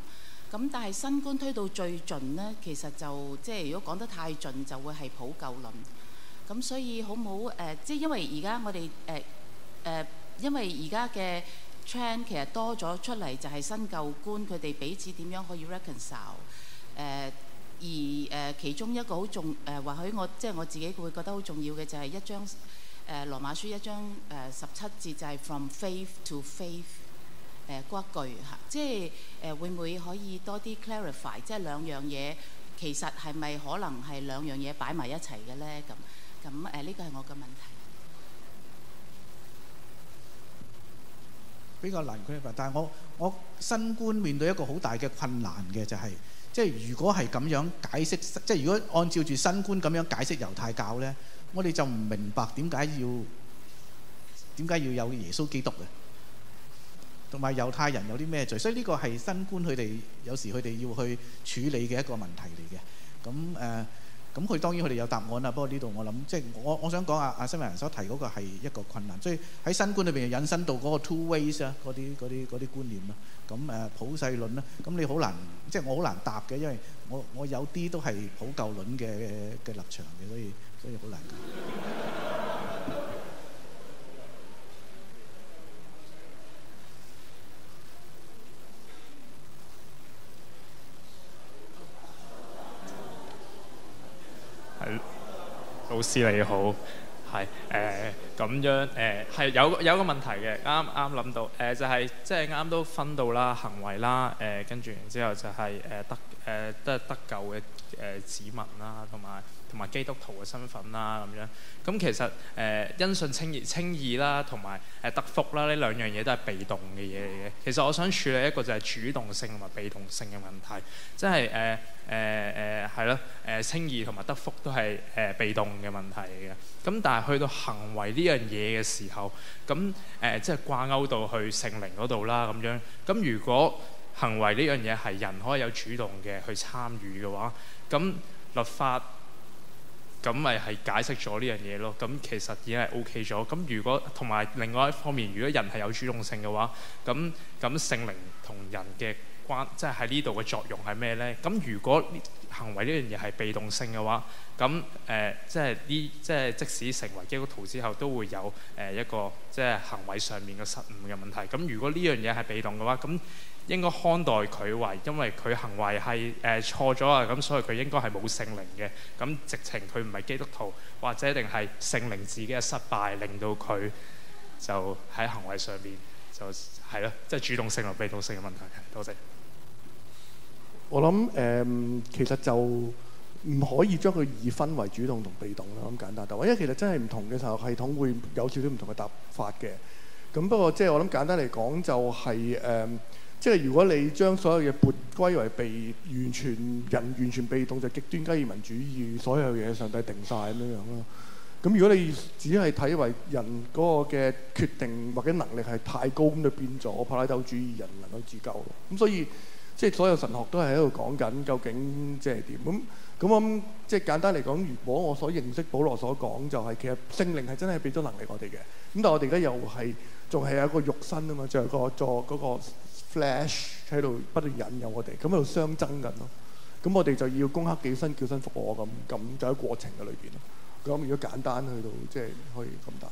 Speaker 11: 咁但係新觀推到最盡呢，其實就即係、就是、如果講得太盡，就會係普救論。咁所以好唔好誒、呃？即係因為而家我哋誒誒，因為而家嘅 trend 其實多咗出嚟，就係、是、新舊觀佢哋彼此點樣可以 reconcile 誒、呃？而誒、呃、其中一個好重誒，或、呃、許我即係我自己會覺得好重要嘅，就係一章誒、呃《羅馬書》一章誒十七字，呃、節就係 from faith to faith 誒、呃、一句嚇，即係誒、呃、會唔會可以多啲 clarify，即係兩樣嘢其實係咪可能係兩樣嘢擺埋一齊嘅咧？咁。咁
Speaker 2: 誒，呢個係我嘅問題，比較難區分。但係我我新觀面對一個好大嘅困難嘅就係，即係如果係咁樣解釋，即係如果按照住新觀咁樣解釋猶太教呢，我哋就唔明白點解要點解要有耶穌基督嘅，同埋猶太人有啲咩罪。所以呢個係新觀，佢哋有時佢哋要去處理嘅一個問題嚟嘅。咁誒。呃咁佢當然佢哋有答案啦，不過呢度我諗即係我我想講阿阿新聞人所提嗰個係一個困難，所以喺新觀裏邊引申到嗰個 two ways 啊，嗰啲嗰啲嗰啲觀念啊，咁誒普世論咧，咁你好難，即係我好難答嘅，因為我我有啲都係普救論嘅嘅立場嘅，所以所以好難答。
Speaker 12: (laughs)
Speaker 13: 老師你好，係誒咁樣誒，係、呃、有有個問題嘅，啱啱諗到誒、呃，就係即係啱都分到啦行為啦誒，跟住然之後就係誒得誒，即係得，得救嘅誒指紋啦同埋。同埋基督徒嘅身份啦，咁樣咁其實誒因、呃、信稱義稱義啦，同埋誒得福啦，呢兩樣嘢都係被動嘅嘢嚟嘅。其實我想處理一個就係主動性同埋被動性嘅問題，即係誒誒誒係咯，誒、呃、稱、呃、義同埋得福都係誒、呃、被動嘅問題嚟嘅。咁但係去到行為呢樣嘢嘅時候，咁誒、呃、即係掛鈎到去聖靈嗰度啦，咁樣咁如果行為呢樣嘢係人可以有主動嘅去參與嘅話，咁律法。咁咪係解釋咗呢樣嘢咯。咁其實已經係 OK 咗。咁如果同埋另外一方面，如果人係有主動性嘅話，咁咁性靈同人嘅關，即係喺呢度嘅作用係咩呢？咁如果行為呢樣嘢係被動性嘅話，咁誒、呃就是、即係呢即係即使成為基督徒之後，都會有誒、呃、一個即係、就是、行為上面嘅失誤嘅問題。咁如果呢樣嘢係被動嘅話，咁。應該看待佢為，因為佢行為係誒、呃、錯咗啊，咁所以佢應該係冇聖靈嘅。咁直情佢唔係基督徒，或者定係聖靈自己嘅失敗，令到佢就喺行為上面就係咯，即係、就是、主動性同被動性嘅問題。多謝，謝
Speaker 3: 我諗誒、呃，其實就唔可以將佢二分為主動同被動啦。咁簡單，但因為其實真係唔同嘅時候，系統會有少少唔同嘅答法嘅。咁不過即、就、係、是、我諗簡單嚟講、就是，就係誒。即係如果你將所有嘢撥歸為被完全人完全被動，就是、極端加爾文主義，所有嘢上帝定晒。咁樣樣咯。咁如果你只係睇為人嗰個嘅決定或者能力係太高，咁就變咗我伯拉糾主義，人能夠自救。咁所以即係、就是、所有神學都係喺度講緊究竟即係點咁。咁我即係簡單嚟講，如果我所認識保羅所講就係、是、其實聖靈係真係俾咗能力的我哋嘅。咁但係我哋而家又係仲係有一個肉身啊嘛，就係個坐嗰個。Flash 喺度不斷引誘我哋，咁喺度相爭緊咯。咁我哋就要攻克己身，叫身服我咁，咁就喺過程嘅裏邊咯。咁如果簡單去到即係可以咁答。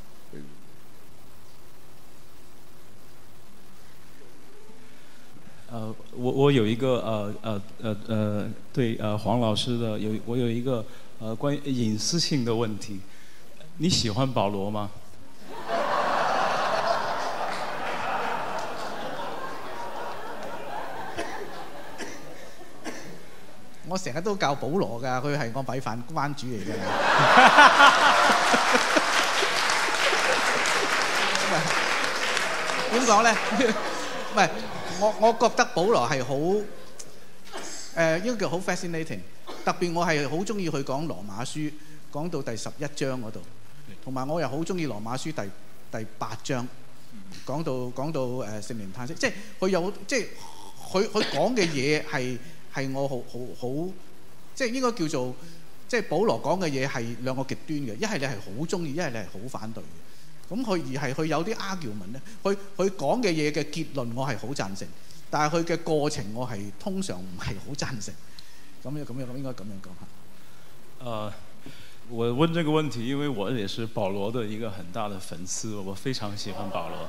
Speaker 3: 誒，
Speaker 14: 我我有一個誒誒誒誒對誒、呃、黃老師嘅，有我有一個誒、呃、關於隱私性嘅問題。你喜歡保羅嗎？
Speaker 2: 我成日都教保羅㗎，佢係我米飯班主嚟嘅。點講咧？唔係，我我覺得保羅係好誒，應該叫好 fascinating。特別我係好中意佢講羅馬書，講到第十一章嗰度，同埋我又好中意羅馬書第第八章，講到講到誒聖靈嘆息，即係佢有即係佢佢講嘅嘢係。係我好好好，即係應該叫做，即係保羅講嘅嘢係兩個極端嘅，一係你係好中意，一係你係好反對嘅。咁佢而係佢有啲 argument 咧，佢佢講嘅嘢嘅結論我係好贊成，但係佢嘅過程我係通常唔係好贊成。咁樣咁樣咁應該咁樣講下。
Speaker 14: 誒、呃，我問這個問題，因為我也是保羅的一個很大的粉絲，我非常喜歡保羅。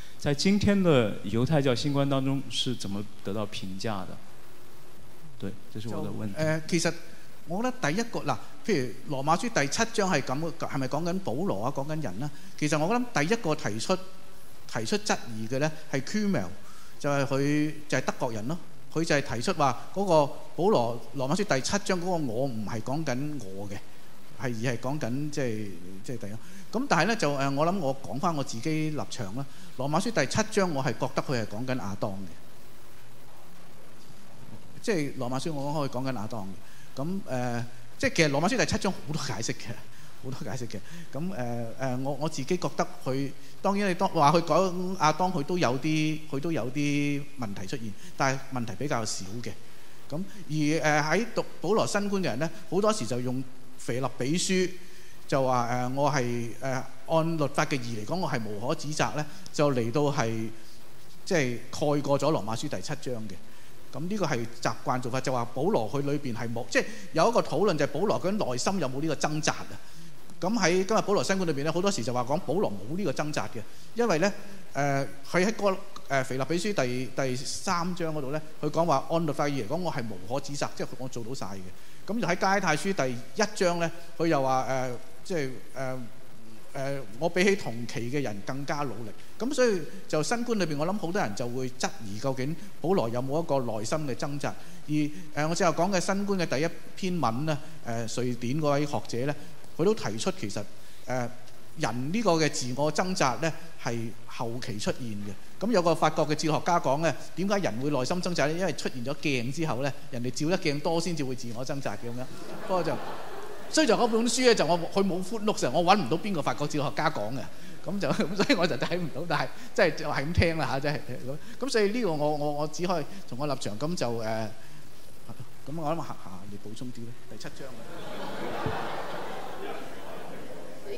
Speaker 14: 在今天的猶太教新觀當中，是怎麼得到評價的？對，這是我的問
Speaker 2: 題。誒，其實我覺得第一個嗱，譬如《羅馬書》第七章係咁，係咪講緊保羅啊？講緊人啦。其實我覺得第一個提出提出質疑嘅呢，係 Kümmel，就係佢就係德國人咯。佢就係提出話嗰個保羅《羅馬書》第七章嗰個我唔係講緊我嘅。係而係講緊，即係即係第一咁。但係呢，就誒，我諗我講翻我自己立場啦。《羅馬書》第七章，我係覺得佢係講緊亞當嘅，即係《羅馬書》我可以講緊亞當嘅。咁呃誒，即係其實《羅馬書》第七章好多解釋嘅，好多解釋嘅。咁誒誒，我我自己覺得佢當然你當話佢講亞當，佢都有啲佢都有啲問題出現，但係問題比較少嘅。咁而誒喺呃讀保羅新觀嘅人呢，好多時就用腓立比書就話我係按律法嘅義嚟講，我係無可指責咧，就嚟到係即係蓋過咗羅馬書第七章嘅。咁呢個係習慣做法，就話保羅佢裏面係冇，即係有一個討論就係保羅嘅內心有冇呢個掙扎啊？咁喺今日保羅新觀裏邊咧，好多時就話講保羅冇呢個掙扎嘅，因為咧誒，佢喺嗰誒腓立比書第第三章嗰度咧，佢講話按律法而嚟講，我係無可指責，即係我做到曬嘅。咁就喺加拉太書第一章咧，佢又話誒，即係誒誒，我比起同期嘅人更加努力。咁所以就新觀裏邊，我諗好多人就會質疑究竟保羅有冇一個內心嘅掙扎。而誒，我最後講嘅新觀嘅第一篇文咧，誒瑞典嗰位學者咧。佢都提出其實誒、呃、人呢個嘅自我掙扎呢係後期出現嘅。咁有個法國嘅哲學家講呢，點解人會內心掙扎呢？因為出現咗鏡之後呢，人哋照得鏡多先至會自我掙扎嘅咁樣。不 (laughs) 過就所以就嗰本書呢，就我佢冇 footnote，我揾唔到邊個法國哲學家講嘅。咁就咁所以我就睇唔到，但係即係就係咁聽啦吓，即係咁。咁所以呢個我我我只可以從我立場咁就誒咁、呃、我諗下嚇你補充啲咧第七章。 (laughs)